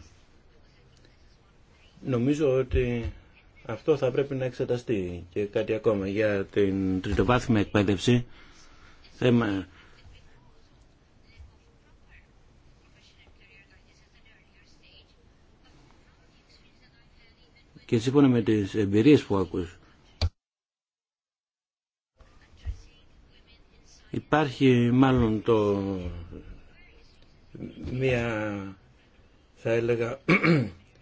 Νομίζω ότι αυτό θα πρέπει να εξεταστεί και κάτι ακόμα για την τριτοβάθμια εκπαίδευση. Θέμα και σύμφωνα με τις εμπειρίες που άκουσα υπάρχει μάλλον το μία θα έλεγα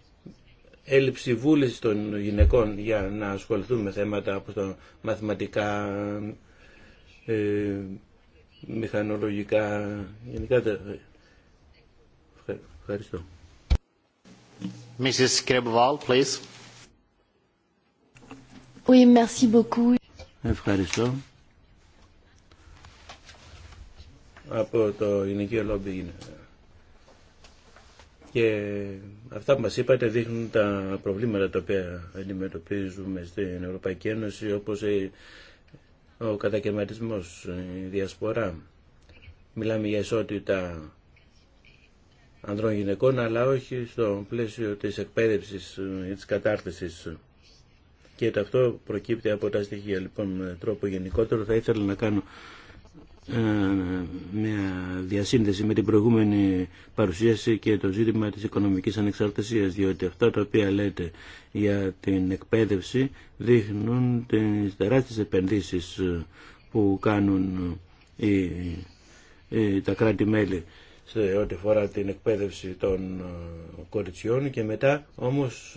έλλειψη βούληση των γυναικών για να ασχοληθούν με θέματα από τα μαθηματικά, ε, μηχανολογικά, γενικά. Ευχαριστώ. Mrs. Krebval, please. Ευχαριστώ. Από το Γυναικείο Λόμπι Και αυτά που μας είπατε δείχνουν τα προβλήματα τα οποία αντιμετωπίζουμε στην Ευρωπαϊκή Ένωση όπως ο κατακαιρματισμός, η διασπορά. Μιλάμε για ισότητα ανδρών γυναικών αλλά όχι στο πλαίσιο της εκπαίδευσης ή της κατάρτισης και αυτό προκύπτει από τα στοιχεία. Λοιπόν, με τρόπο γενικότερο θα ήθελα να κάνω ε, μια διασύνδεση με την προηγούμενη παρουσίαση και το ζήτημα της οικονομικής ανεξαρτησίας διότι αυτά τα οποία λέτε για την εκπαίδευση δείχνουν τις τεράστιες επενδύσεις ε, που κάνουν οι, ε, τα κράτη-μέλη σε ό,τι φορά την εκπαίδευση των κοριτσιών και μετά όμως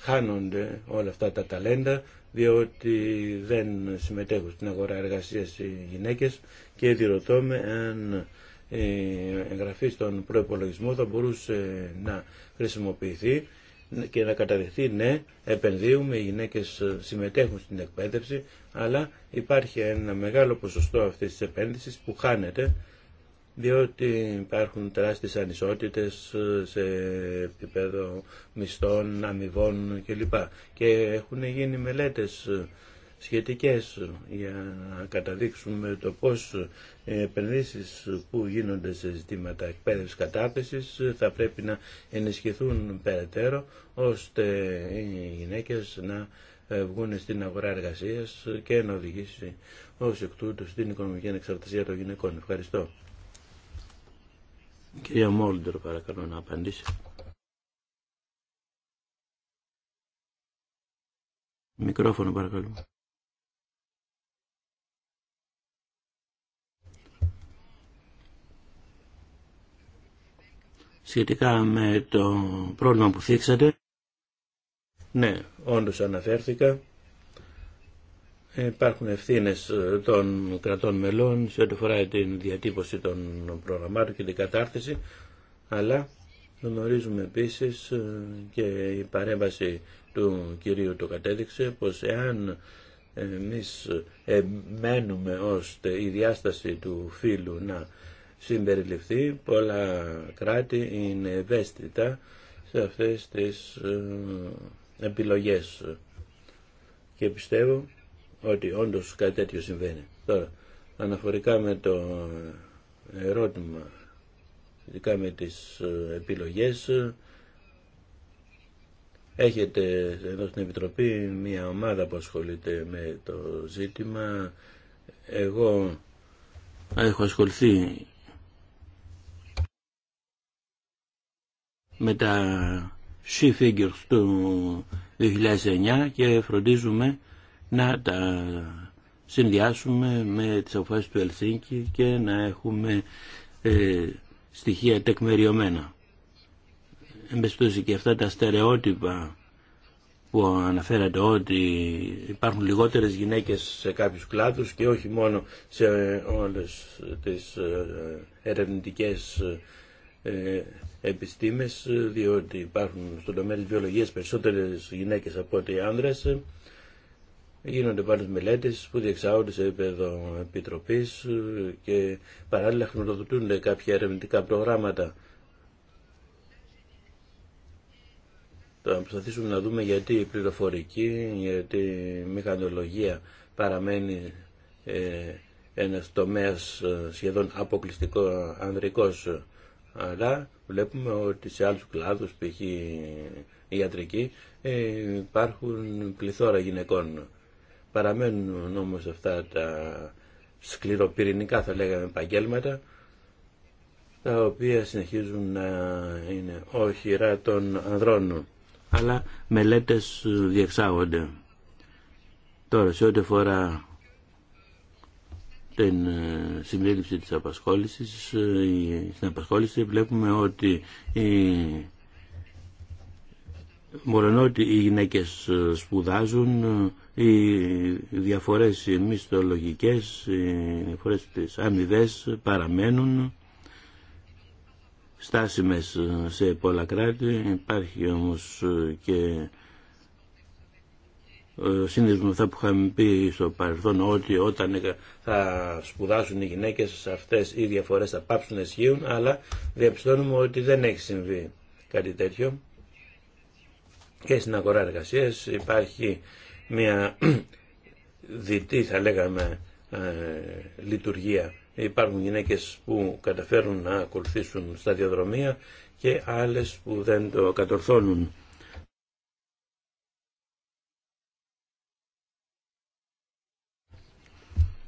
χάνονται όλα αυτά τα ταλέντα διότι δεν συμμετέχουν στην αγορά εργασίας οι γυναίκες και διρωτώμε αν η εγγραφή στον προπολογισμό θα μπορούσε να χρησιμοποιηθεί και να καταδεχθεί ναι, επενδύουμε, οι γυναίκες συμμετέχουν στην εκπαίδευση, αλλά υπάρχει ένα μεγάλο ποσοστό αυτής της επένδυσης που χάνεται διότι υπάρχουν τεράστιες ανισότητες σε επίπεδο μισθών, αμοιβών κλπ. Και έχουν γίνει μελέτες σχετικές για να καταδείξουμε το πώς επενδύσεις που γίνονται σε ζητήματα εκπαίδευσης κατάπεσης θα πρέπει να ενισχυθούν περαιτέρω ώστε οι γυναίκες να βγουν στην αγορά εργασίας και να οδηγήσει ως εκ τούτου στην οικονομική ανεξαρτησία των γυναικών. Ευχαριστώ. Κυρία Μόλντερ, παρακαλώ να απαντήσει. Μικρόφωνο, παρακαλώ. Σχετικά με το πρόβλημα που θίξατε, ναι, όντως αναφέρθηκα Υπάρχουν ευθύνε ε, των κρατών μελών σε ό,τι αφορά την διατύπωση των προγραμμάτων και την κατάρτιση, αλλά γνωρίζουμε επίσης ε, και η παρέμβαση του κυρίου το κατέδειξε πως εάν εμείς μένουμε ώστε η διάσταση του φύλου να συμπεριληφθεί, πολλά κράτη είναι ευαίσθητα σε αυτές τις ε, επιλογές. Και πιστεύω ότι όντως κάτι τέτοιο συμβαίνει. Τώρα, αναφορικά με το ερώτημα, ειδικά με τις ε, επιλογές, έχετε εδώ στην Επιτροπή μια ομάδα που ασχολείται με το ζήτημα. Εγώ έχω ασχοληθεί με τα she figures του 2009 και φροντίζουμε να τα συνδυάσουμε με τις αποφάσεις του Ελσίνκη και να έχουμε ε, στοιχεία τεκμεριωμένα. Εμπεστούσει και αυτά τα στερεότυπα που αναφέρατε ότι υπάρχουν λιγότερες γυναίκες σε κάποιους κλάδους και όχι μόνο σε όλες τις ε, ερευνητικές ε, επιστήμες διότι υπάρχουν στον τομέα της βιολογίας περισσότερες γυναίκες από ότι άνδρες Γίνονται πάλι μελέτες που διεξάγονται σε επίπεδο επιτροπής ε, και παράλληλα χρηματοδοτούνται ε, κάποια ερευνητικά προγράμματα. Θα προσπαθήσουμε να δούμε γιατί η πληροφορική, γιατί η μηχανολογία παραμένει ε, ένας τομέας σχεδόν αποκλειστικό ανδρικός αλλά βλέπουμε ότι σε άλλους κλάδους, π.χ. ιατρική, υπάρχουν πληθώρα γυναικών. Παραμένουν όμως αυτά τα σκληροπυρηνικά θα λέγαμε επαγγέλματα τα οποία συνεχίζουν να είναι όχυρα των ανδρών αλλά μελέτες διεξάγονται. Τώρα σε ό,τι φορά την ε, συμπλήρυψη της απασχόλησης ε, στην απασχόληση βλέπουμε ότι η ότι οι γυναίκες ε, σπουδάζουν, οι διαφορές μιστολογικές μισθολογικές, οι διαφορές της αμοιβές παραμένουν στάσιμες σε πολλά κράτη. Υπάρχει όμως και σύνδεσμο με αυτά που είχαμε πει στο παρελθόν ότι όταν θα σπουδάσουν οι γυναίκες αυτές οι διαφορές θα πάψουν να ισχύουν αλλά διαπιστώνουμε ότι δεν έχει συμβεί κάτι τέτοιο και στην αγορά εργασίας υπάρχει μια διτή θα λέγαμε ε, λειτουργία. Υπάρχουν γυναίκες που καταφέρουν να ακολουθήσουν στα διαδρομία και άλλες που δεν το κατορθώνουν.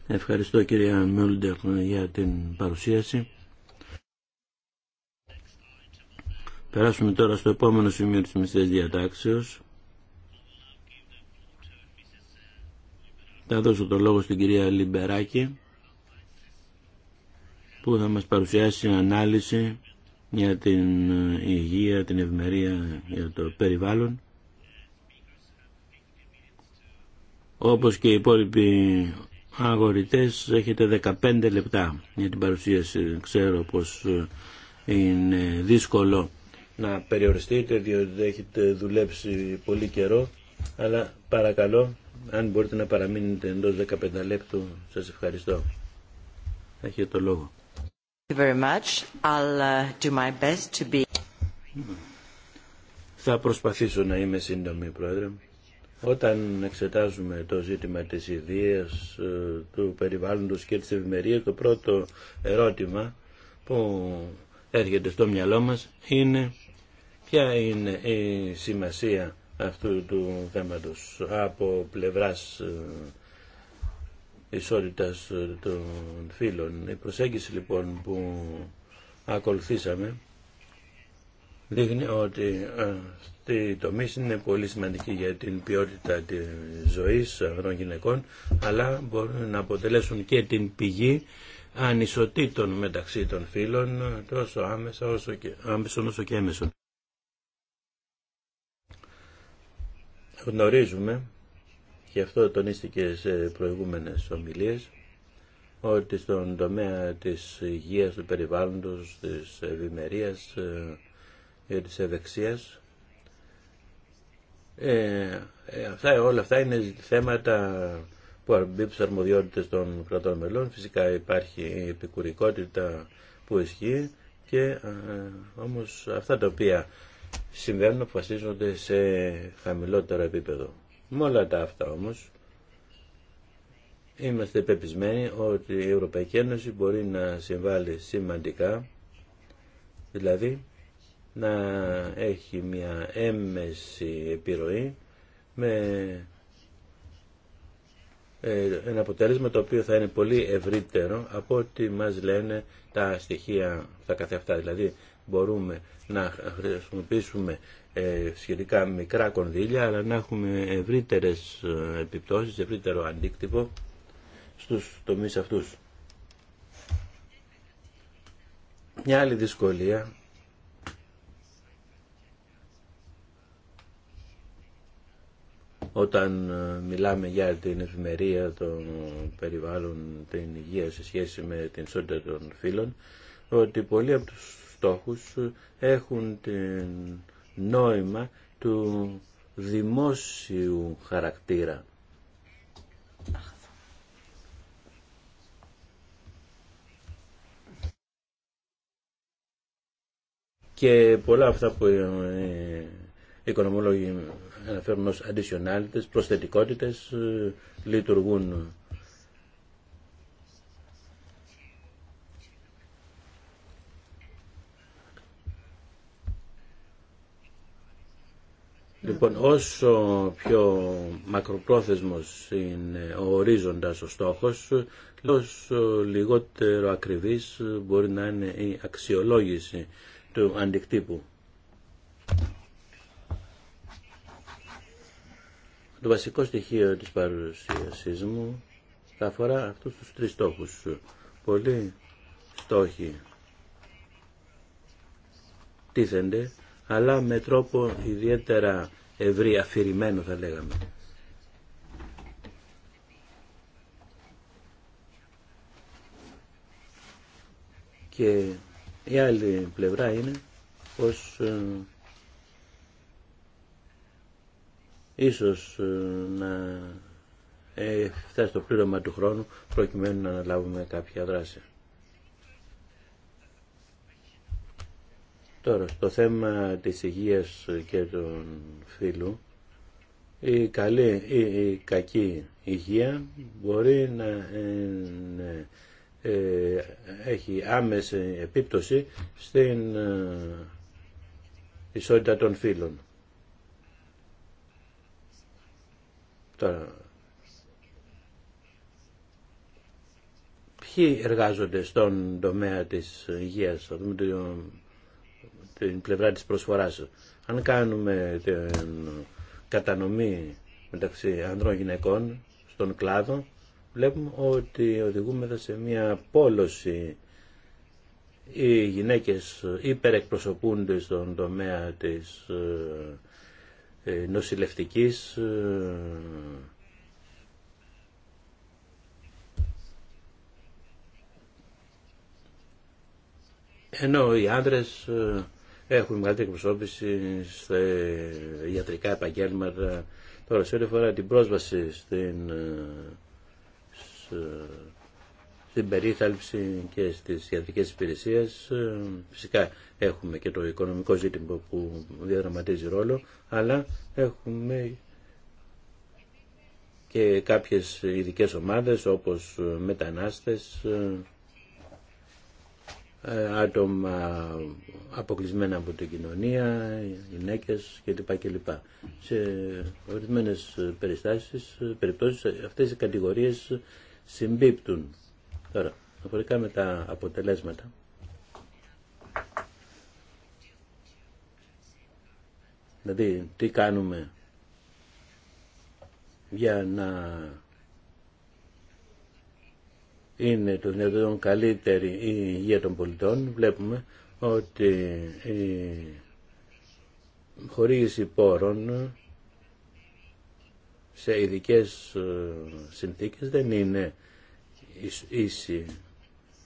Ευχαριστώ κυρία Μιούλντερ για την παρουσίαση. Περάσουμε τώρα στο επόμενο σημείο της μισθές διατάξεως. Θα δώσω το λόγο στην κυρία Λιμπεράκη που θα μας παρουσιάσει ανάλυση για την υγεία, την ευμερία για το περιβάλλον όπως και οι υπόλοιποι αγορητές έχετε 15 λεπτά για την παρουσίαση ξέρω πως ε, είναι δύσκολο να περιοριστείτε διότι έχετε δουλέψει πολύ καιρό αλλά παρακαλώ αν μπορείτε να παραμείνετε εντό 15 λεπτού, σα ευχαριστώ. Έχετε το λόγο. Θα προσπαθήσω να είμαι σύντομη, Πρόεδρε. Όταν εξετάζουμε το ζήτημα της ιδείας, ε, του περιβάλλοντος και της ευημερίας, το πρώτο ερώτημα που έρχεται στο μυαλό μας είναι ποια είναι η σημασία αυτού του θέματος από πλευράς ε, ισότητας ε, των φίλων. Η προσέγγιση λοιπόν που ακολουθήσαμε δείχνει ότι ε, αυτή η τομή είναι πολύ σημαντική για την ποιότητα της ζωής των γυναικών αλλά μπορούν να αποτελέσουν και την πηγή ανισοτήτων μεταξύ των φίλων τόσο άμεσα όσο και, άμεσον όσο και έμεσον. Γνωρίζουμε, και αυτό τονίστηκε σε προηγούμενες ομιλίες, ότι στον τομέα της υγείας, του περιβάλλοντος, της ευημερία ε, και της ευεξίας, ε, ε όλα αυτά είναι θέματα που αρμπίπτουν αρμοδιότητες των κρατών μελών. Φυσικά υπάρχει η επικουρικότητα που ισχύει και ε, όμως αυτά τα οποία συμβαίνουν αποφασίζονται σε χαμηλότερο επίπεδο. Με όλα τα αυτά όμως είμαστε πεπισμένοι ότι η Ευρωπαϊκή Ένωση μπορεί να συμβάλλει σημαντικά δηλαδή να έχει μια έμμεση επιρροή με ε, ένα αποτέλεσμα το οποίο θα είναι πολύ ευρύτερο από ό,τι μας λένε τα στοιχεία τα καθεαυτά. Δηλαδή μπορούμε να χρησιμοποιήσουμε ε, σχετικά μικρά κονδύλια αλλά να έχουμε ευρύτερες ε, επιπτώσεις, ευρύτερο αντίκτυπο στους τομείς αυτούς. Μια άλλη δυσκολία όταν ε, μιλάμε για την ευημερία των περιβάλλων, την υγεία σε σχέση με την ισότητα των φύλων, ότι πολλοί από τους στόχους έχουν την νόημα του δημόσιου χαρακτήρα. Και πολλά αυτά που ε, οι οικονομολόγοι αναφέρουν ως additionalities, προσθετικότητες, ε, λειτουργούν Λοιπόν, όσο πιο μακροπρόθεσμος είναι ο ορίζοντας ο στόχος, τόσο λιγότερο ακριβής μπορεί να είναι η αξιολόγηση του αντικτύπου. Το βασικό στοιχείο της παρουσίασής μου θα αφορά αυτούς τους τρεις στόχους. Πολλοί στόχοι τίθενται αλλά με τρόπο ιδιαίτερα ευρύ, αφηρημένο θα λέγαμε. Και η άλλη πλευρά είναι πως ε, ίσως ε, να ε, φτάσει το πλήρωμα του χρόνου προκειμένου να αναλάβουμε κάποια δράση. Τώρα, στο θέμα της υγείας και των φίλου η καλή ή η κακή υγεία μπορεί να ε, έχει άμεση επίπτωση στην ε, ισότητα των φύλων. Τώρα, ποιοι εργάζονται στον τομέα της υγείας, την πλευρά της προσφοράς. Αν κάνουμε την κατανομή μεταξύ ανδρών γυναικών στον κλάδο, βλέπουμε ότι οδηγούμε σε μια πόλωση. Οι γυναίκες υπερεκπροσωπούνται στον τομέα της ε, νοσηλευτικής ε, ενώ οι άντρες ε, έχουν μεγαλύτερη εκπροσώπηση σε ιατρικά επαγγέλματα. Τώρα, σε ό,τι αφορά την πρόσβαση στην, ε, ε, στην περίθαλψη και στις ιατρικές υπηρεσίες, ε, φυσικά έχουμε και το οικονομικό ζήτημα που διαδραματίζει ρόλο, αλλά έχουμε και κάποιες ειδικές ομάδες όπως μετανάστες ε, άτομα αποκλεισμένα από την κοινωνία, γυναίκες κλπ. κλπ. Σε ορισμένες περιστάσεις, περιπτώσεις, αυτές οι κατηγορίες συμπίπτουν. Τώρα, αφορικά με τα αποτελέσματα. Δηλαδή, τι κάνουμε για να είναι το δυνατόν καλύτερη η υγεία των πολιτών, βλέπουμε ότι η χορήγηση πόρων σε ειδικέ ε, συνθήκες δεν είναι ίση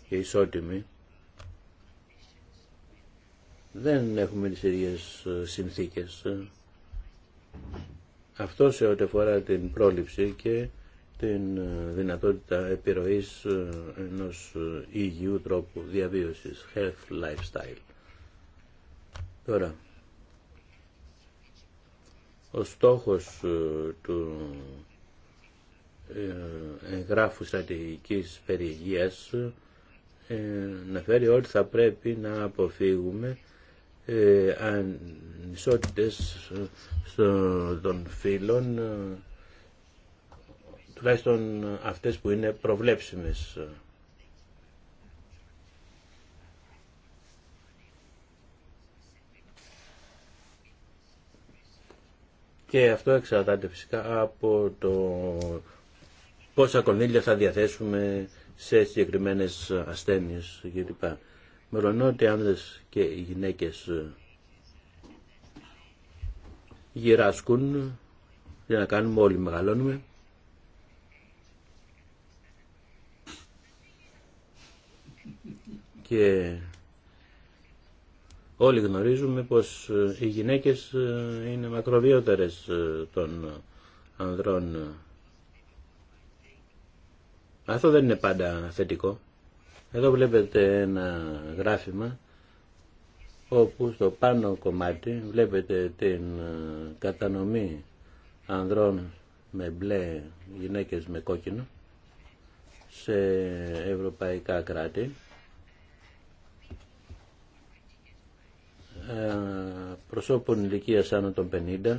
και ισότιμη. Δεν έχουμε τις ίδιες ε, συνθήκες. Αυτό σε ό,τι αφορά την πρόληψη και την ε, δυνατότητα επιρροής ε, ενός ε, υγιού τρόπου διαβίωσης, health lifestyle. Τώρα, ο στόχος του εγγράφου στρατηγικής ε, να φέρει ότι θα πρέπει να αποφύγουμε ανισότητες των φύλων τουλάχιστον αυτές που είναι προβλέψιμες. Και αυτό εξαρτάται φυσικά από το πόσα κονδύλια θα διαθέσουμε σε συγκεκριμένες ασθένειες κλπ. Μερονώ ότι άνδρες και οι γυναίκες γυράσκουν για να κάνουμε όλοι μεγαλώνουμε και όλοι γνωρίζουμε πως ε, οι γυναίκες ε, είναι μακροβιότερες ε, των ανδρών. Αυτό δεν είναι πάντα θετικό. Εδώ βλέπετε ένα γράφημα όπου στο πάνω κομμάτι βλέπετε την κατανομή ανδρών με μπλε, γυναίκες με κόκκινο σε ευρωπαϊκά κράτη Ε, προσώπων ηλικία άνω των 50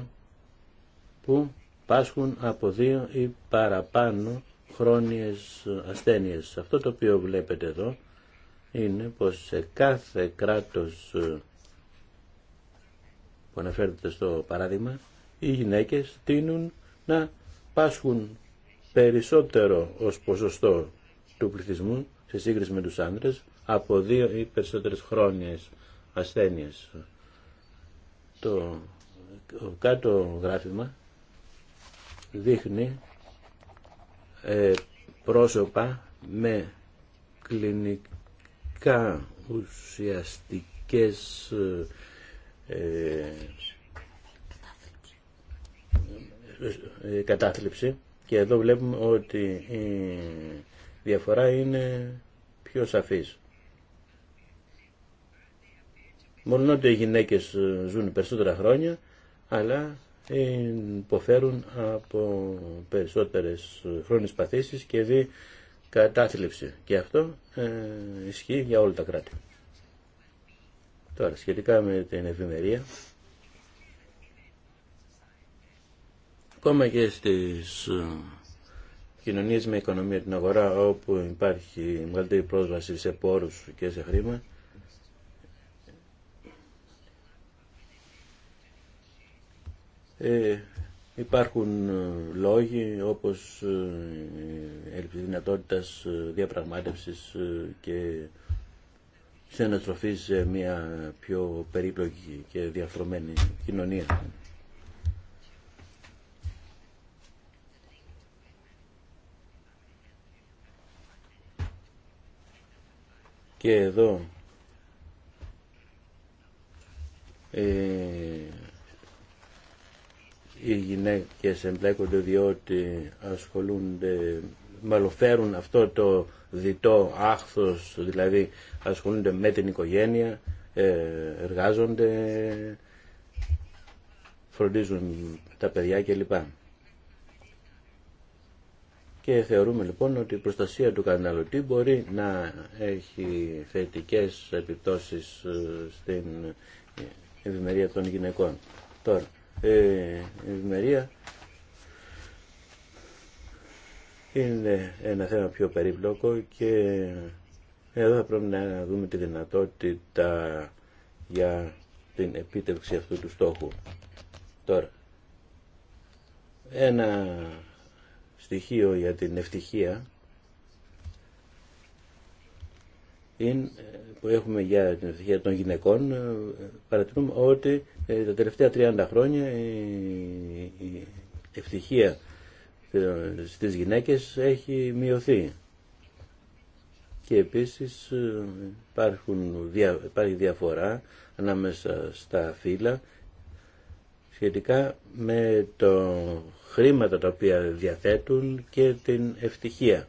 που πάσχουν από δύο ή παραπάνω χρόνιες ασθένειες. Αυτό το οποίο βλέπετε εδώ είναι πως σε κάθε κράτος ε, που αναφέρεται στο παράδειγμα οι γυναίκες τείνουν να πάσχουν περισσότερο ως ποσοστό του πληθυσμού σε σύγκριση με τους άντρες από δύο ή περισσότερες χρόνιες ασθένειες. Το κάτω γράφημα δείχνει ε, πρόσωπα με κλινικά ουσιαστικές ε, ε, κατάθλιψη και εδώ βλέπουμε ότι η διαφορά είναι πιο σαφής. Μόνο ότι οι γυναίκες ε, ζουν περισσότερα χρόνια, αλλά ε, υποφέρουν από περισσότερες ε, χρόνιες παθήσεις και δι κατάθλιψη. Και αυτό ε, ισχύει για όλα τα κράτη. Τώρα, σχετικά με την ευημερία, ακόμα και στις κοινωνίες με οικονομία την αγορά, όπου υπάρχει μεγαλύτερη πρόσβαση σε πόρους και σε χρήμα, Ε, υπάρχουν ε, λόγοι όπως ε, η δυνατότητα διαπραγμάτευσης και σε σε μια πιο περίπλοκη και διαφρομένη κοινωνία. Και εδώ ε, οι γυναίκες εμπλέκονται διότι ασχολούνται, μελοφέρουν αυτό το διτό άχθος, δηλαδή ασχολούνται με την οικογένεια, ε, εργάζονται, φροντίζουν τα παιδιά κλπ. Και θεωρούμε λοιπόν ότι η προστασία του καταναλωτή μπορεί να έχει θετικές επιπτώσεις ε, στην ε, ευημερία των γυναικών. Τώρα, ε, ευημερία είναι ένα θέμα πιο περίπλοκο και εδώ θα πρέπει να δούμε τη δυνατότητα για την επίτευξη αυτού του στόχου. Τώρα, ένα στοιχείο για την ευτυχία που έχουμε για την ευτυχία των γυναικών ε, παρατηρούμε ότι ε, τα τελευταία 30 χρόνια η ευτυχία ε, στις γυναίκες έχει μειωθεί και επίσης υπάρχουν, υπάρχει διαφορά ανάμεσα στα φύλλα σχετικά με το χρήματα τα οποία διαθέτουν και την ευτυχία.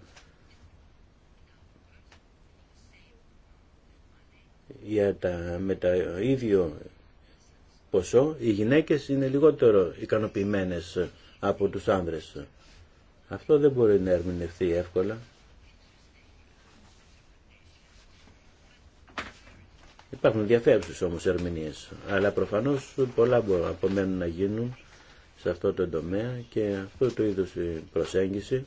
για τα, με το ίδιο ποσό οι γυναίκες είναι λιγότερο ικανοποιημένες από τους άνδρες. Αυτό δεν μπορεί να ερμηνευτεί εύκολα. Υπάρχουν διαφέρουσες όμως ερμηνείες, αλλά προφανώς πολλά μπορούν, απομένουν να γίνουν σε αυτό το τομέα και αυτό το είδος προσέγγιση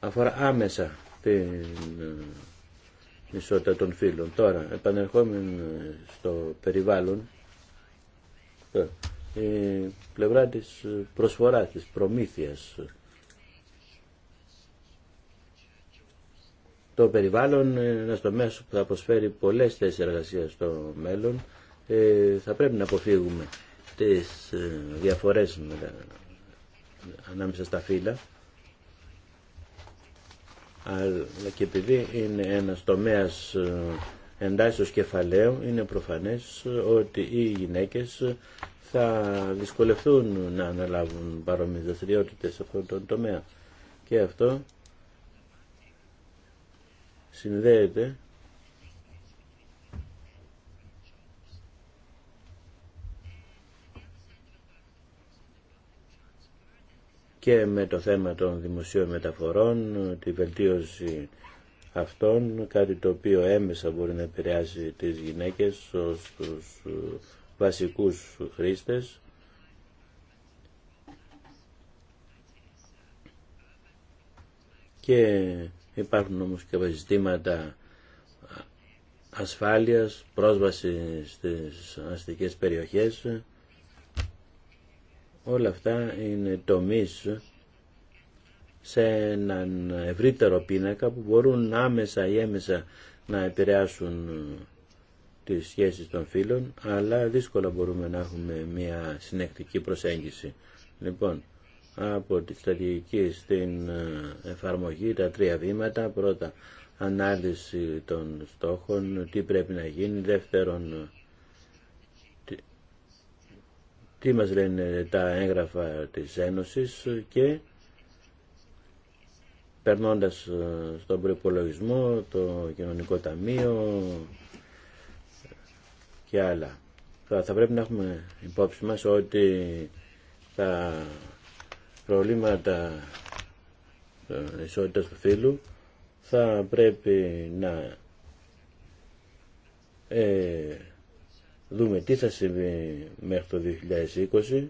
αφορά άμεσα την ε, ισότητα των φύλων. Τώρα, επανερχόμενοι στο περιβάλλον, ε, η πλευρά της προσφοράς, της προμήθειας. Το περιβάλλον είναι στο τομέας που θα προσφέρει πολλές θέσεις εργασίας στο μέλλον. Ε, θα πρέπει να αποφύγουμε τις διαφορές ανάμεσα στα φύλλα αλλά και επειδή είναι ένας τομέας ε, εντάσσεως κεφαλαίου είναι προφανές ότι οι γυναίκες θα δυσκολευτούν να αναλάβουν παρόμοιες δραστηριότητε σε αυτόν τον τομέα. Και αυτό συνδέεται και με το θέμα των δημοσίων μεταφορών, τη βελτίωση αυτών, κάτι το οποίο έμεσα μπορεί να επηρεάσει τις γυναίκες ως τους ε, βασικούς χρήστες. Και υπάρχουν όμως και ζητήματα ασφάλειας, πρόσβαση στις αστικές περιοχές Όλα αυτά είναι τομείς σε έναν ευρύτερο πίνακα που μπορούν άμεσα ή έμεσα να επηρεάσουν τις σχέσεις των φίλων, αλλά δύσκολα μπορούμε να έχουμε μια συνεκτική προσέγγιση. Λοιπόν, από τη στρατηγική στην εφαρμογή τα τρία βήματα. Πρώτα, ανάλυση των στόχων, τι πρέπει να γίνει. Δεύτερον, τι μας λένε τα έγγραφα της Ένωσης και περνώντας ε, στον προπολογισμό, το κοινωνικό ταμείο και άλλα. Θα, πρέπει να έχουμε υπόψη μας ότι τα προβλήματα ε, ισότητας του φύλου θα πρέπει να ε, δούμε τι θα συμβεί μέχρι το 2020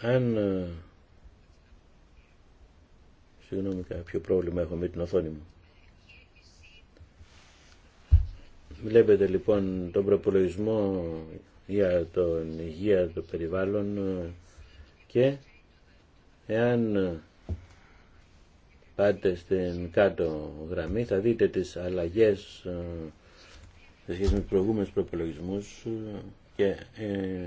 αν ε, συγγνώμη κάποιο πρόβλημα έχω με την οθόνη μου βλέπετε λοιπόν τον προπολογισμό για τον υγεία των περιβάλλον ε, και Εάν πάτε στην κάτω γραμμή θα δείτε τις αλλαγές ε, σε σχέση με τους προηγούμενους προπολογισμούς ε, και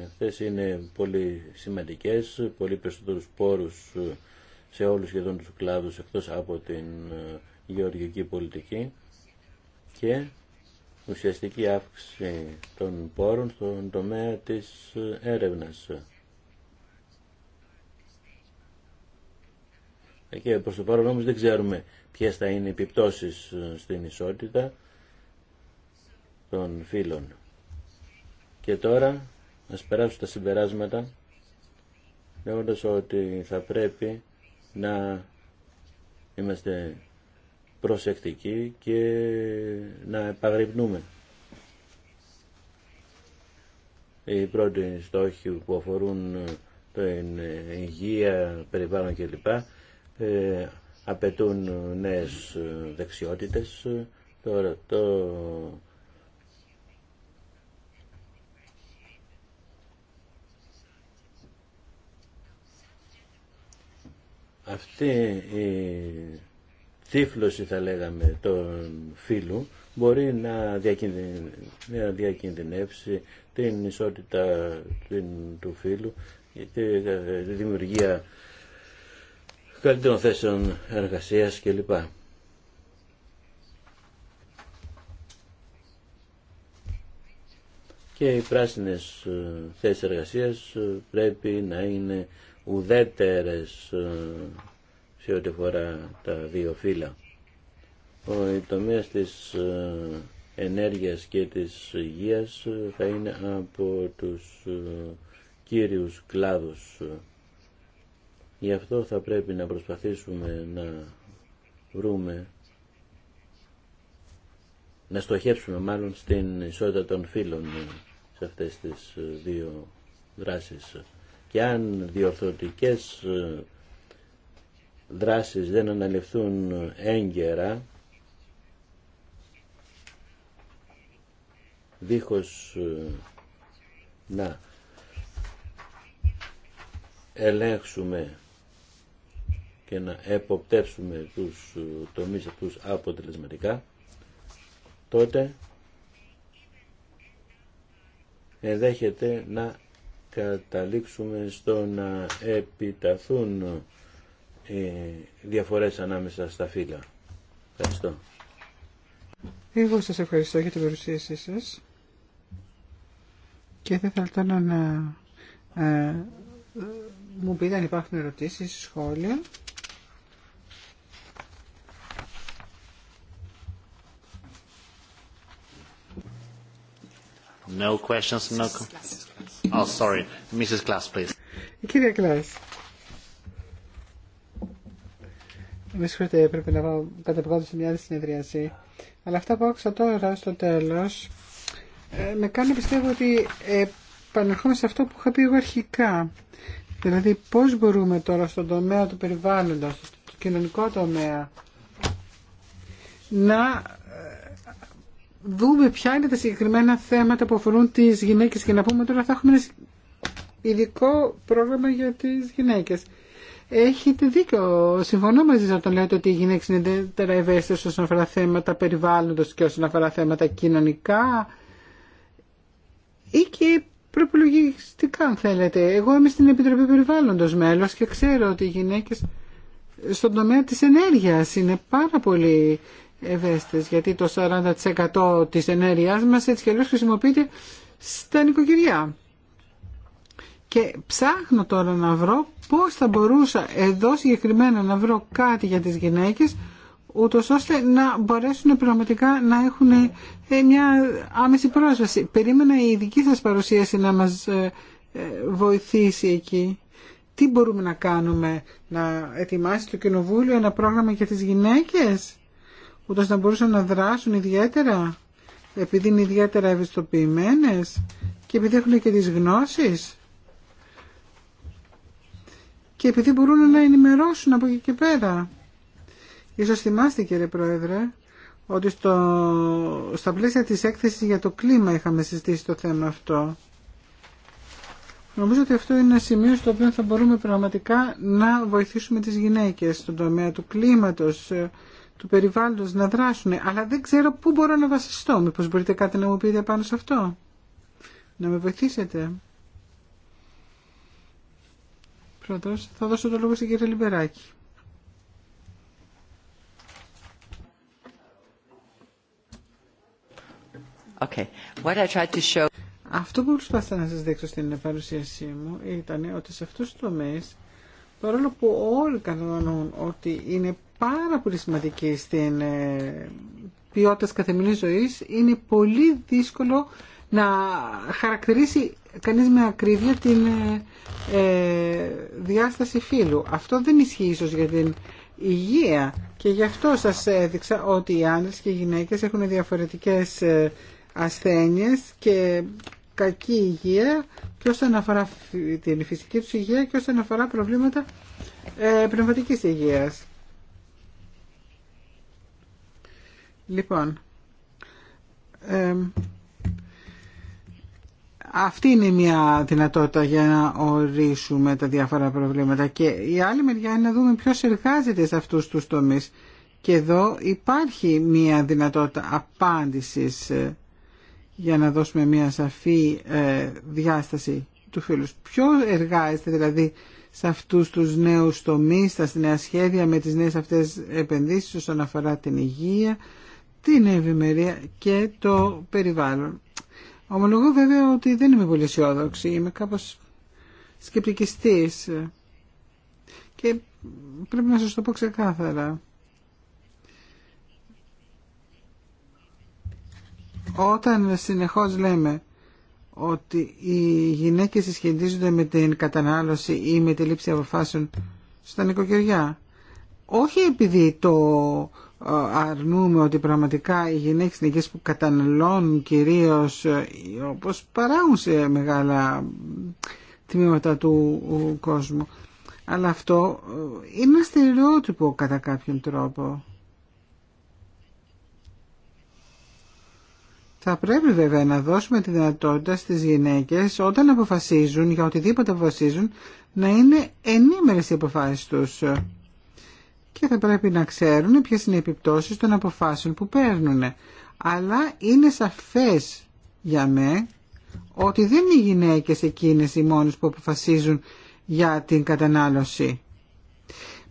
αυτέ ε, είναι πολύ σημαντικές, πολύ περισσότερους πόρους σε όλους σχεδόν τους κλάδους εκτός από την γεωργική πολιτική και ουσιαστική αύξηση των πόρων στον τομέα της έρευνας. Και προς το παρόν όμως δεν ξέρουμε ποιες θα είναι οι επιπτώσεις ε, στην ισότητα των φύλων. Και τώρα να περάσω τα συμπεράσματα λέγοντα ότι θα πρέπει να είμαστε προσεκτικοί και να επαγρυπνούμε. Οι πρώτοι στόχοι που αφορούν ε, την υγεία, περιβάλλον κλπ ε, απαιτούν νέες ε, δεξιότητες. Τώρα το αυτή η τύφλωση θα λέγαμε των φίλου μπορεί να, διακινδυνεύσει, την ισότητα του φίλου και τη δημιουργία καλύτερων θέσεων εργασίας κλπ. Και οι πράσινες ε, θέσεις εργασίας ε, πρέπει να είναι ουδέτερες ε, σε ό,τι αφορά τα δύο φύλλα. Ο τομέα της ενέργειας και της υγείας θα είναι από τους κύριους κλάδους Γι' αυτό θα πρέπει να προσπαθήσουμε να βρούμε, να στοχεύσουμε μάλλον στην ισότητα των φίλων σε αυτές τις ε, δύο δράσεις. Και αν διορθωτικές ε, δράσεις δεν αναλυφθούν έγκαιρα, δίχως ε, να ελέγξουμε και να εποπτεύσουμε τους ε, τομείς αυτούς αποτελεσματικά, τότε ενδέχεται να καταλήξουμε στο να επιταθούν οι ε, διαφορές ανάμεσα στα φύλλα. Ευχαριστώ.
Εγώ σας ευχαριστώ για την παρουσίασή σας και θα ήθελα να ε, μου πείτε αν υπάρχουν ερωτήσεις, σχόλια.
No questions, no... Oh, sorry. Mrs. Glass, please.
Κύριε Κλάς. Με συγχωρείτε, έπρεπε να πάω κατά σε μια άλλη συνεδρίαση. Αλλά αυτά που άκουσα τώρα στο τέλος ε, με κάνουν πιστεύω ότι επανερχόμαι σε αυτό που είχα πει εγώ αρχικά. Δηλαδή πώς μπορούμε τώρα στον τομέα του περιβάλλοντος, στο κοινωνικό τομέα, να δούμε ποια είναι τα συγκεκριμένα θέματα που αφορούν τις γυναίκες και να πούμε τώρα θα έχουμε ένα ειδικό πρόγραμμα για τις γυναίκες. Έχετε δίκιο. Συμφωνώ μαζί σας όταν λέτε ότι οι γυναίκες είναι ιδιαίτερα ευαίσθητες όσον αφορά θέματα περιβάλλοντος και όσον αφορά θέματα κοινωνικά ή και προπολογιστικά αν θέλετε. Εγώ είμαι στην Επιτροπή Περιβάλλοντος μέλος και ξέρω ότι οι γυναίκες στον τομέα της ενέργειας είναι πάρα πολύ ευαίσθητες, γιατί το 40% της ενέργειάς μας έτσι και χρησιμοποιείται στα νοικοκυριά. Και ψάχνω τώρα να βρω πώς θα μπορούσα εδώ συγκεκριμένα να βρω κάτι για τις γυναίκες, ούτως ώστε να μπορέσουν πραγματικά να έχουν ε, μια άμεση πρόσβαση. Περίμενα η δική σας παρουσίαση να μας ε, ε, βοηθήσει εκεί. Τι μπορούμε να κάνουμε, να ετοιμάσει το Κοινοβούλιο ένα πρόγραμμα για τις γυναίκες ούτως να μπορούσαν να δράσουν ιδιαίτερα επειδή είναι ιδιαίτερα ευαισθητοποιημένες και επειδή έχουν και τις γνώσεις και επειδή μπορούν να ενημερώσουν από εκεί και πέρα. Ίσως θυμάστε κύριε Πρόεδρε ότι στο, στα πλαίσια της έκθεσης για το κλίμα είχαμε συζητήσει το θέμα αυτό. Νομίζω ότι αυτό είναι ένα σημείο στο οποίο θα μπορούμε πραγματικά να βοηθήσουμε τις γυναίκες στον τομέα του κλίματος, του περιβάλλοντος να δράσουν, αλλά δεν ξέρω πού μπορώ να βασιστώ. Μήπως μπορείτε κάτι να μου πείτε πάνω σε αυτό. Να με βοηθήσετε. Πρώτος, θα δώσω το λόγο στην κύριε Λιμπεράκη. Okay. What I tried to show... Αυτό που προσπάθησα να σας δείξω στην παρουσίασή μου ήταν ότι σε αυτούς τους τομείς, παρόλο που όλοι κατανοούν ότι είναι πάρα πολύ σημαντική στην ε, ποιότητα της καθημερινής ζωής. Είναι πολύ δύσκολο να χαρακτηρίσει κανείς με ακρίβεια την ε, ε, διάσταση φύλου. Αυτό δεν ισχύει ίσως για την υγεία και γι' αυτό σας έδειξα ότι οι άνδρες και οι γυναίκες έχουν διαφορετικές ασθένειες και κακή υγεία και όσον αφορά την φυσική τους υγεία και όσον αφορά προβλήματα πνευματικής υγείας. Λοιπόν, αυτή είναι μια δυνατότητα για να ορίσουμε τα διάφορα προβλήματα και η άλλη μεριά είναι να δούμε ποιος εργάζεται σε αυτούς τους τομείς. Και εδώ υπάρχει μια δυνατότητα απάντησης ε, για να δώσουμε μια σαφή ε, διάσταση του φίλου. Ποιο εργάζεται δηλαδή σε αυτούς τους νέους τομείς, στα νέα σχέδια με τις νέες αυτές επενδύσει όσον αφορά την υγεία, την ευημερία και το περιβάλλον. Ομολογώ βέβαια ότι δεν είμαι πολύ αισιόδοξη, είμαι κάπως σκεπτικιστής και πρέπει να σας το πω ξεκάθαρα. Όταν συνεχώς λέμε ότι οι γυναίκες συσχετίζονται με την κατανάλωση ή με τη λήψη αποφάσεων στα νοικοκυριά, όχι επειδή το αρνούμε ότι πραγματικά οι γυναίκες συνοικίες που καταναλώνουν κυρίως ε, όπως παράγουν σε μεγάλα τμήματα του κόσμου αλλά αυτό ε, είναι ένα στερεότυπο κατά κάποιον τρόπο Θα πρέπει βέβαια να δώσουμε τη δυνατότητα στις γυναίκες όταν αποφασίζουν για οτιδήποτε αποφασίζουν να είναι ενήμερες οι αποφάσεις τους και θα πρέπει να ξέρουν ποιες είναι οι επιπτώσεις των αποφάσεων που παίρνουν. Αλλά είναι σαφές για με ότι δεν είναι οι γυναίκες εκείνες οι μόνες που αποφασίζουν για την κατανάλωση.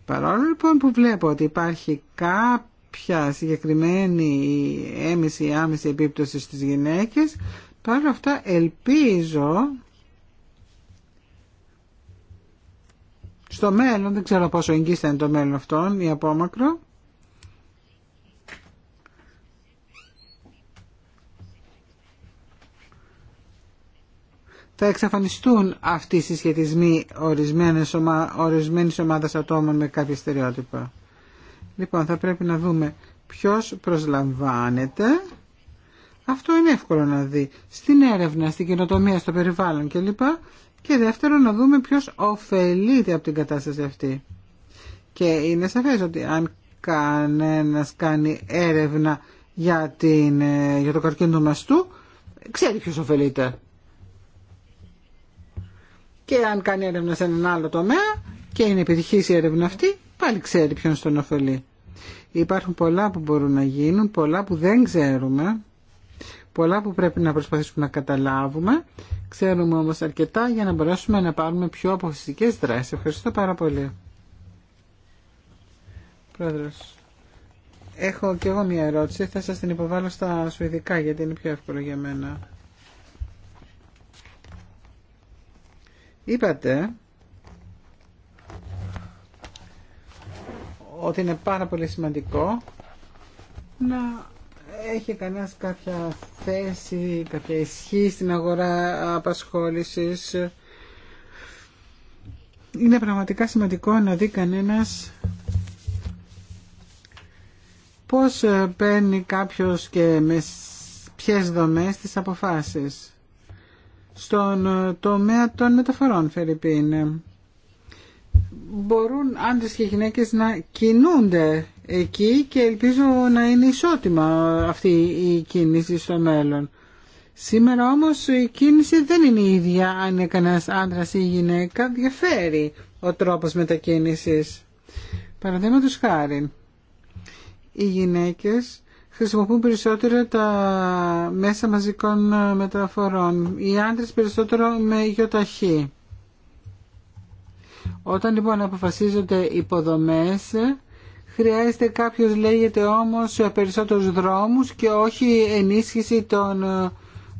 Παρόλο λοιπόν που βλέπω ότι υπάρχει κάποια συγκεκριμένη έμεση ή άμεση επίπτωση στις γυναίκες, παρόλα αυτά ελπίζω στο μέλλον, δεν ξέρω πόσο εγγύς θα είναι το μέλλον αυτόν ή απόμακρο, θα εξαφανιστούν αυτοί οι συσχετισμοί ορισμένης, ομα... ορισμένης ομάδας ατόμων με κάποια στερεότυπα. Λοιπόν, θα πρέπει να δούμε ποιος προσλαμβάνεται. Αυτό είναι εύκολο να δει. Στην έρευνα, στην κοινοτομία, στο περιβάλλον κλπ. Και δεύτερον να δούμε ποιος ωφελείται από την κατάσταση αυτή. Και είναι σαφές ότι αν κανένας κάνει έρευνα για, την, ε, για το καρκίνο του μαστού, ξέρει ποιος ωφελείται. Και αν κάνει έρευνα σε έναν άλλο τομέα και είναι επιτυχής η έρευνα αυτή, πάλι ξέρει ποιον στον ωφελεί. Υπάρχουν πολλά που μπορούν να γίνουν, πολλά που δεν ξέρουμε πολλά που πρέπει να προσπαθήσουμε να καταλάβουμε. Ξέρουμε όμως αρκετά για να μπορέσουμε να πάρουμε πιο αποφασιστικές δράσεις. Ευχαριστώ πάρα πολύ. Πρόεδρος, έχω και εγώ μια ερώτηση. Θα σας την υποβάλω στα σουηδικά γιατί είναι πιο εύκολο για μένα. Είπατε ότι είναι πάρα πολύ σημαντικό να έχει κανένα κάποια θέση, κάποια ισχύ στην αγορά απασχόλησης. Είναι πραγματικά σημαντικό να δει κανένας πώς παίρνει κάποιος και με ποιες δομές τις αποφάσεις. Στον τομέα των μεταφορών, Φερρυπίν, μπορούν άντρες και γυναίκες να κινούνται εκεί και ελπίζω να είναι ισότιμα αυτή η κίνηση στο μέλλον. Σήμερα όμως η κίνηση δεν είναι η ίδια αν είναι κανένας άντρας ή γυναίκα, διαφέρει ο τρόπος μετακίνησης. Παραδείγματος χάρη, οι γυναίκες χρησιμοποιούν περισσότερο τα μέσα μαζικών μεταφορών, οι άντρες περισσότερο με γιοταχή. Όταν λοιπόν αποφασίζονται υποδομές, χρειάζεται κάποιος λέγεται όμως περισσότερους δρόμους και όχι ενίσχυση των ε,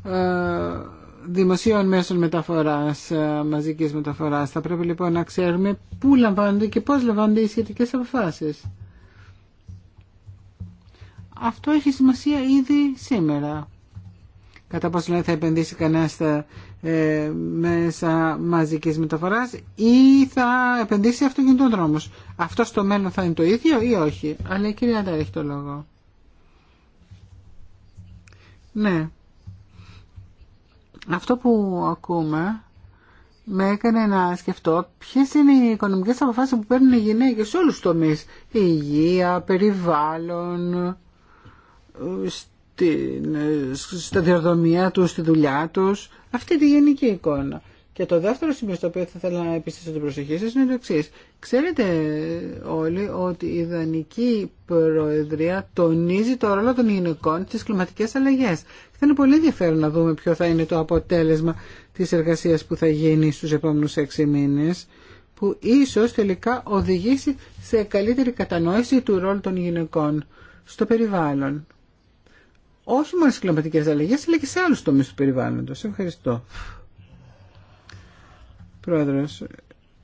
ε, δημοσίων μέσων μεταφοράς, ε, μαζικής μεταφοράς. Θα πρέπει λοιπόν να ξέρουμε πού λαμβάνονται και πώς λαμβάνονται οι σχετικές αποφάσεις. Αυτό έχει σημασία ήδη σήμερα. Κατά πόσο θα επενδύσει κανένα ε, μέσα μαζικής μεταφοράς ή θα επενδύσει αυτοκινητόδρομους. Αυτό στο μέλλον θα είναι το ίδιο ή όχι. Αλλά η κυρία Αντάρ έχει το λόγο. Ναι. Αυτό που ακούμε με έκανε να σκεφτώ ποιες είναι οι οικονομικές αποφάσεις που παίρνουν οι γυναίκες σε όλους τους τομείς. Η οχι αλλα η κυρια δεν εχει το λογο ναι αυτο που ακουμε με εκανε να σκεφτω ποιε ειναι οι οικονομικέ αποφάσει που παιρνουν οι γυναικες σε ολους τους τομεί. υγεια περιβαλλον την, ε, διορδομία του, στη δουλειά του, αυτή τη γενική εικόνα. Και το δεύτερο σημείο στο οποίο θα ήθελα να επιστήσω την προσοχή σα είναι το εξή. Ξέρετε όλοι ότι η Ιδανική Προεδρία τονίζει το ρόλο των γυναικών στι κλιματικέ αλλαγέ. Θα είναι πολύ ενδιαφέρον να δούμε ποιο θα είναι το αποτέλεσμα τη εργασία που θα γίνει στου επόμενου έξι μήνες που ίσως τελικά οδηγήσει σε καλύτερη κατανόηση του ρόλου των γυναικών στο περιβάλλον όχι μόνο στις κλιματικές αλλαγές, αλλά και σε άλλους τομείς του περιβάλλοντος. Ευχαριστώ. Πρόεδρος,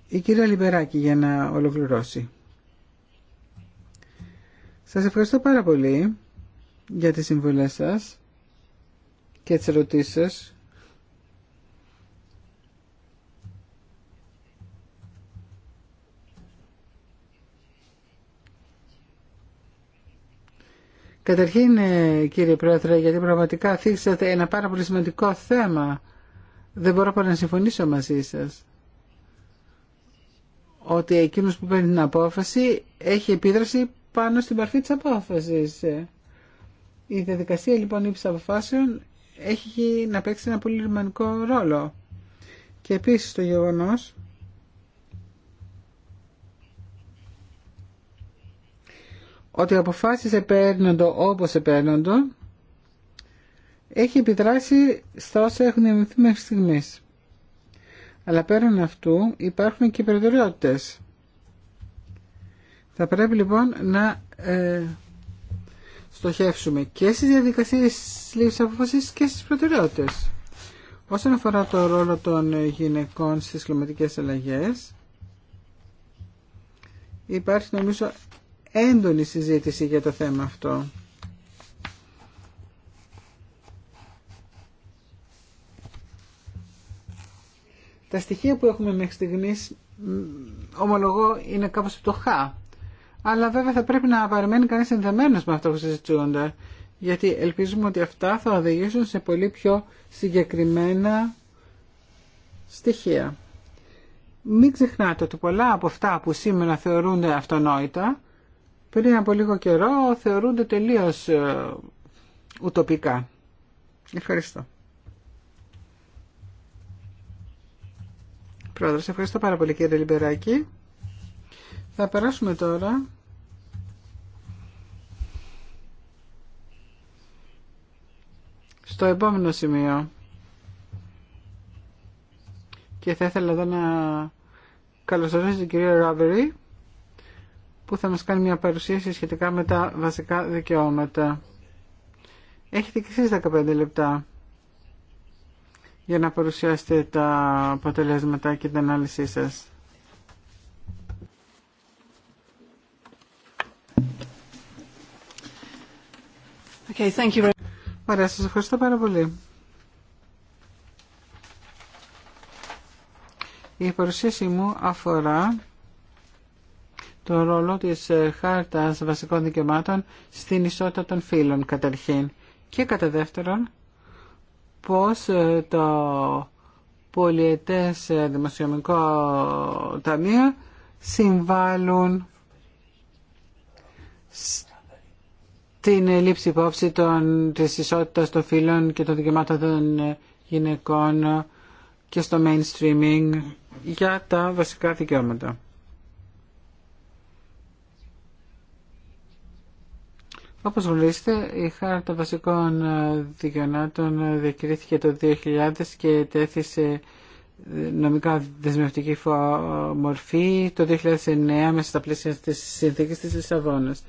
η κυρία Λιμπεράκη για να ολοκληρώσει. Σας ευχαριστώ πάρα πολύ για τις συμβουλές σας και τις ερωτήσεις σας. Καταρχήν, ε, κύριε Πρόεδρε, γιατί πραγματικά θίξατε ένα πάρα πολύ σημαντικό θέμα. Δεν μπορώ παρά να συμφωνήσω μαζί σας. Ότι εκείνος που παίρνει την απόφαση έχει επίδραση πάνω στην παρφή της απόφασης. Η διαδικασία λοιπόν ύψης αποφάσεων έχει να παίξει ένα πολύ ρημανικό ρόλο. Και επίσης το γεγονός ότι οι αποφάσεις επέρνοντο όπως επέρνοντο έχει επιδράσει στα όσα έχουν ενωθεί μέχρι στιγμής. Αλλά πέραν αυτού υπάρχουν και προτεραιότητες. Θα πρέπει λοιπόν να ε, στοχεύσουμε και στις διαδικασίες λήψης αποφασής και στις προτεραιότητες. Όσον αφορά το ρόλο των γυναικών στις κλιματικές αλλαγές, υπάρχει νομίζω έντονη συζήτηση για το θέμα αυτό. Τα στοιχεία που έχουμε μέχρι στιγμής ομολογώ είναι κάπως πτωχά. Αλλά βέβαια θα πρέπει να παραμένει κανείς ενδεμένος με αυτό που συζητούνται. Γιατί ελπίζουμε ότι αυτά θα οδηγήσουν σε πολύ πιο συγκεκριμένα στοιχεία. Μην ξεχνάτε ότι πολλά από αυτά που σήμερα θεωρούνται αυτονόητα πριν από λίγο καιρό θεωρούνται τελείως ε, ουτοπικά. Ευχαριστώ. Πρόεδρος, ευχαριστώ πάρα πολύ κύριε Λιμπεράκη. Θα περάσουμε τώρα στο επόμενο σημείο. Και θα ήθελα εδώ να καλωσορίσω την κυρία Ράβερη που θα μας κάνει μια παρουσίαση σχετικά με τα βασικά δικαιώματα. Έχετε και εσείς 15 λεπτά για να παρουσιάσετε τα αποτελέσματα και την ανάλυση σας. Okay, thank you. Ωραία, σας ευχαριστώ πάρα πολύ. Η παρουσίαση μου αφορά το ρόλο της ε, Χάρτας Βασικών Δικαιωμάτων στην ισότητα των φύλων καταρχήν και κατά δεύτερον πώς ε, το πολιετές ε, δημοσιονομικό ταμείο συμβάλλουν στην λήψη υπόψη των, της ισότητας των φύλων και των δικαιωμάτων των γυναικών και στο mainstreaming για τα βασικά δικαιώματα. Όπως γνωρίζετε, η Χάρτα των Βασικών Δικαιωμάτων διακρίθηκε το 2000 και τέθησε νομικά δεσμευτική μορφή το 2009 μέσα στα πλαίσια της συνθήκης της Λισαβόνας.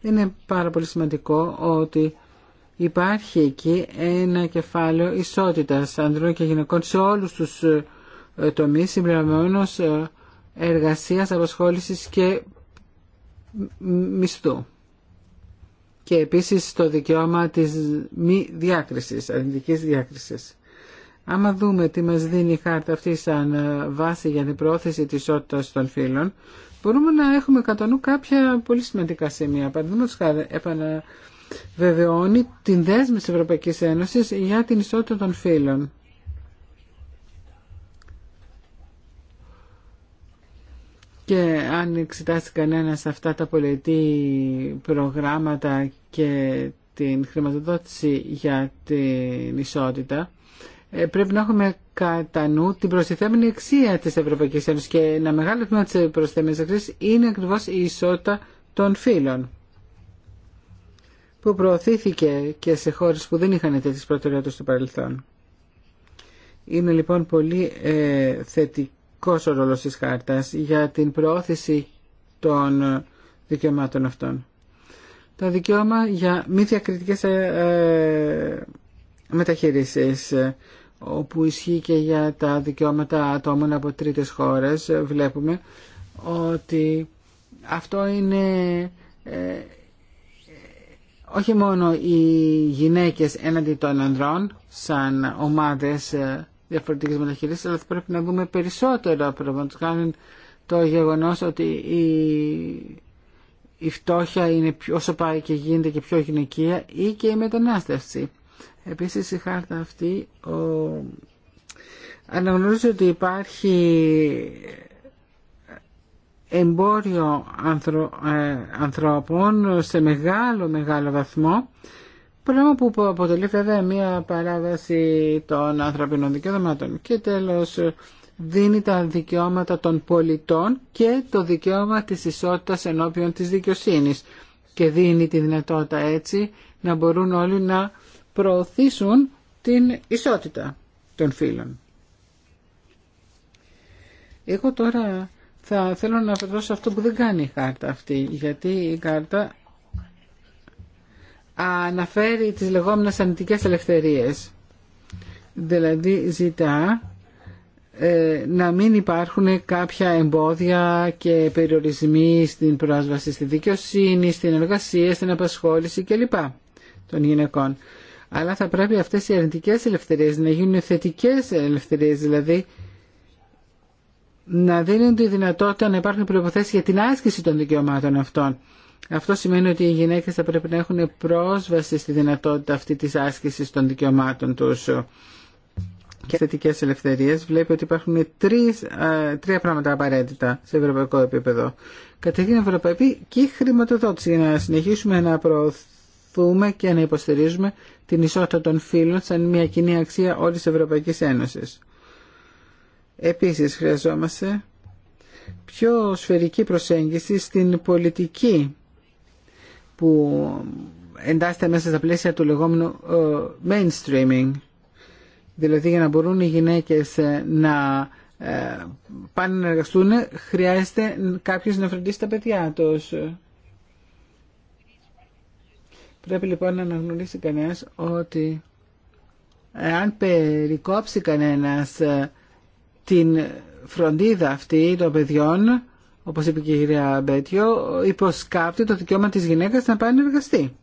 Είναι πάρα πολύ σημαντικό ότι υπάρχει εκεί ένα κεφάλαιο ισότητας ανδρών και γυναικών σε όλους τους ε, τομείς συμπληρωμένως ε, εργασίας, απασχόληση και μισθού και επίσης το δικαίωμα της μη διάκρισης, αρνητικής διάκρισης. Άμα δούμε τι μας δίνει η χάρτα αυτή σαν ε, βάση για την πρόθεση της ισότητας των φύλων, μπορούμε να έχουμε κατά νου κάποια πολύ σημαντικά σημεία. Παραδείγματο χάρη επαναβεβαιώνει την δέσμη τη Ευρωπαϊκής Ένωσης για την ισότητα των φύλων. Και αν εξετάσει κανένας αυτά τα πολιτή προγράμματα και την χρηματοδότηση για την ισότητα, ε, πρέπει να έχουμε κατά νου την προστιθέμενη αξία της Ευρωπαϊκής Ένωσης και ένα μεγάλο τμήμα τη προστιθέμενης αξίας είναι ακριβώς η ισότητα των φύλων που προωθήθηκε και σε χώρες που δεν είχαν τέτοιες προτεραιότητες στο παρελθόν. Είναι λοιπόν πολύ ε, σημαντικός ο ρόλος της χάρτας για την προώθηση των δικαιωμάτων αυτών. Τα δικαίωμα για μη διακριτικές ε, ε, μεταχείρισεις όπου ισχύει και για τα δικαιώματα ατόμων από τρίτες χώρες βλέπουμε ότι αυτό είναι ε, όχι μόνο οι γυναίκες έναντι των ανδρών σαν ομάδες διαφορετικές μεταχειρήσεις, αλλά θα πρέπει να δούμε περισσότερα πραγματικά το γεγονός ότι η, η φτώχεια είναι όσο πάει και γίνεται και πιο γυναικεία ή και η μετανάστευση. Επίσης η χάρτα αυτή ο... αναγνωρίζει ότι υπάρχει εμπόριο ε, ανθρώπων σε μεγάλο μεγάλο βαθμό Πράγμα που αποτελεί βέβαια μια παράβαση των ανθρωπίνων δικαιωμάτων. Και τέλος δίνει τα δικαιώματα των πολιτών και το δικαίωμα της ισότητας ενώπιον της δικαιοσύνης και δίνει τη δυνατότητα έτσι να μπορούν όλοι να προωθήσουν την ισότητα των φίλων. Εγώ τώρα θα θέλω να περάσω αυτό που δεν κάνει η κάρτα αυτή, γιατί η κάρτα αναφέρει τις λεγόμενες ανητικές ελευθερίες. Δηλαδή ζητά ε, να μην υπάρχουν κάποια εμπόδια και περιορισμοί στην πρόσβαση στη δικαιοσύνη, στην εργασία, στην απασχόληση κλπ. των γυναικών. Αλλά θα πρέπει αυτές οι αρνητικές ελευθερίες να γίνουν θετικές ελευθερίες, δηλαδή να δίνουν τη δυνατότητα να υπάρχουν προϋποθέσεις για την άσκηση των δικαιωμάτων αυτών. Αυτό σημαίνει ότι οι γυναίκες θα πρέπει να έχουν πρόσβαση στη δυνατότητα αυτή της άσκησης των δικαιωμάτων τους και θετικέ ελευθερίες βλέπει ότι υπάρχουν τρεις, α, τρία πράγματα απαραίτητα σε ευρωπαϊκό επίπεδο. Καταρχήν ευρωπαϊκή και χρηματοδότηση για να συνεχίσουμε να προωθούμε και να υποστηρίζουμε την ισότητα των φύλων σαν μια κοινή αξία όλης της Ευρωπαϊκής Ένωσης. Επίσης χρειαζόμαστε πιο σφαιρική προσέγγιση στην πολιτική που εντάσσεται μέσα στα πλαίσια του λεγόμενου ε, mainstreaming. Δηλαδή για να μπορούν οι γυναίκες ε, να ε, πάνε να εργαστούν χρειάζεται κάποιος να φροντίσει τα παιδιά τους. Πρέπει λοιπόν να αναγνωρίσει κανένας ότι αν περικόψει κανένας την φροντίδα αυτή των παιδιών όπως είπε και η κυρία Μπέτιο, υποσκάπτει το δικαίωμα τη γυναίκας να πάει να εργαστεί.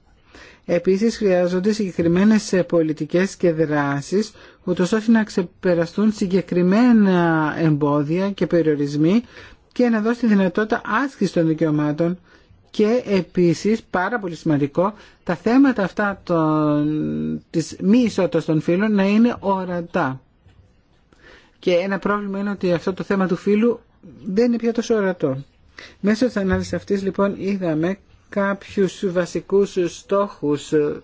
Επίσης χρειάζονται συγκεκριμένες πολιτικές και δράσεις, ούτω ώστε να ξεπεραστούν συγκεκριμένα εμπόδια και περιορισμοί και να δώσει τη δυνατότητα άσκηση των δικαιωμάτων και επίσης, πάρα πολύ σημαντικό, τα θέματα αυτά τη μη ισότητα των φύλων να είναι ορατά. Και ένα πρόβλημα είναι ότι αυτό το θέμα του φύλου δεν είναι πια τόσο ορατό. Μέσω της ανάλυσης αυτής λοιπόν είδαμε κάποιους βασικούς στόχους ε,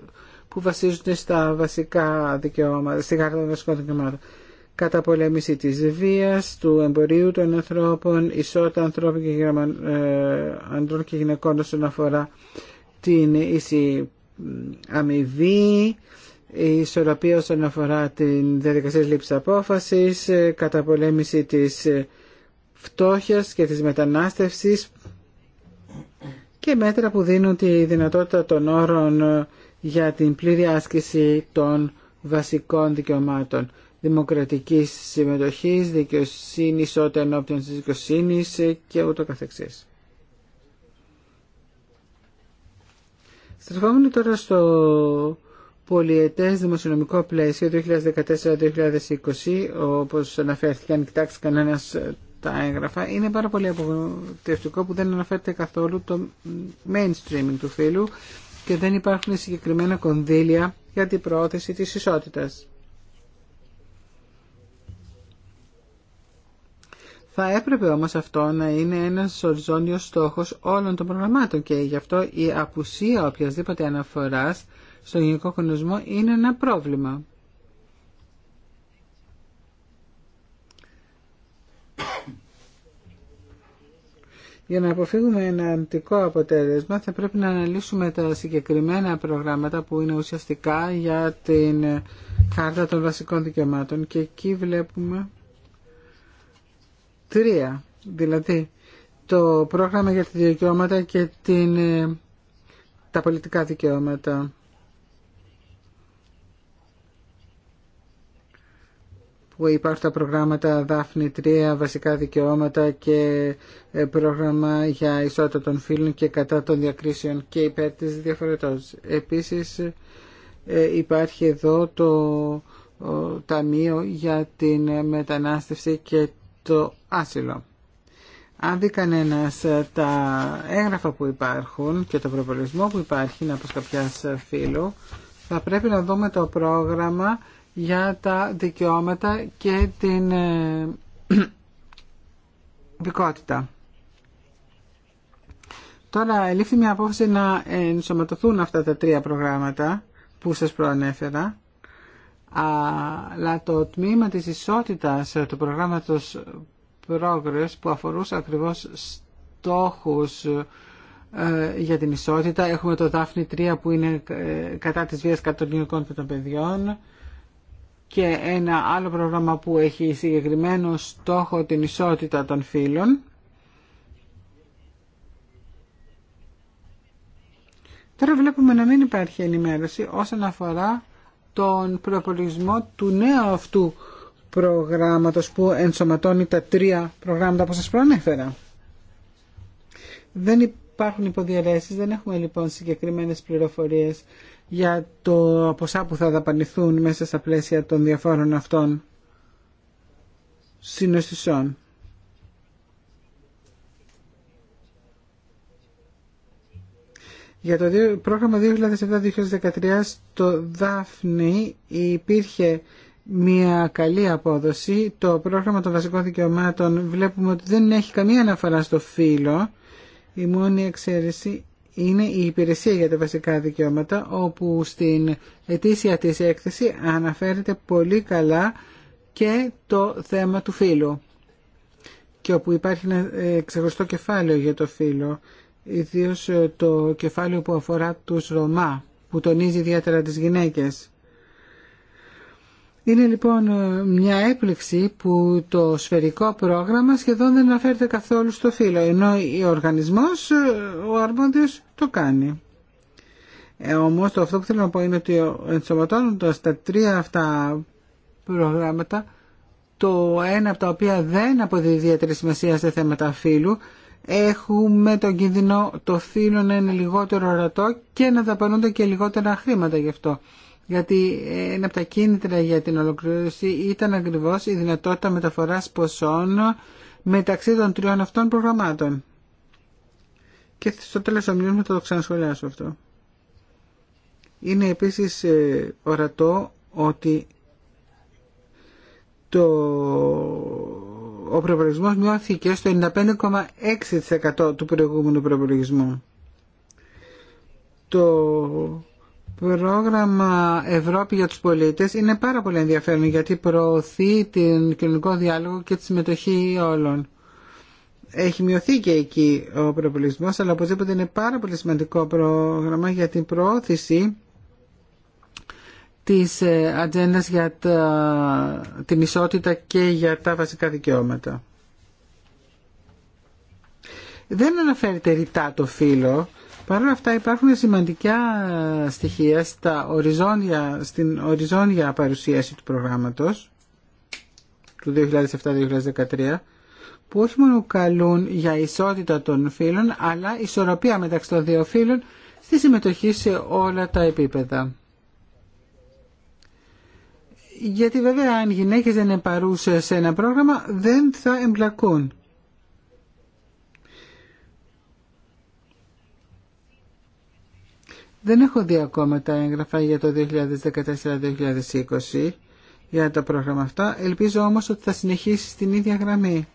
που βασίζονται στα βασικά δικαιώματα, στη χάρτα των βασικών δικαιωμάτων. Καταπολέμηση της βίας, του εμπορίου των ανθρώπων, ισότητα ανθρώπων και ε, ανδρών και γυναικών όσον αφορά την ίση αμοιβή, η ισορροπία όσον αφορά την διαδικασία λήψης απόφασης, ε, καταπολέμηση της φτώχειας και της μετανάστευση και μέτρα που δίνουν τη δυνατότητα των όρων για την πλήρη άσκηση των βασικών δικαιωμάτων δημοκρατικής συμμετοχής, δικαιοσύνη όταν ενώπιον της δικαιοσύνης και ούτω καθεξής. Στρεφόμενοι τώρα στο πολιετές δημοσιονομικό πλαίσιο 2014-2020, όπως αναφέρθηκαν, κοιτάξει κανένας τα έγγραφα, είναι πάρα πολύ απογοητευτικό που δεν αναφέρεται καθόλου το mainstreaming του φίλου και δεν υπάρχουν συγκεκριμένα κονδύλια για την πρόθεση της ισότητας. Θα έπρεπε όμως αυτό να είναι ένας οριζόντιος στόχος όλων των προγραμμάτων και γι' αυτό η απουσία οποιασδήποτε αναφοράς στον γενικό κονοσμό είναι ένα πρόβλημα. Για να αποφύγουμε ένα αρνητικό αποτέλεσμα θα πρέπει να αναλύσουμε τα συγκεκριμένα προγράμματα που είναι ουσιαστικά για την Χάρτα των Βασικών Δικαιωμάτων και εκεί βλέπουμε τρία, δηλαδή το πρόγραμμα για τα δικαιώματα και την, ε, τα πολιτικά δικαιώματα. που υπάρχουν τα προγράμματα Δάφνη 3, βασικά δικαιώματα και ε, πρόγραμμα για ισότητα των Φίλων και κατά των διακρίσεων και υπέρ της διαφορετός. Επίσης ε, υπάρχει εδώ το Ταμείο για την μετανάστευση και το άσυλο. Αν δει κανένα ε, τα έγγραφα που υπάρχουν και το προβολισμό που υπάρχει από κάποια φύλου, θα πρέπει να δούμε το πρόγραμμα για τα δικαιώματα και την ε, δικότητα. Τώρα ελήφθη μια απόφαση να ενσωματωθούν αυτά τα τρία προγράμματα που σας προανέφερα αλλά το τμήμα της ισότητας του προγράμματος Progress που αφορούσε ακριβώς στόχους ε, για την ισότητα. Έχουμε το Δάφνη 3 που είναι ε, κατά της βίας και των παιδιών και ένα άλλο πρόγραμμα που έχει συγκεκριμένο στόχο την ισότητα των φύλων. Τώρα βλέπουμε να μην υπάρχει ενημέρωση όσον αφορά τον προπολογισμό του νέου αυτού προγράμματος που ενσωματώνει τα τρία προγράμματα που σας προανέφερα. Δεν υπάρχουν υποδιαιρέσεις, δεν έχουμε λοιπόν συγκεκριμένες πληροφορίες για το ποσά που θα δαπανηθούν μέσα στα πλαίσια των διαφόρων αυτών συνοστισών. Για το πρόγραμμα 2007-2013 το Δάφνη υπήρχε μια καλή απόδοση. Το πρόγραμμα των βασικών δικαιωμάτων βλέπουμε ότι δεν έχει καμία αναφορά στο φύλλο. Η μόνη εξαίρεση είναι η υπηρεσία για τα βασικά δικαιώματα όπου στην ετήσια της έκθεση αναφέρεται πολύ καλά και το θέμα του φύλου και όπου υπάρχει ένα ε, ξεχωριστό κεφάλαιο για το φύλο ιδίως ε, το κεφάλαιο που αφορά τους Ρωμά που τονίζει ιδιαίτερα τις γυναίκες είναι λοιπόν ε, μια έπληξη που το σφαιρικό πρόγραμμα σχεδόν δεν αναφέρεται καθόλου στο φύλλο, ενώ ο οργανισμός, ε, ο αρμόδιος, το κάνει. Ε, όμως το αυτό που θέλω να πω είναι ότι ενσωματώνοντας τα τρία αυτά προγράμματα, το ένα από τα οποία δεν αποδίδει ιδιαίτερη σημασία σε θέματα φύλου, έχουμε τον κίνδυνο το φύλλο να είναι λιγότερο ορατό και να δαπανούνται και λιγότερα χρήματα γι' αυτό γιατί ένα από τα κίνητρα για την ολοκλήρωση ήταν ακριβώς η δυνατότητα μεταφοράς ποσών μεταξύ των τριών αυτών προγραμμάτων. Και στο τέλος ομιλίου θα το ξανασχολιάσω αυτό. Είναι επίσης ε, ορατό ότι το... ο προπολογισμός μειώθηκε στο 95,6% του προηγούμενου προπολογισμού. Το πρόγραμμα Ευρώπη για τους πολίτες είναι πάρα πολύ ενδιαφέρον γιατί προωθεί την κοινωνικό διάλογο και τη συμμετοχή όλων. Έχει μειωθεί και εκεί ο προπολισμός, αλλά οπωσδήποτε είναι πάρα πολύ σημαντικό πρόγραμμα για την προώθηση της ε, ατζέντα για την ισότητα και για τα βασικά δικαιώματα. Δεν αναφέρεται ρητά το φύλλο, Παρ' όλα αυτά υπάρχουν σημαντικά στοιχεία στα οριζόνια, στην οριζόνια παρουσίαση του προγράμματος του 2007-2013 που όχι μόνο καλούν για ισότητα των φύλων αλλά ισορροπία μεταξύ των δύο φύλων στη συμμετοχή σε όλα τα επίπεδα. Γιατί βέβαια αν γυναίκες δεν είναι σε ένα πρόγραμμα δεν θα εμπλακούν. Δεν έχω δει ακόμα τα έγγραφα για το 2014-2020 για το πρόγραμμα αυτό. Ελπίζω όμως ότι θα συνεχίσει στην ίδια γραμμή.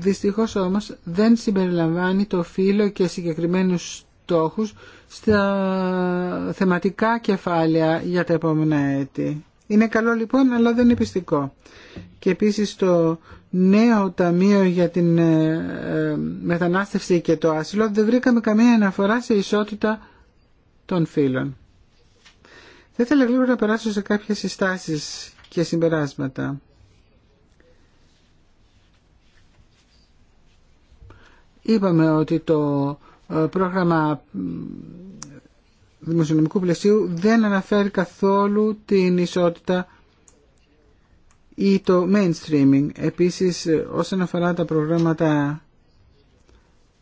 Δυστυχώς όμως δεν συμπεριλαμβάνει το φύλλο και συγκεκριμένους στόχους στα θεματικά κεφάλαια για τα επόμενα έτη. Είναι καλό λοιπόν αλλά δεν είναι πιστικό και επίσης το νέο ταμείο για την ε, ε, μετανάστευση και το άσυλο δεν βρήκαμε καμία αναφορά σε ισότητα των φύλων. Θα ήθελα λίγο να περάσω σε κάποιες συστάσεις και συμπεράσματα. Είπαμε ότι το ε, πρόγραμμα δημοσιονομικού πλαισίου δεν αναφέρει καθόλου την ισότητα ή το mainstreaming. Επίσης όσον αφορά τα προγράμματα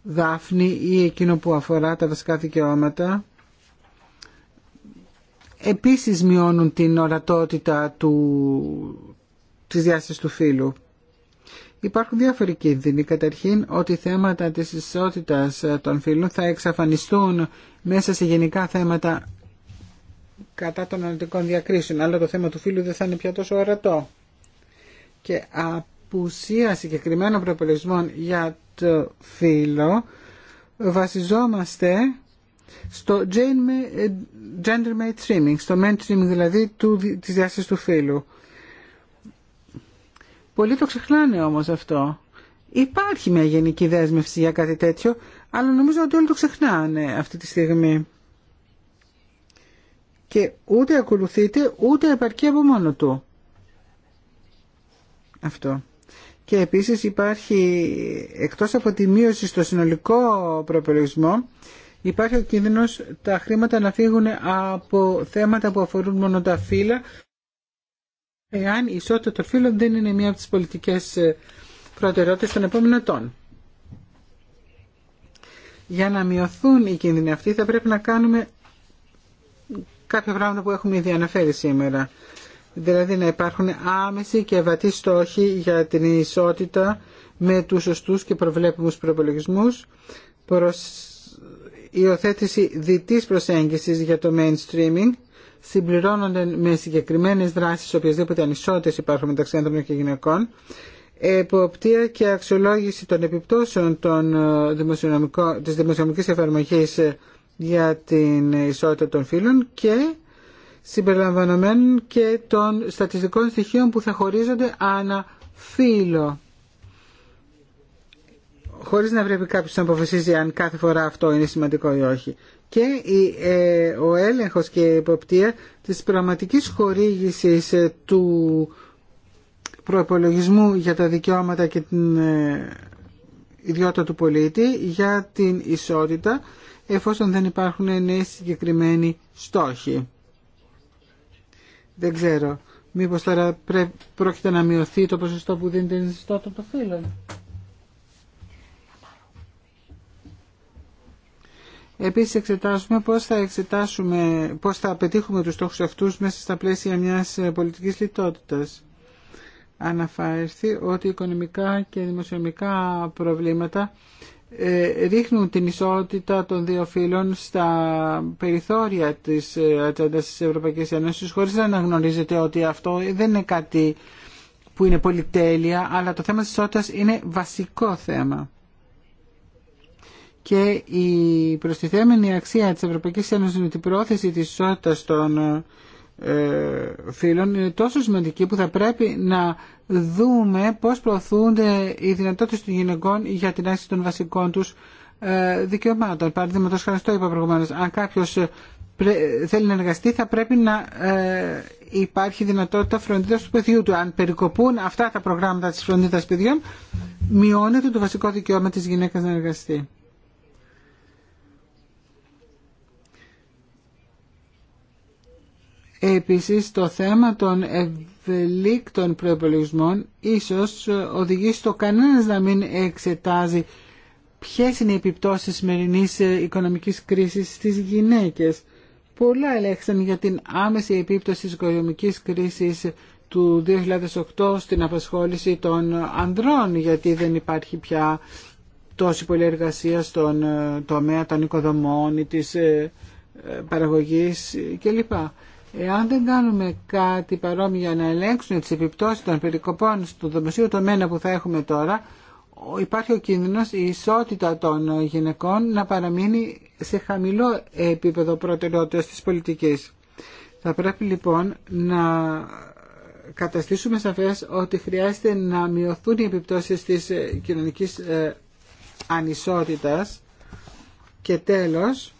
Δάφνη ή εκείνο που αφορά τα βασικά δικαιώματα επίσης μειώνουν την ορατότητα του, της του φύλου. Υπάρχουν διάφοροι κίνδυνοι. Καταρχήν ότι θέματα της ισότητας των φύλων θα εξαφανιστούν μέσα σε γενικά θέματα κατά των αναλυτικών διακρίσεων, αλλά το θέμα του φύλου δεν θα είναι πια τόσο ορατό και απουσία συγκεκριμένων προπολογισμών για το φύλλο βασιζόμαστε στο gender trimming, στο mainstreaming δηλαδή του, της διάστασης του φύλου. Πολλοί το ξεχνάνε όμως αυτό. Υπάρχει μια γενική δέσμευση για κάτι τέτοιο, αλλά νομίζω ότι όλοι το ξεχνάνε αυτή τη στιγμή. Και ούτε ακολουθείται, ούτε επαρκεί από μόνο του αυτό. Και επίσης υπάρχει, εκτός από τη μείωση στο συνολικό προπολογισμό, υπάρχει ο κίνδυνος τα χρήματα να φύγουν από θέματα που αφορούν μόνο τα φύλλα, εάν η ισότητα των φύλων δεν είναι μία από τις πολιτικές ε, προτεραιότητες των επόμενων ετών. Για να μειωθούν οι κίνδυνοι αυτοί θα πρέπει να κάνουμε κάποια πράγματα που έχουμε ήδη αναφέρει σήμερα δηλαδή να υπάρχουν άμεση και βατή στόχοι για την ισότητα με τους σωστούς και προβλέπιμους προπολογισμούς, προς υιοθέτηση διτής προσέγγισης για το mainstreaming, συμπληρώνονται με συγκεκριμένες δράσεις οποιασδήποτε ανισότητες υπάρχουν μεταξύ άνθρωπων και γυναικών, εποπτεία και αξιολόγηση των επιπτώσεων των ε, δημοσιονομικών, της δημοσιονομικής εφαρμογής ε, για την ισότητα των φύλων και συμπεριλαμβανομένων και των στατιστικών στοιχείων που θα χωρίζονται ανά φύλλο. Χωρίς να πρέπει κάποιος να αποφασίζει αν κάθε φορά αυτό είναι σημαντικό ή όχι. Και ε, ο έλεγχος και η υποπτία της πραγματικής χορήγησης ε, του προπολογισμού για τα δικαιώματα και την ε, ιδιότητα του πολίτη για την ισότητα εφόσον δεν υπάρχουν νέοι συγκεκριμένοι στόχοι. Δεν ξέρω. Μήπως τώρα πρέ... πρόκειται να μειωθεί το ποσοστό που δίνεται την ζητότητα των φίλων. Επίσης εξετάσουμε πώς θα, εξετάσουμε, πώς θα πετύχουμε τους στόχους αυτούς μέσα στα πλαίσια μιας ε, πολιτικής λιτότητας. Αναφέρθη ότι οικονομικά και δημοσιονομικά προβλήματα ε, ρίχνουν την ισότητα των δύο φύλων στα περιθώρια της ε, ατζέντα της Ευρωπαϊκής Ένωσης χωρίς να αναγνωρίζετε ότι αυτό δεν είναι κάτι που είναι πολυτέλεια αλλά το θέμα της ισότητας είναι βασικό θέμα και η προστιθέμενη αξία της Ευρωπαϊκής Ένωσης με την πρόθεση της ισότητας των ε, ε, φίλων είναι τόσο σημαντική που θα πρέπει να δούμε πώς προωθούνται οι δυνατότητες των γυναικών για την άσκηση των βασικών τους ε, δικαιωμάτων. Παραδείγματο χάρη είπα προηγουμένως, αν κάποιο ε, θέλει να εργαστεί, θα πρέπει να υπάρχει δυνατότητα φροντίδα του παιδιού του. Αν περικοπούν αυτά τα προγράμματα της φροντίδας παιδιών, μειώνεται το βασικό δικαίωμα της γυναίκας να εργαστεί. Επίσης το θέμα των ευελίκτων προϋπολογισμών ίσως οδηγεί στο κανένας να μην εξετάζει ποιες είναι οι επιπτώσεις της σημερινής οικονομικής κρίσης στις γυναίκες. Πολλά ελέγξαν για την άμεση επίπτωση της οικονομικής κρίσης του 2008 στην απασχόληση των ανδρών γιατί δεν υπάρχει πια τόση πολλή εργασία στον ε, τομέα των οικοδομών ή της ε, ε, παραγωγής κλπ. Εάν δεν κάνουμε κάτι παρόμοιο για να ελέγξουμε τις επιπτώσεις των περικοπών στο δημοσίου τομέα που θα έχουμε τώρα, υπάρχει ο κίνδυνος η ισότητα των γυναικών να παραμείνει σε χαμηλό επίπεδο προτεραιότητας της πολιτικής. Θα πρέπει λοιπόν να καταστήσουμε σαφές ότι χρειάζεται να μειωθούν οι επιπτώσεις της ε, κοινωνικής ε, ανισότητας και τέλος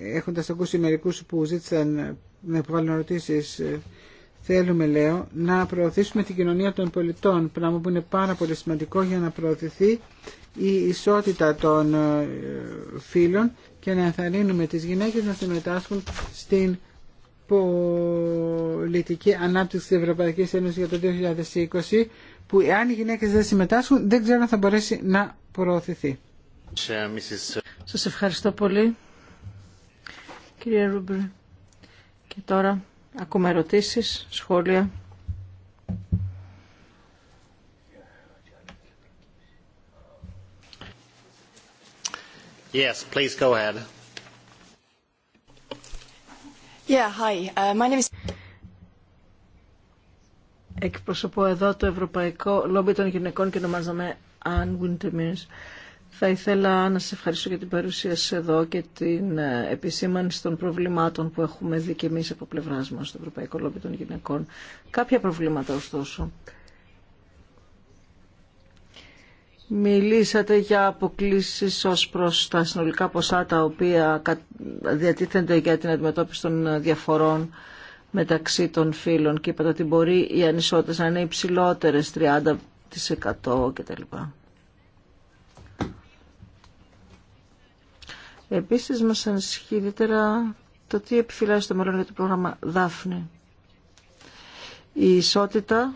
έχοντας ακούσει μερικούς που ζήτησαν να υποβάλουν ερωτήσεις, ε, θέλουμε, λέω, να προωθήσουμε την κοινωνία των πολιτών, πράγμα που είναι πάρα πολύ σημαντικό για να προωθηθεί η ισότητα των ε, φίλων και να ενθαρρύνουμε τις γυναίκες να συμμετάσχουν στην πολιτική ανάπτυξη της Ευρωπαϊκής Ένωσης για το 2020 που αν οι γυναίκες δεν συμμετάσχουν δεν ξέρω αν θα μπορέσει να προωθηθεί. Σας ευχαριστώ πολύ.
Κύριε Ρούμπερ, και τώρα ακούμε ερωτήσεις, σχόλια. Yes, please go ahead. Yeah, hi. Uh, my name is... Εκπροσωπώ εδώ το Ευρωπαϊκό Λόμπι των Γυναικών και ονομάζομαι Anne Wintermeers. Θα ήθελα να σε ευχαριστώ για την παρουσία σας εδώ και την ε, επισήμανση των προβλημάτων που έχουμε δει και εμείς από πλευράς μας στο Ευρωπαϊκό Λόμπι των Γυναικών. Κάποια προβλήματα ωστόσο. Μιλήσατε για αποκλήσει ω προ τα συνολικά ποσά τα οποία διατίθενται για την αντιμετώπιση των διαφορών μεταξύ των φύλων και είπατε ότι μπορεί οι ανισότητες να είναι υψηλότερες 30% κτλ. Επίσης μας ανησυχεί ιδιαίτερα το τι επιφυλάσσεται μάλλον για το πρόγραμμα Δάφνη. Η ισότητα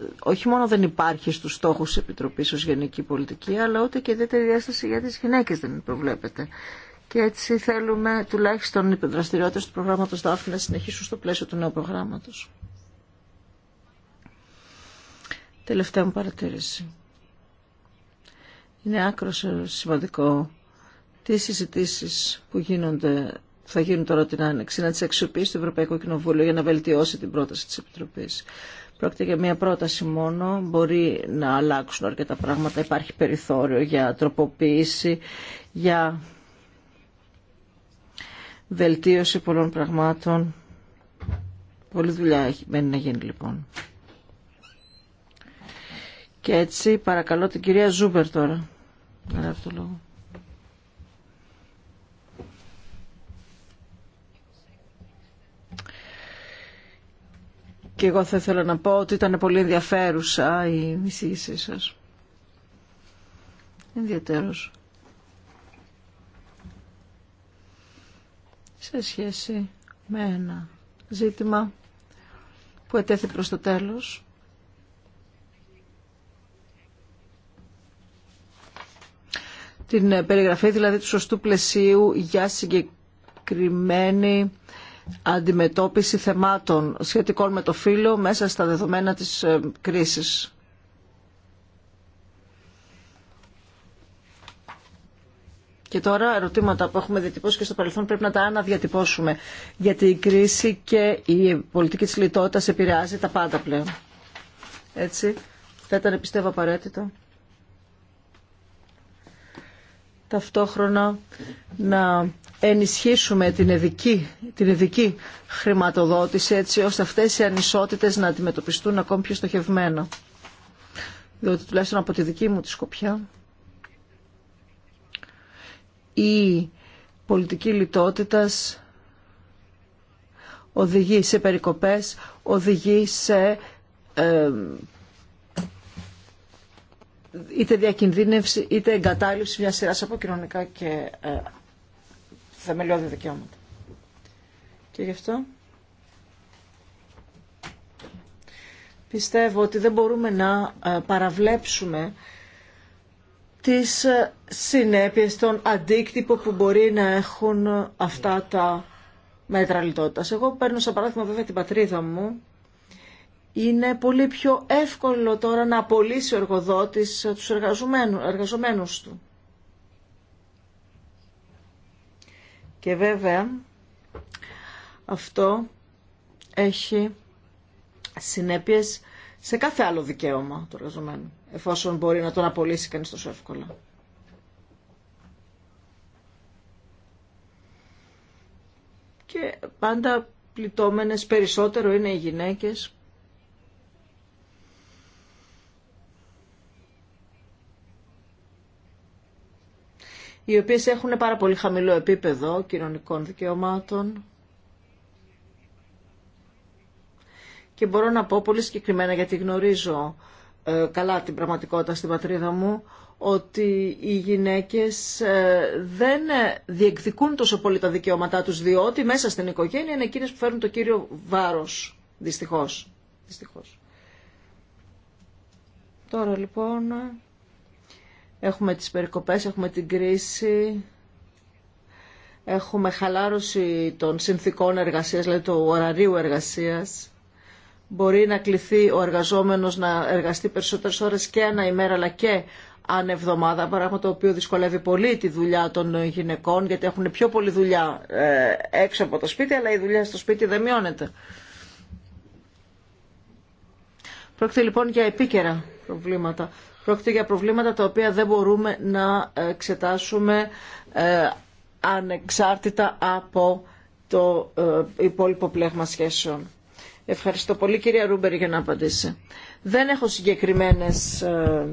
ε, όχι μόνο δεν υπάρχει στους στόχους της Επιτροπής ως γενική πολιτική, αλλά ούτε και ιδιαίτερη διάσταση για τις γυναίκες δεν προβλέπεται. Και έτσι θέλουμε τουλάχιστον οι δραστηριότητε του προγράμματος Δάφνη να συνεχίσουν στο πλαίσιο του νέου προγράμματος. Τελευταία μου παρατήρηση. Είναι άκρο ε, σημαντικό τις συζητήσει που γίνονται, θα γίνουν τώρα την άνοιξη, να τι αξιοποιήσει το Ευρωπαϊκό Κοινοβούλιο για να βελτιώσει την πρόταση της Επιτροπής. Πρόκειται για μια πρόταση μόνο, μπορεί να αλλάξουν αρκετά πράγματα, υπάρχει περιθώριο για τροποποίηση, για βελτίωση πολλών πραγμάτων. Πολλή δουλειά μένει να γίνει λοιπόν. Και έτσι παρακαλώ την κυρία Ζούμπερ τώρα. λόγο. Και εγώ θα ήθελα να πω ότι ήταν πολύ ενδιαφέρουσα η εισήγησή σας. Ιδιαίτερος. Σε σχέση με ένα ζήτημα που ετέθη προς το τέλος. Την περιγραφή δηλαδή του σωστού πλαισίου για συγκεκριμένη αντιμετώπιση θεμάτων σχετικών με το φύλλο μέσα στα δεδομένα της ε, κρίσης. Και τώρα ερωτήματα που έχουμε διατυπώσει και στο παρελθόν πρέπει να τα αναδιατυπώσουμε. Γιατί η κρίση και η πολιτική της λιτότητας επηρεάζει τα πάντα πλέον. Έτσι, θα ήταν πιστεύω απαραίτητο ταυτόχρονα να ενισχύσουμε την ειδική, την ειδική χρηματοδότηση έτσι ώστε αυτές οι ανισότητες να αντιμετωπιστούν ακόμη πιο στοχευμένα. Διότι τουλάχιστον από τη δική μου τη σκοπιά η πολιτική λιτότητας οδηγεί σε περικοπές, οδηγεί σε ε, είτε διακινδύνευση είτε εγκατάλειψη μια σειρά από κοινωνικά και ε, θεμελιώδη δικαιώματα. Και γι' αυτό πιστεύω ότι δεν μπορούμε να ε, παραβλέψουμε τις ε, συνέπειες, των αντίκτυπων που μπορεί να έχουν αυτά τα μέτρα λιτότητας. Εγώ παίρνω σαν παράδειγμα βέβαια την πατρίδα μου, είναι πολύ πιο εύκολο τώρα να απολύσει ο εργοδότης τους εργαζομένους του. Και βέβαια αυτό έχει συνέπειες σε κάθε άλλο δικαίωμα του εργαζομένου, εφόσον μπορεί να τον απολύσει κανείς τόσο εύκολα. Και πάντα πληττόμενες περισσότερο είναι οι γυναίκες οι οποίες έχουν πάρα πολύ χαμηλό επίπεδο κοινωνικών δικαιωμάτων. Και μπορώ να πω πολύ συγκεκριμένα, γιατί γνωρίζω ε, καλά την πραγματικότητα στην πατρίδα μου, ότι οι γυναίκες ε, δεν διεκδικούν τόσο πολύ τα δικαιώματά τους, διότι μέσα στην οικογένεια είναι εκείνες που φέρουν το κύριο βάρος, δυστυχώς. δυστυχώς. Τώρα λοιπόν Έχουμε τις περικοπές, έχουμε την κρίση, έχουμε χαλάρωση των συνθήκων εργασίας, δηλαδή του ωραρίου εργασίας. Μπορεί να κληθεί ο εργαζόμενος να εργαστεί περισσότερες ώρες και ένα ημέρα, αλλά και αν εβδομάδα, πράγμα το οποίο δυσκολεύει πολύ τη δουλειά των γυναικών, γιατί έχουν πιο πολλή δουλειά ε, έξω από το σπίτι, αλλά η δουλειά στο σπίτι δεν μειώνεται. Πρόκειται λοιπόν για επίκαιρα προβλήματα. Πρόκειται για προβλήματα τα οποία δεν μπορούμε να εξετάσουμε ε, ανεξάρτητα από το ε, υπόλοιπο πλέγμα σχέσεων. Ευχαριστώ πολύ κυρία Ρούμπερ για να απαντήσει. Δεν έχω συγκεκριμένες ε,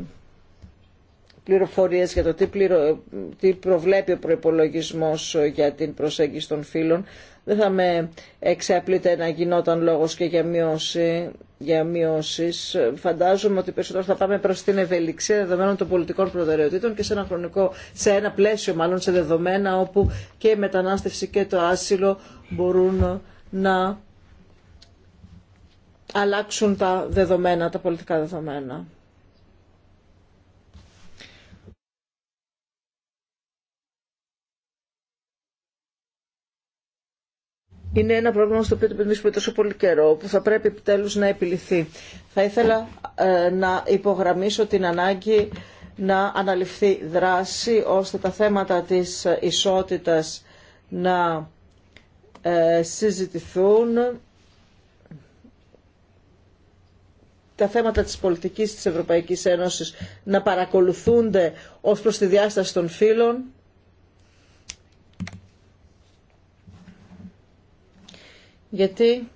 πληροφορίες για το τι, πληρο... τι προβλέπει ο προϋπολογισμός για την προσέγγιση των φύλων. Δεν θα με εξέπλητε να γινόταν λόγος και για μείωση για μειώσει. Φαντάζομαι ότι περισσότερο θα πάμε προ την ευελιξία δεδομένων των πολιτικών προτεραιοτήτων και σε ένα χρονικό, σε ένα πλαίσιο μάλλον, σε δεδομένα όπου και η μετανάστευση και το άσυλο μπορούν να αλλάξουν τα δεδομένα, τα πολιτικά δεδομένα. είναι ένα πρόβλημα στο οποίο το επενδύσουμε τόσο πολύ καιρό, που θα πρέπει επιτέλους να επιληθεί. Θα ήθελα ε, να υπογραμμίσω την ανάγκη να αναλυφθεί δράση, ώστε τα θέματα της ισότητας να ε, συζητηθούν. τα θέματα της πολιτικής της Ευρωπαϊκής Ένωσης να παρακολουθούνται ως προς τη διάσταση των φύλων γιατί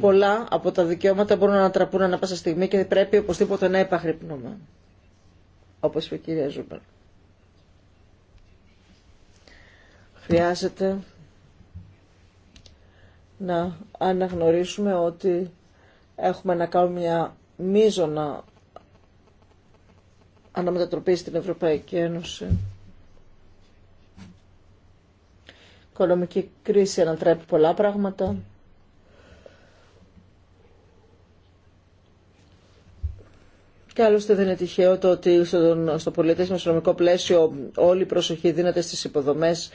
πολλά από τα δικαιώματα μπορούν να ανατραπούν ανά πάσα στιγμή και πρέπει οπωσδήποτε να επαχρυπνούμε. Όπως είπε η κυρία Ζούμπερ. Χρειάζεται να αναγνωρίσουμε ότι έχουμε να κάνουμε μια μείζωνα αναμετατροπή στην Ευρωπαϊκή Ένωση οικονομική κρίση ανατρέπει πολλά πράγματα. Και άλλωστε δεν είναι τυχαίο το ότι στο πολιτισμό οικονομικό πλαίσιο όλη η προσοχή δίνεται στις υποδομές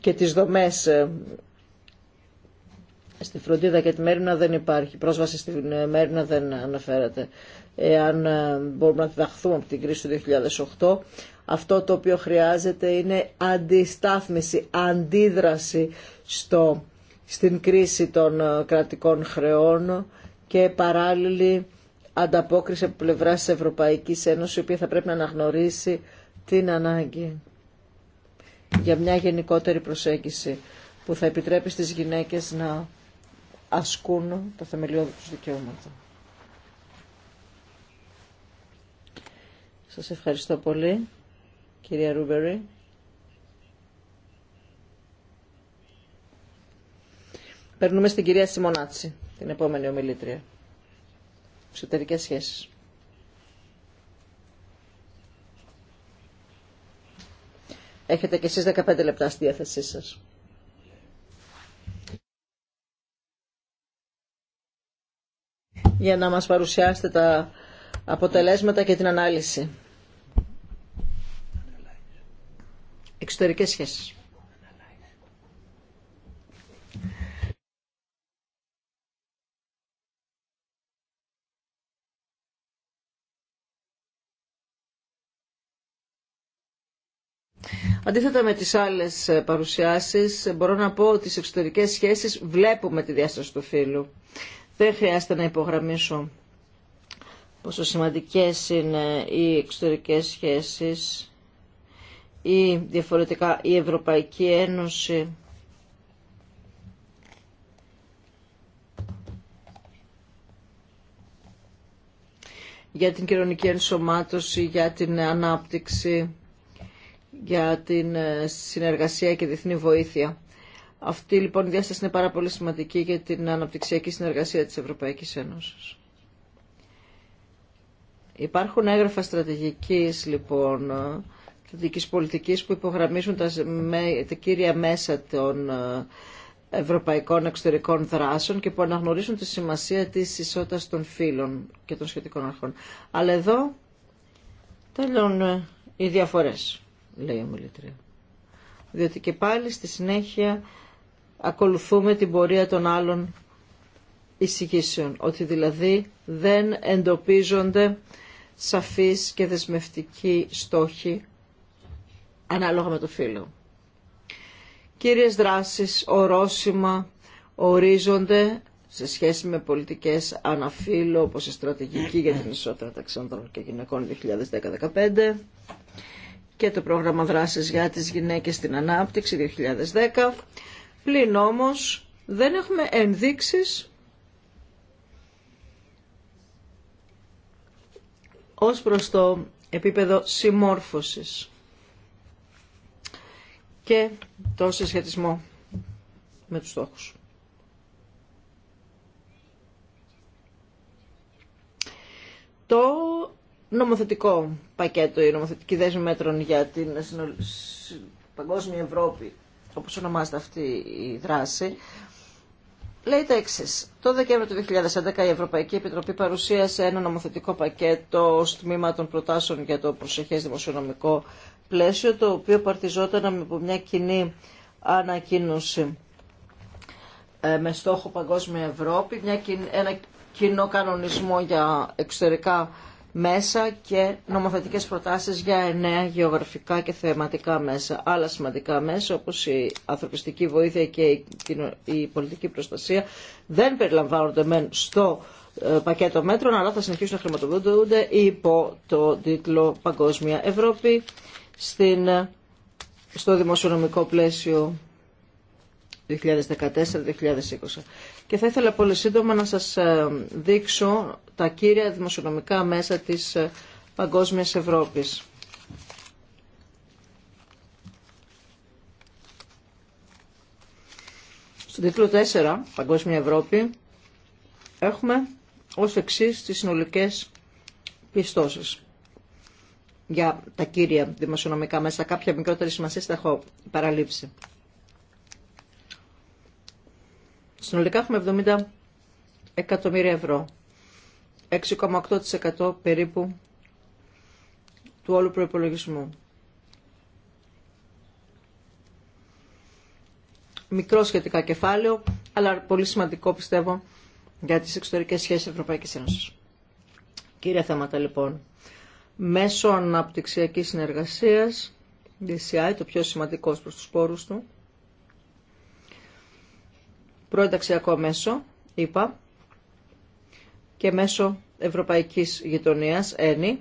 και τις δομές ε, στη φροντίδα και τη μέρινα δεν υπάρχει. Πρόσβαση στη ε, μέρινα δεν αναφέρεται. Εάν ε, μπορούμε να διδαχθούμε από την κρίση του 2008, αυτό το οποίο χρειάζεται είναι αντιστάθμιση, αντίδραση στο, στην κρίση των ε, κρατικών χρεών και παράλληλη ανταπόκριση από πλευρά της Ευρωπαϊκής Ένωσης, η οποία θα πρέπει να αναγνωρίσει την ανάγκη για μια γενικότερη προσέγγιση που θα επιτρέπει στις γυναίκες να ασκούν τα θεμελιώδη τους δικαιώματα. Σας ευχαριστώ πολύ. Κυρία Ρούμπερι. Περνούμε στην κυρία Σιμονάτση, την επόμενη ομιλήτρια. Εξωτερικέ σχέσει. Έχετε κι εσείς 15 λεπτά στη διάθεσή σας. Για να μας παρουσιάσετε τα αποτελέσματα και την ανάλυση. εξωτερικές σχέσεις. Αντίθετα με τις άλλες παρουσιάσεις, μπορώ να πω ότι στις εξωτερικές σχέσεις βλέπουμε τη διάσταση του φίλου. Δεν χρειάζεται να υπογραμμίσω πόσο σημαντικές είναι οι εξωτερικές σχέσεις ή διαφορετικά η Ευρωπαϊκή Ένωση για την κοινωνική ενσωμάτωση, για την ανάπτυξη, για την ε, συνεργασία και διεθνή βοήθεια. Αυτή λοιπόν η διάσταση είναι πάρα πολύ σημαντική για την αναπτυξιακή συνεργασία της Ευρωπαϊκής Ένωσης. Υπάρχουν έγγραφα στρατηγικής λοιπόν ε, δικής πολιτικής που υπογραμμίζουν τα, κύρια μέσα των ε, ευρωπαϊκών εξωτερικών δράσεων και που αναγνωρίζουν τη σημασία της ισότητας των φύλων και των σχετικών αρχών. Αλλά εδώ τέλειων ε, οι διαφορές, λέει η ομιλητρία. Διότι και πάλι στη συνέχεια ακολουθούμε την πορεία των άλλων εισηγήσεων. Ότι δηλαδή δεν εντοπίζονται σαφείς και δεσμευτικοί στόχοι ανάλογα με το φύλλο. Κύριες δράσεις, ορόσημα ορίζονται σε σχέση με πολιτικές αναφύλλου όπως η στρατηγική για την ισότητα μεταξύ και γυναικών 2010-2015 και το πρόγραμμα δράσης για τις γυναίκες στην ανάπτυξη 2010. Πλην όμως δεν έχουμε ενδείξεις ως προς το επίπεδο συμμόρφωσης και το συσχετισμό με τους στόχους. Το νομοθετικό πακέτο, η νομοθετική δέσμη μέτρων για την παγκόσμια Ευρώπη, όπως ονομάζεται αυτή η δράση, λέει τα εξή. Το Δεκέμβριο του 2011 η Ευρωπαϊκή Επιτροπή παρουσίασε ένα νομοθετικό πακέτο ως τμήμα των προτάσεων για το προσεχές δημοσιονομικό πλαίσιο το οποίο παρτιζόταν από μια κοινή ανακοίνωση ε, με στόχο Παγκόσμια Ευρώπη, μια, ένα κοινό κανονισμό για εξωτερικά μέσα και νομοθετικές προτάσεις για εννέα γεωγραφικά και θεματικά μέσα. Άλλα σημαντικά μέσα όπως η ανθρωπιστική βοήθεια και η πολιτική προστασία δεν περιλαμβάνονται μεν στο ε, πακέτο μέτρων αλλά θα συνεχίσουν να χρηματοδοτούνται υπό το τίτλο Παγκόσμια Ευρώπη στην, στο δημοσιονομικό πλαίσιο 2014-2020. Και θα ήθελα πολύ σύντομα να σας ε, δείξω τα κύρια δημοσιονομικά μέσα της ε, παγκόσμιας Ευρώπης. Στον τίτλο 4, Παγκόσμια Ευρώπη, έχουμε ως εξής τις συνολικές πιστώσεις για τα κύρια δημοσιονομικά μέσα. Κάποια μικρότερη σημασία τα έχω παραλείψει. Συνολικά έχουμε 70 εκατομμύρια ευρώ. 6,8% περίπου του όλου προϋπολογισμού. Μικρό σχετικά κεφάλαιο, αλλά πολύ σημαντικό πιστεύω για τις εξωτερικές σχέσεις Ευρωπαϊκής Ένωσης. Κύρια θέματα λοιπόν μέσω αναπτυξιακής συνεργασίας, DCI, το πιο σημαντικό προς τους πόρους του, προενταξιακό μέσο, είπα, και μέσω Ευρωπαϊκής Γειτονίας, ΕΝΗ,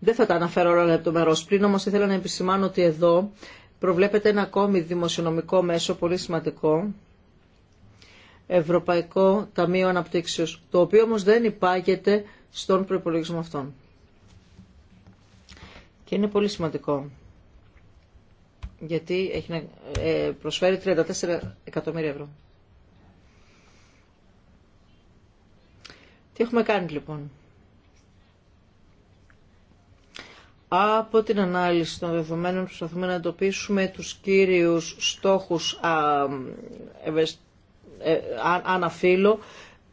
Δεν θα τα αναφέρω όλα λεπτομερώ πριν, όμω ήθελα να επισημάνω ότι εδώ προβλέπεται ένα ακόμη δημοσιονομικό μέσο πολύ σημαντικό Ευρωπαϊκό Ταμείο Αναπτύξεως, το οποίο όμως δεν υπάγεται στον προϋπολογισμό αυτόν. Και είναι πολύ σημαντικό, γιατί έχει να ε, προσφέρει 34 εκατομμύρια ευρώ. Τι έχουμε κάνει λοιπόν. Από την ανάλυση των δεδομένων προσπαθούμε να εντοπίσουμε τους κύριους στόχους α, ε, αναφύλο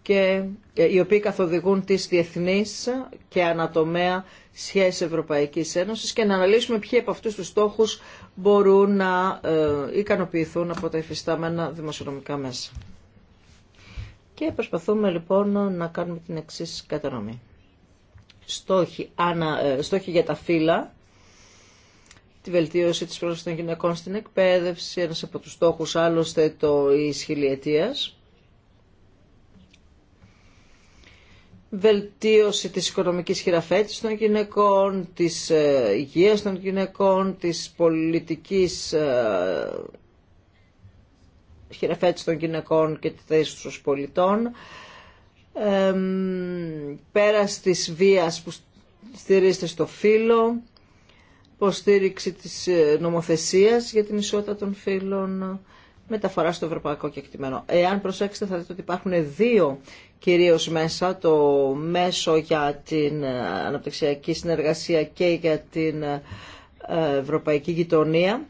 και ε, οι οποίοι καθοδηγούν τις διεθνείς και ανατομέα σχέσεις Ευρωπαϊκής Ένωσης και να αναλύσουμε ποιοι από αυτούς τους στόχους μπορούν να ε, ικανοποιηθούν από τα υφιστάμενα δημοσιονομικά μέσα. Και προσπαθούμε λοιπόν να κάνουμε την εξής κατανομή. Στόχοι, ανα, στόχοι για τα φύλλα τη βελτίωση της πρόσβασης των γυναικών στην εκπαίδευση, ένας από τους στόχους άλλωστε το η χιλιετίας. Βελτίωση της οικονομικής χειραφέτησης των γυναικών, της ε, υγείας των γυναικών, της πολιτικής ε, χειραφέτησης των γυναικών και τη θέση των πολιτών. Ε, πέρα της βίας που στηρίζεται στο φύλλο, υποστήριξη της ε, νομοθεσίας για την ισότητα των φύλων ε, μεταφορά στο ευρωπαϊκό κεκτημένο. Εάν προσέξετε θα δείτε ότι υπάρχουν δύο κυρίως μέσα, το μέσο για την ε, αναπτυξιακή συνεργασία και για την ευρωπαϊκή γειτονία,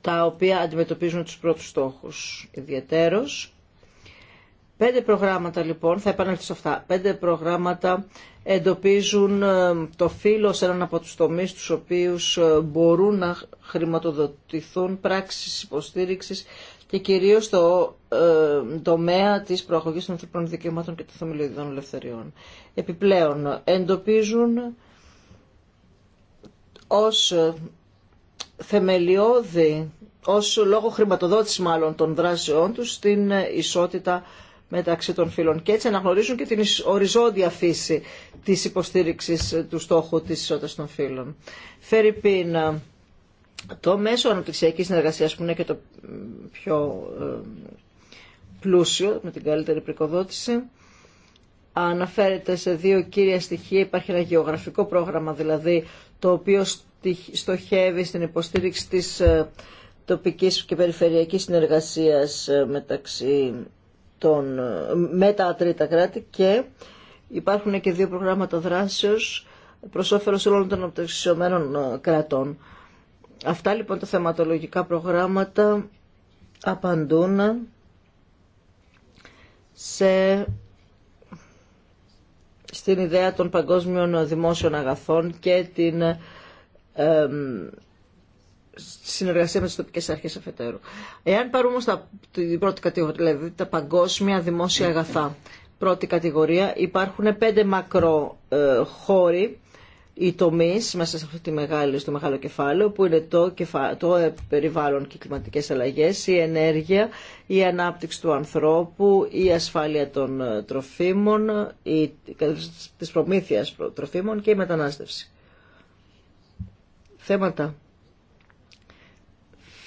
τα οποία αντιμετωπίζουν τους πρώτους στόχους ιδιαίτερος. Πέντε προγράμματα λοιπόν, θα επανέλθω σε αυτά, πέντε προγράμματα εντοπίζουν ε, το φύλλο σε έναν από τους τομείς τους οποίους ε, μπορούν να χρηματοδοτηθούν πράξεις υποστήριξης και κυρίως στο ε, τομέα της προαγωγής των ανθρωπίνων δικαιωμάτων και των θεμελιωδών ελευθεριών. Επιπλέον, εντοπίζουν ως θεμελιώδη, ως λόγο χρηματοδότηση μάλλον των δράσεών τους, την ισότητα μεταξύ των φύλων και έτσι αναγνωρίζουν και την οριζόντια φύση της υποστήριξης του στόχου της ισότητας των φύλων. Φερρυπίν, το μέσο αναπτυξιακής συνεργασίας που είναι και το πιο ε, πλούσιο, με την καλύτερη πρικοδότηση, αναφέρεται σε δύο κύρια στοιχεία. Υπάρχει ένα γεωγραφικό πρόγραμμα δηλαδή, το οποίο στοχεύει στην υποστήριξη της ε, τοπικής και περιφερειακής συνεργασίας ε, μεταξύ των, ε, με τα τρίτα κράτη και υπάρχουν και δύο προγράμματα δράσεως προς όφελος όλων των απτυσσιωμένων ε, κρατών. Αυτά λοιπόν τα θεματολογικά προγράμματα απαντούν σε... στην ιδέα των παγκόσμιων δημόσιων αγαθών και την ε, στη συνεργασία με τι τοπικέ αρχέ αφετέρου. Εάν πάρουμε όμω την πρώτη κατηγορία, δηλαδή τα παγκόσμια δημόσια αγαθά, πρώτη κατηγορία, υπάρχουν πέντε μακροχώροι ε, χώροι οι τομεί μέσα σε αυτό το στο μεγάλο κεφάλαιο, που είναι το, το περιβάλλον και οι κλιματικέ αλλαγέ, η ενέργεια, η ανάπτυξη του ανθρώπου, η ασφάλεια των ε, τροφίμων, η, της προμήθειας τροφίμων και η μετανάστευση. Θέματα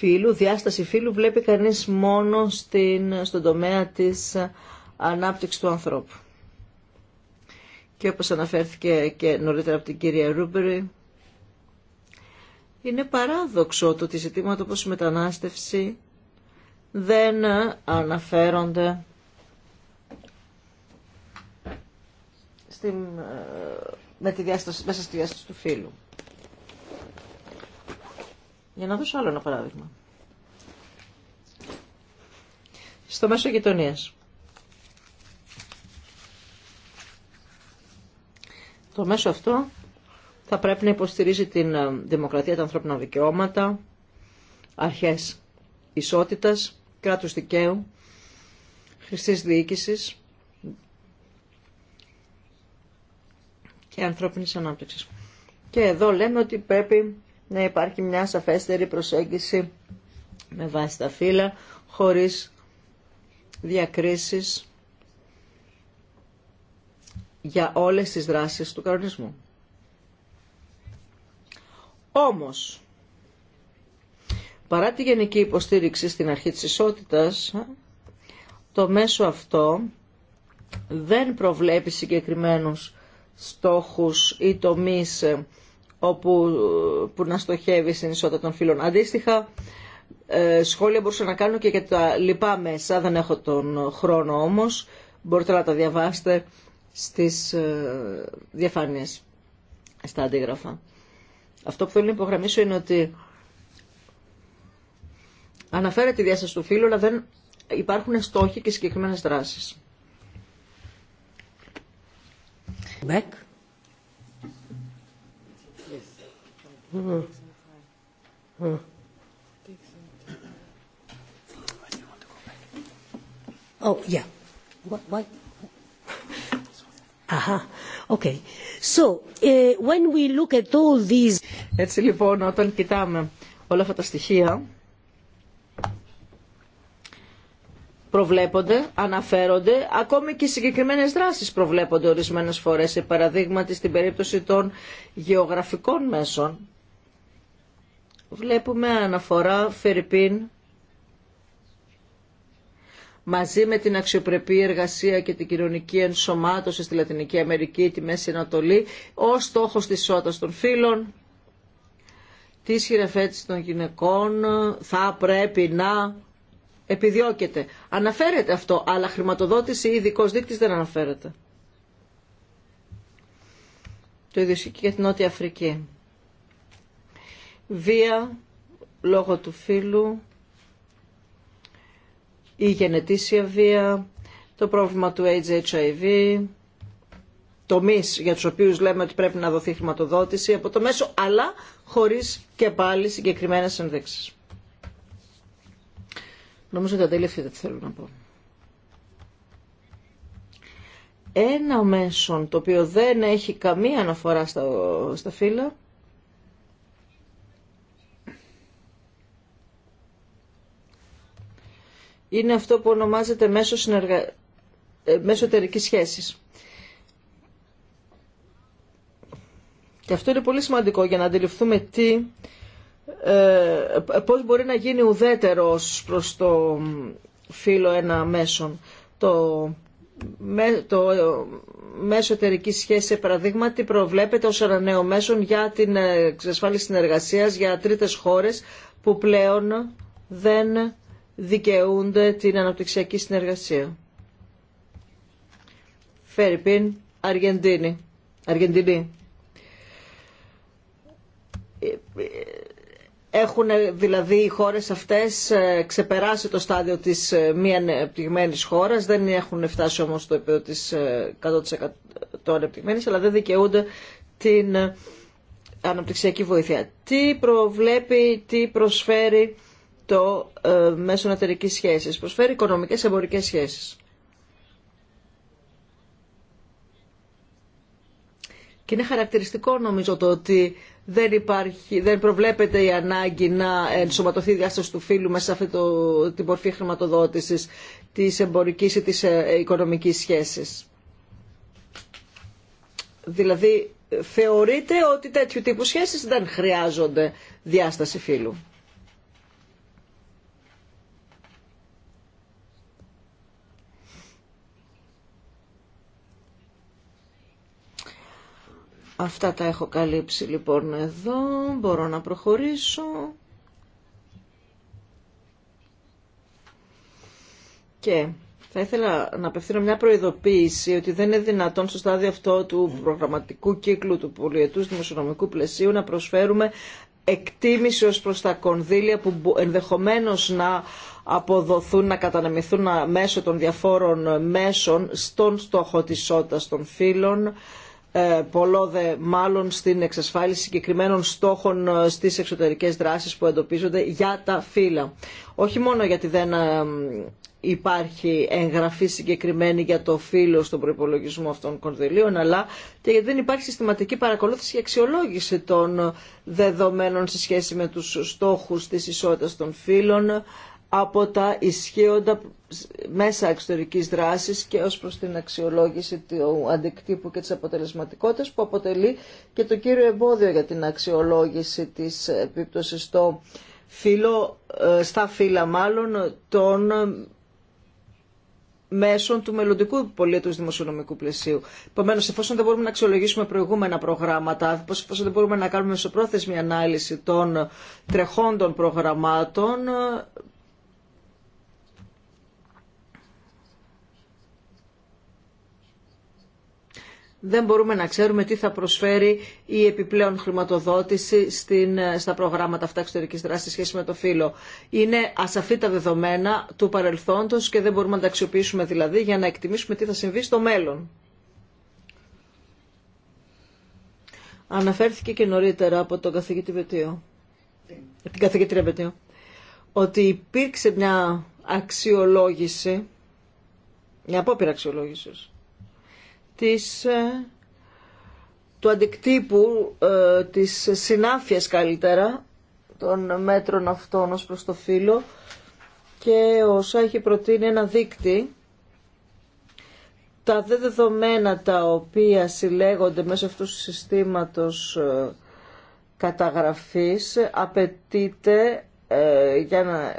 φύλου, διάσταση φύλου βλέπει κανείς μόνο στην, στον τομέα της ανάπτυξης του ανθρώπου. Και όπως αναφέρθηκε και νωρίτερα από την κυρία Ρούμπερη, είναι παράδοξο το ότι ζητήματα όπως η μετανάστευση δεν αναφέρονται στην, ε, με τη μέσα στη διάσταση του φύλου. Για να δώσω άλλο ένα παράδειγμα. Στο μέσο γειτονία. Το μέσο αυτό θα πρέπει να υποστηρίζει την ε, δημοκρατία, τα ανθρώπινα δικαιώματα, αρχές ισότητας, κράτους δικαίου, χρηστής διοίκησης και ανθρώπινης ανάπτυξης. Και εδώ λέμε ότι πρέπει να υπάρχει μια σαφέστερη προσέγγιση με βάση τα φύλλα, χωρίς διακρίσεις για όλες τις δράσεις του κανονισμού. Όμως, παρά τη γενική υποστήριξη στην αρχή της ισότητας, το μέσο αυτό δεν προβλέπει συγκεκριμένους στόχους ή τομείς όπου, που να στοχεύει στην ισότητα των φύλων. Αντίστοιχα, ε, σχόλια μπορούσα να κάνω και για τα λοιπά μέσα, δεν έχω τον χρόνο όμως, μπορείτε να τα διαβάσετε στις ε, διαφάνειες, στα αντίγραφα. Αυτό που θέλω να υπογραμμίσω είναι ότι αναφέρεται η διάσταση του φύλου, αλλά δεν υπάρχουν στόχοι και συγκεκριμένες δράσεις. Oh, yeah. Okay. So, eh, when we look at all these... Έτσι λοιπόν, όταν κοιτάμε όλα αυτά τα στοιχεία, προβλέπονται, αναφέρονται, ακόμη και συγκεκριμένες δράσεις προβλέπονται ορισμένες φορές, σε παραδείγματι στην περίπτωση των γεωγραφικών μέσων, βλέπουμε αναφορά Φερρυπίν μαζί με την αξιοπρεπή εργασία και την κοινωνική ενσωμάτωση στη Λατινική Αμερική, τη Μέση Ανατολή, ως στόχος της ισότητας των φίλων, τη χειραφέτησης των γυναικών, θα πρέπει να επιδιώκεται. Αναφέρεται αυτό, αλλά χρηματοδότηση ή ειδικό δείκτης δεν αναφέρεται. Το ίδιο και για την Νότια Αφρική βία λόγω του φίλου η γενετήσια βία, το πρόβλημα του AIDS HIV, τομείς για τους οποίους λέμε ότι πρέπει να δοθεί χρηματοδότηση από το μέσο, αλλά χωρίς και πάλι συγκεκριμένες ενδείξεις. Νομίζω ότι τα τελευταία δεν θέλω να πω. Ένα μέσον το οποίο δεν έχει καμία αναφορά στα, στα φύλλα είναι αυτό που ονομάζεται μέσω, συνεργα... Ε, μέσω σχέσης. Και αυτό είναι πολύ σημαντικό για να αντιληφθούμε τι, ε, πώς μπορεί να γίνει ουδέτερος προς το φύλλο ένα μέσον. Το, με, το μέσο εταιρική σχέση, παραδείγματι, προβλέπεται ως ένα νέο μέσον για την ε, εξασφάλιση συνεργασίας για τρίτες χώρες που πλέον δεν δικαιούνται την αναπτυξιακή συνεργασία. Φερρυπίν, Αργεντίνη. Αργεντινή. Έχουν δηλαδή οι χώρες αυτές ε, ξεπεράσει το στάδιο της ε, μη ανεπτυγμένης χώρας, δεν έχουν φτάσει όμως στο επίπεδο της 100% ε, ανεπτυγμένης, αλλά δεν δικαιούνται την αναπτυξιακή βοήθεια. Τι προβλέπει, τι προσφέρει το ε, μέσο εταιρική σχέση. Προσφέρει οικονομικέ εμπορικέ σχέσει. Και είναι χαρακτηριστικό νομίζω το ότι δεν, υπάρχει, δεν προβλέπεται η ανάγκη να ενσωματωθεί η διάσταση του φίλου μέσα σε αυτή την μορφή χρηματοδότηση της εμπορική ή της ε, οικονομικής σχέση. Δηλαδή θεωρείται ότι τέτοιου τύπου σχέσεις δεν χρειάζονται διάσταση φύλου. Αυτά τα έχω καλύψει λοιπόν εδώ. Μπορώ να προχωρήσω. Και θα ήθελα να απευθύνω μια προειδοποίηση ότι δεν είναι δυνατόν στο στάδιο αυτό του προγραμματικού κύκλου του πολιετούς δημοσιονομικού πλαισίου να προσφέρουμε εκτίμηση ως προς τα κονδύλια που ενδεχομένως να αποδοθούν, να κατανεμηθούν μέσω των διαφόρων μέσων στον στόχο της σώτας των φύλων ε, πολλό δε μάλλον στην εξασφάλιση συγκεκριμένων στόχων ε, στις εξωτερικές δράσεις που εντοπίζονται για τα φύλλα. Όχι μόνο γιατί δεν ε, υπάρχει εγγραφή συγκεκριμένη για το φύλλο στον προπολογισμό αυτών κονδυλίων, αλλά και γιατί δεν υπάρχει συστηματική παρακολούθηση και αξιολόγηση των δεδομένων σε σχέση με τους στόχους της ισότητας των φύλων από τα ισχύοντα μέσα εξωτερικής δράσης και ως προς την αξιολόγηση του αντικτύπου και της αποτελεσματικότητας που αποτελεί και το κύριο εμπόδιο για την αξιολόγηση της επίπτωσης στο ε, στα φύλλα μάλλον των μέσων του μελλοντικού πολίτου δημοσιονομικού πλαισίου. Επομένω, εφόσον δεν μπορούμε να αξιολογήσουμε προηγούμενα προγράμματα, εφόσον δεν μπορούμε να κάνουμε μεσοπρόθεσμη ανάλυση των τρεχόντων προγραμμάτων, δεν μπορούμε να ξέρουμε τι θα προσφέρει η επιπλέον χρηματοδότηση στην, ε, στα προγράμματα αυτά εξωτερική δράση σε σχέση με το φύλλο. Είναι ασαφή τα δεδομένα του παρελθόντο και δεν μπορούμε να τα αξιοποιήσουμε δηλαδή για να εκτιμήσουμε τι θα συμβεί στο μέλλον. Αναφέρθηκε και νωρίτερα από τον καθηγητή Βετίο, την καθηγήτρια Βετίο, ότι υπήρξε μια αξιολόγηση, μια απόπειρα αξιολόγησης, της, ε, του αντικτύπου, ε, της συνάφειας καλύτερα, των μέτρων αυτών ως προς το φύλλο και όσα έχει προτείνει ένα δίκτυ τα δεδομένα τα οποία συλλέγονται μέσω αυτού του συστήματος ε, καταγραφής απαιτείται για να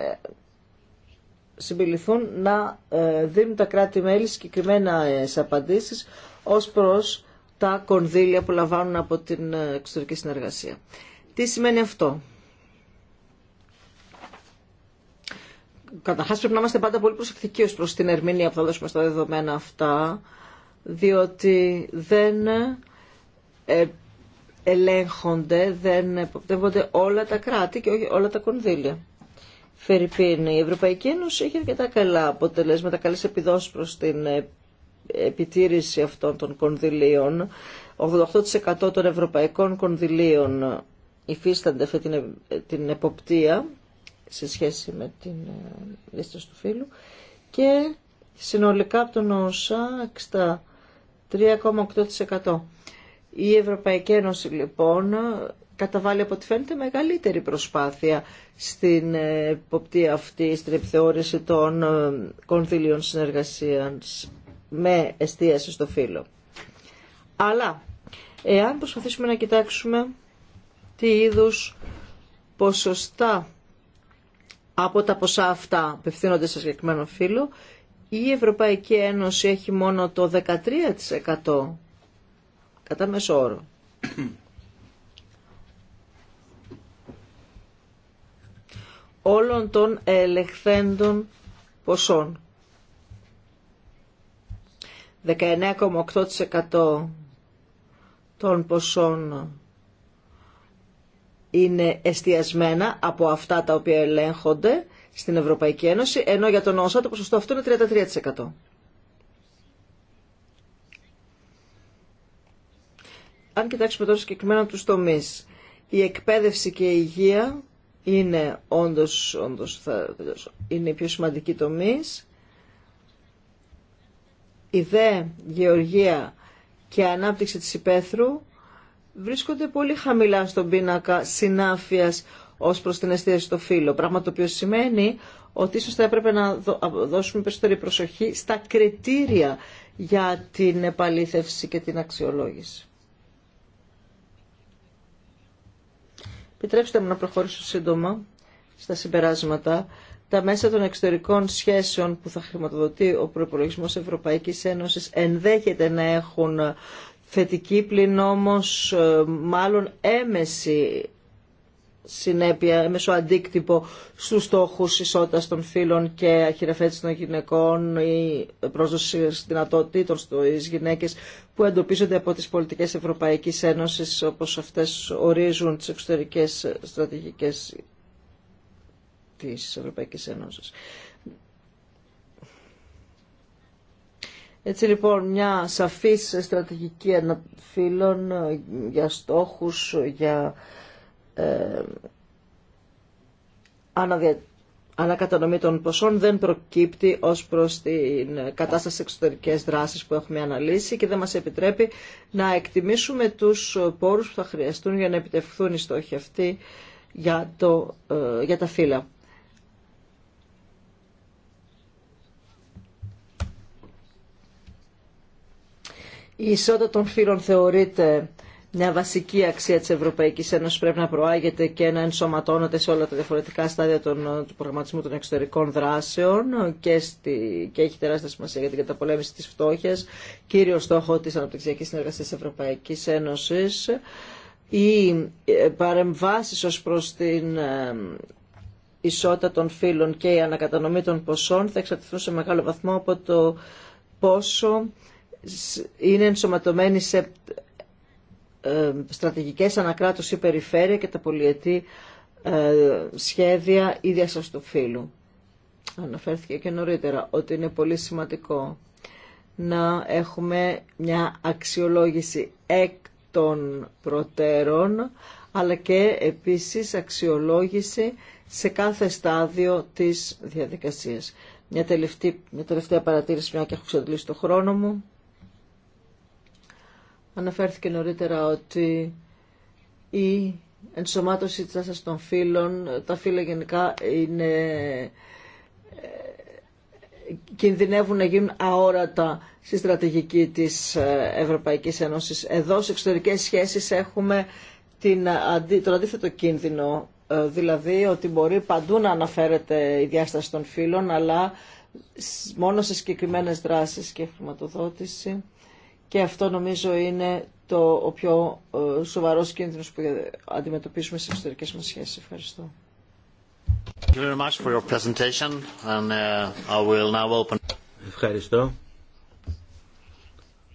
συμπιληθούν να δίνουν τα κράτη-μέλη συγκεκριμένα απαντήσεις ως προς τα κονδύλια που λαμβάνουν από την ε, εξωτερική συνεργασία. Τι σημαίνει αυτό. Καταρχάς πρέπει να είμαστε πάντα πολύ προσεκτικοί ως προς την ερμηνεία που θα δώσουμε στα δεδομένα αυτά, διότι δεν ε, ελέγχονται, δεν εποπτεύονται όλα τα κράτη και όχι όλα τα κονδύλια. Φερρυπίν, η Ευρωπαϊκή Ένωση έχει αρκετά καλά αποτελέσματα, καλές επιδόσεις προς την ε, επιτήρηση αυτών των κονδυλίων. 88% των ευρωπαϊκών κονδυλίων υφίστανται αυτή την εποπτεία σε σχέση με την ε, λίστα του φίλου και συνολικά από τον ΩΣΑ 63,8%. Η Ευρωπαϊκή Ένωση λοιπόν καταβάλει από ό,τι φαίνεται μεγαλύτερη προσπάθεια στην ε, εποπτεία αυτή, στην επιθεώρηση των ε, κονδυλίων συνεργασίας με εστίαση στο φύλλο. Αλλά, εάν προσπαθήσουμε να κοιτάξουμε τι είδους ποσοστά από τα ποσά αυτά απευθύνονται σε συγκεκριμένο φύλλο, η Ευρωπαϊκή Ένωση έχει μόνο το 13% κατά μέσο όρο. όλων των ελεγχθέντων ποσών. 19,8% των ποσών είναι εστιασμένα από αυτά τα οποία ελέγχονται στην Ευρωπαϊκή Ένωση, ενώ για τον ΩΣΑ το ποσοστό αυτό είναι 33%. Αν κοιτάξουμε τώρα συγκεκριμένα τους τομείς, η εκπαίδευση και η υγεία είναι όντως, όντως θα, είναι οι πιο σημαντικοί τομείς η γεωργία και ανάπτυξη της υπαίθρου βρίσκονται πολύ χαμηλά στον πίνακα συνάφειας ως προς την εστίαση στο φύλλο. Πράγμα το οποίο σημαίνει ότι ίσως θα έπρεπε να δώσουμε περισσότερη προσοχή στα κριτήρια για την επαλήθευση και την αξιολόγηση. Επιτρέψτε μου να προχωρήσω σύντομα στα συμπεράσματα τα μέσα των εξωτερικών σχέσεων που θα χρηματοδοτεί ο προπολογισμό Ευρωπαϊκής Ένωσης ενδέχεται να έχουν θετική πλην όμως ε, μάλλον έμεση συνέπεια, έμεσο αντίκτυπο στους στόχους ισότητας των φύλων και αχειραφέτηση των γυναικών ή πρόσδοση δυνατοτήτων στις γυναίκες που εντοπίζονται από τις πολιτικές Ευρωπαϊκής Ένωσης όπως αυτές ορίζουν τις εξωτερικές στρατηγικές της Ευρωπαϊκής Ένωσης. Έτσι λοιπόν μια σαφής στρατηγική αναφύλων ε, για στόχους, για ε, αναδια... ανακατανομή των ποσών δεν προκύπτει ως προς την κατάσταση εξωτερικές δράσεις που έχουμε αναλύσει και δεν μας επιτρέπει να εκτιμήσουμε τους πόρους που θα χρειαστούν για να επιτευχθούν οι στόχοι αυτοί για, το, ε, για τα φύλλα. Η ισότητα των φύλων θεωρείται μια βασική αξία της Ευρωπαϊκής Ένωσης πρέπει να προάγεται και να ενσωματώνεται σε όλα τα διαφορετικά στάδια του προγραμματισμού των εξωτερικών δράσεων και, στη, και έχει τεράστια σημασία για την καταπολέμηση της φτώχειας, κύριο στόχο της αναπτυξιακής συνεργασίας της Ευρωπαϊκής Ένωσης. Οι ε, παρεμβάσεις ως προς την ε, ισότητα των φύλων και η ανακατανομή των ποσών θα εξαρτηθούν σε μεγάλο βαθμό από το πόσο είναι ενσωματωμένη σε ε, στρατηγικές ανακράτωση περιφέρεια και τα πολιετή ε, σχέδια ίδια σας του φύλου. Αναφέρθηκε και νωρίτερα ότι είναι πολύ σημαντικό να έχουμε μια αξιολόγηση εκ των προτέρων, αλλά και επίσης αξιολόγηση σε κάθε στάδιο της διαδικασίας. Μια τελευταία, μια τελευταία παρατήρηση, μια και έχω ξεδλήσει το χρόνο μου. Αναφέρθηκε νωρίτερα ότι η ενσωμάτωση της τάσης των φύλων, τα φύλλα γενικά είναι, ε, κινδυνεύουν να γίνουν αόρατα στη στρατηγική της ε, Ευρωπαϊκής Ένωσης. Εδώ σε εξωτερικές σχέσεις έχουμε την, τον αντίθετο κίνδυνο, ε, δηλαδή ότι μπορεί παντού να αναφέρεται η διάσταση των φύλων, αλλά μόνο σε συγκεκριμένες δράσεις και χρηματοδότηση και αυτό νομίζω είναι το ο πιο ε, σοβαρό κίνδυνο που αντιμετωπίζουμε στι εξωτερικές μα σχέσεις. Ευχαριστώ.
Ευχαριστώ.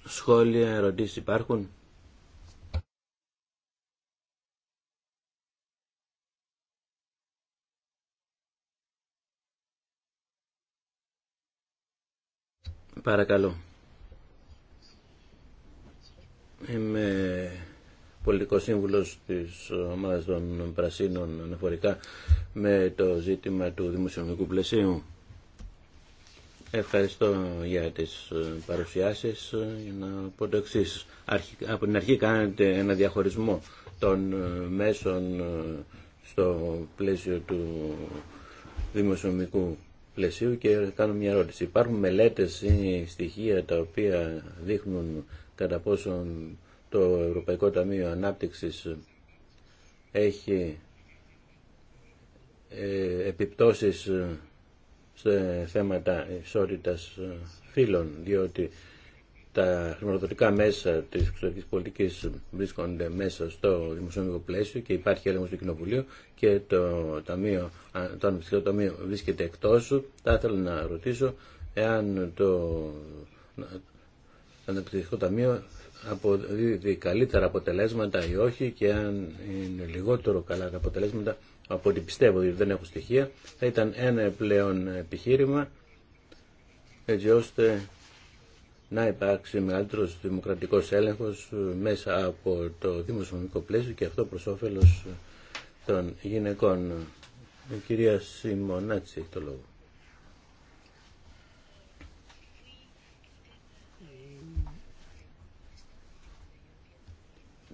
Σχόλια, ερωτήσει υπάρχουν. Παρακαλώ. Είμαι πολιτικός σύμβουλος της ομάδας των Πρασίνων αναφορικά με το ζήτημα του δημοσιονομικού πλαισίου. Ευχαριστώ για τις παρουσιάσεις. Για να πω το εξής. Από την αρχή κάνετε ένα διαχωρισμό των μέσων στο πλαίσιο του δημοσιονομικού πλαισίου και κάνω μια ερώτηση. Υπάρχουν μελέτες ή στοιχεία τα οποία δείχνουν κατά πόσον το Ευρωπαϊκό Ταμείο Ανάπτυξης έχει ε, επιπτώσεις ε, σε θέματα ισότητας ε, φύλων, διότι τα χρηματοδοτικά μέσα της εξωτερική πολιτική βρίσκονται μέσα στο δημοσιονομικό πλαίσιο και υπάρχει έλεγχο του Κοινοβουλίου και το ταμείο, το Αναπτυξιακό Ταμείο βρίσκεται εκτό. Θα ήθελα να ρωτήσω εάν το Αναπτυξιακό Ταμείο αποδίδει καλύτερα αποτελέσματα ή όχι και αν είναι λιγότερο καλά τα αποτελέσματα από ό,τι πιστεύω ότι δεν έχω στοιχεία θα ήταν ένα πλέον επιχείρημα έτσι ώστε να υπάρξει μεγαλύτερο δημοκρατικό έλεγχο μέσα από το δημοσιονομικό πλαίσιο και αυτό προ όφελο των γυναικών. Η κυρία Σιμονάτση έχει το λόγο.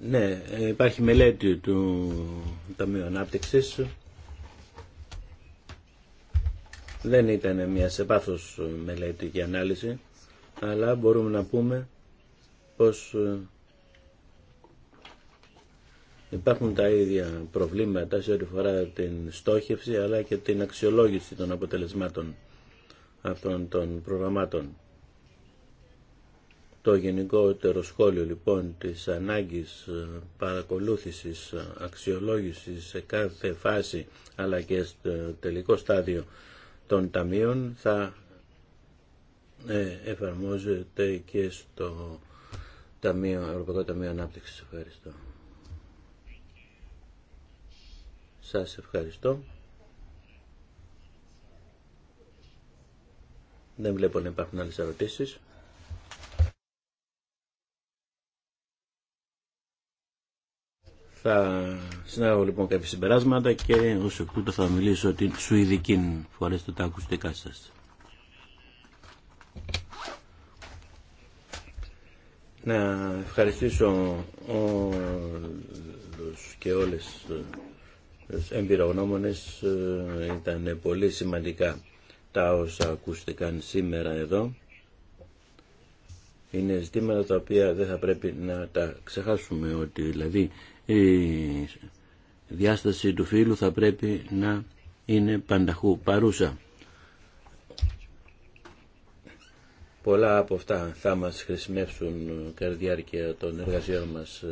Ναι, ε, υπάρχει μελέτη του Ταμείου ανάπτυξη Δεν ήταν μια σε πάθος μελέτη και ανάλυση, αλλά μπορούμε να πούμε πως ε, υπάρχουν τα ίδια προβλήματα σε ό,τι φορά την στόχευση αλλά και την αξιολόγηση των αποτελεσμάτων αυτών των προγραμμάτων. Το γενικότερο σχόλιο λοιπόν της ανάγκης ε, παρακολούθησης, ε, αξιολόγησης σε κάθε φάση αλλά και στο τελικό στάδιο των ταμείων θα ε, εφαρμόζεται και στο ταμείο, Ευρωπαϊκό Ταμείο Ανάπτυξης. Ευχαριστώ. Σας ευχαριστώ. Δεν βλέπω να υπάρχουν άλλες ερωτήσεις. Θα συνάγω λοιπόν κάποια συμπεράσματα και ως εκ τούτου θα μιλήσω την Σουηδική φορές τα ακουστικά σας. Να ευχαριστήσω όλους και όλες τους εμπειρογνώμονες. Ήταν πολύ σημαντικά τα όσα ακούστηκαν σήμερα εδώ. Είναι ζητήματα τα οποία δεν θα πρέπει να τα ξεχάσουμε ότι δηλαδή η διάσταση του φίλου θα πρέπει να είναι πανταχού παρούσα. Πολλά από αυτά θα μας χρησιμεύσουν κατά τον των εργασιών μας.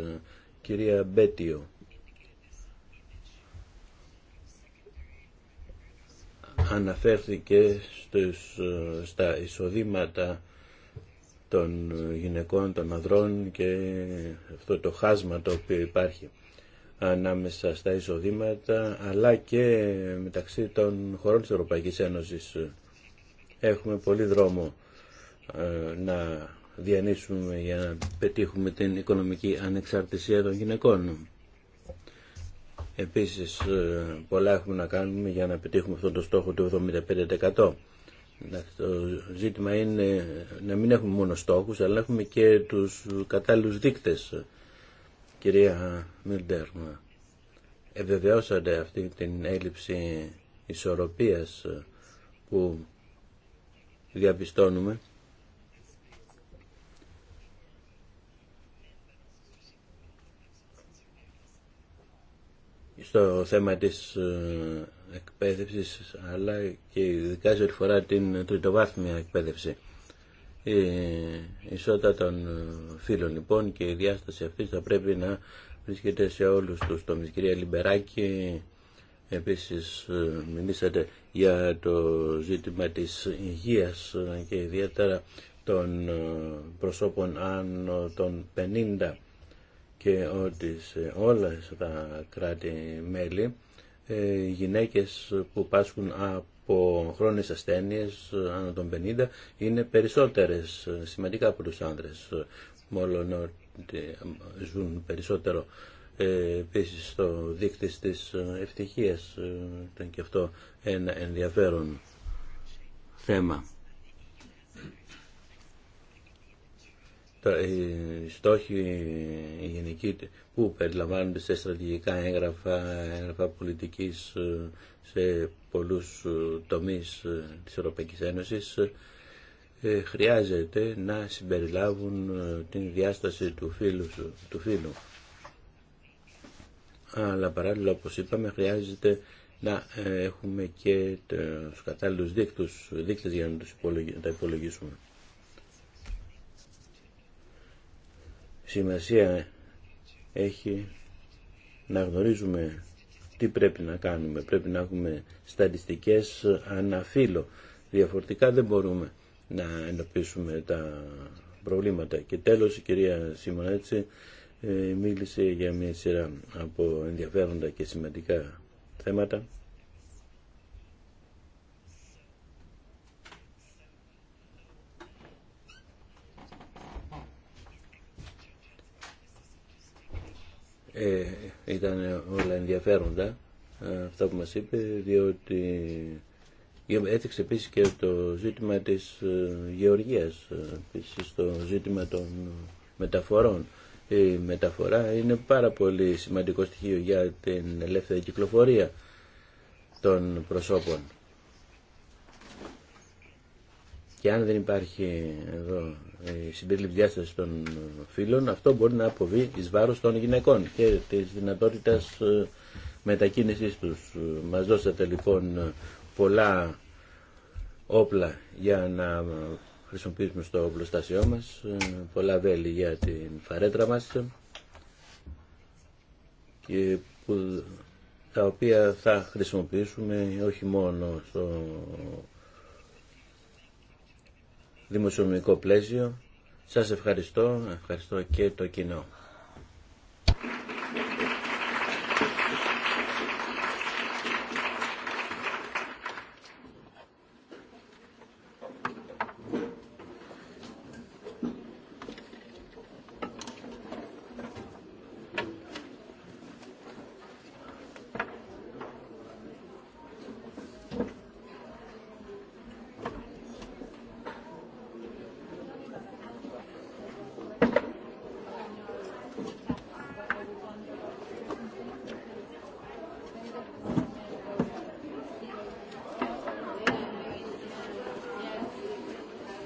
Κυρία Μπέτιο. Αναφέρθηκε στους, στα εισοδήματα των γυναικών, των ανδρών και αυτό το χάσμα το οποίο υπάρχει ανάμεσα στα εισοδήματα αλλά και μεταξύ των χωρών της Ευρωπαϊκής Ένωσης. Έχουμε πολύ δρόμο ε, να διανύσουμε για να πετύχουμε την οικονομική ανεξαρτησία των γυναικών. Επίσης ε, πολλά έχουμε να κάνουμε για να πετύχουμε αυτόν τον στόχο του 75%. Ναι, το ζήτημα είναι να μην έχουμε μόνο στόχους, αλλά έχουμε και τους κατάλληλους δείκτες, κυρία Μιλντέρμα, Εβεβαιώσατε αυτή την έλλειψη ισορροπίας που διαπιστώνουμε. στο θέμα της ε, Εκπαίδευση αλλά και ειδικά σε ό,τι φορά την τριτοβάθμια εκπαίδευση. Η ισότητα των φίλων λοιπόν και η διάσταση αυτή θα πρέπει να βρίσκεται σε όλους του. τομείς. Κυρία Λιμπεράκη, επίσης ε, μιλήσατε για το ζήτημα της υγείας και ιδιαίτερα των ε, προσώπων αν των 50 και ότι σε όλα τα κράτη-μέλη ε, γυναίκες που πάσχουν από χρόνες ασθένειες άνω των 50 είναι περισσότερες σημαντικά από τους άνδρες μόλον ότι ζουν περισσότερο ε, επίση στο δείκτης της ε, ευτυχίας ήταν και αυτό ένα ενδιαφέρον θέμα. οι στόχοι οι γενικοί που περιλαμβάνονται σε στρατηγικά έγγραφα, έγγραφα πολιτικής ε, σε πολλούς ε, τομείς ε, της Ευρωπαϊκής Ένωσης χρειάζεται να συμπεριλάβουν την διάσταση του φίλου Του φίλου. Αλλά παράλληλα όπως είπαμε χρειάζεται να έχουμε και τους κατάλληλους δείκτους, δείκτες για να τα υπολογίσουμε. σημασία έχει να γνωρίζουμε τι πρέπει να κάνουμε. Πρέπει να έχουμε στατιστικές αναφύλο. Διαφορετικά δεν μπορούμε να εντοπίσουμε τα προβλήματα. Και τέλος η κυρία Σιμονέτση ε, μίλησε για μια σειρά από ενδιαφέροντα και σημαντικά θέματα Ε, ήταν όλα ενδιαφέροντα ε, αυτά που μας είπε, διότι έθιξε επίσης και το ζήτημα της ε, γεωργίας, ε, επίσης το ζήτημα των μεταφορών. Η μεταφορά είναι πάρα πολύ σημαντικό στοιχείο για την ελεύθερη κυκλοφορία των προσώπων. Και αν δεν υπάρχει εδώ η συμπεριληπτιάσταση των φίλων, αυτό μπορεί να αποβεί εις βάρος των γυναικών και της δυνατότητας ε, μετακίνησής τους. Μας δώσατε λοιπόν πολλά όπλα για να χρησιμοποιήσουμε στο οπλοστάσιό μας, ε, πολλά βέλη για την φαρέτρα μας και που, τα οποία θα χρησιμοποιήσουμε όχι μόνο στο δημοσιονομικό πλαίσιο. Σας ευχαριστώ, ευχαριστώ και το κοινό.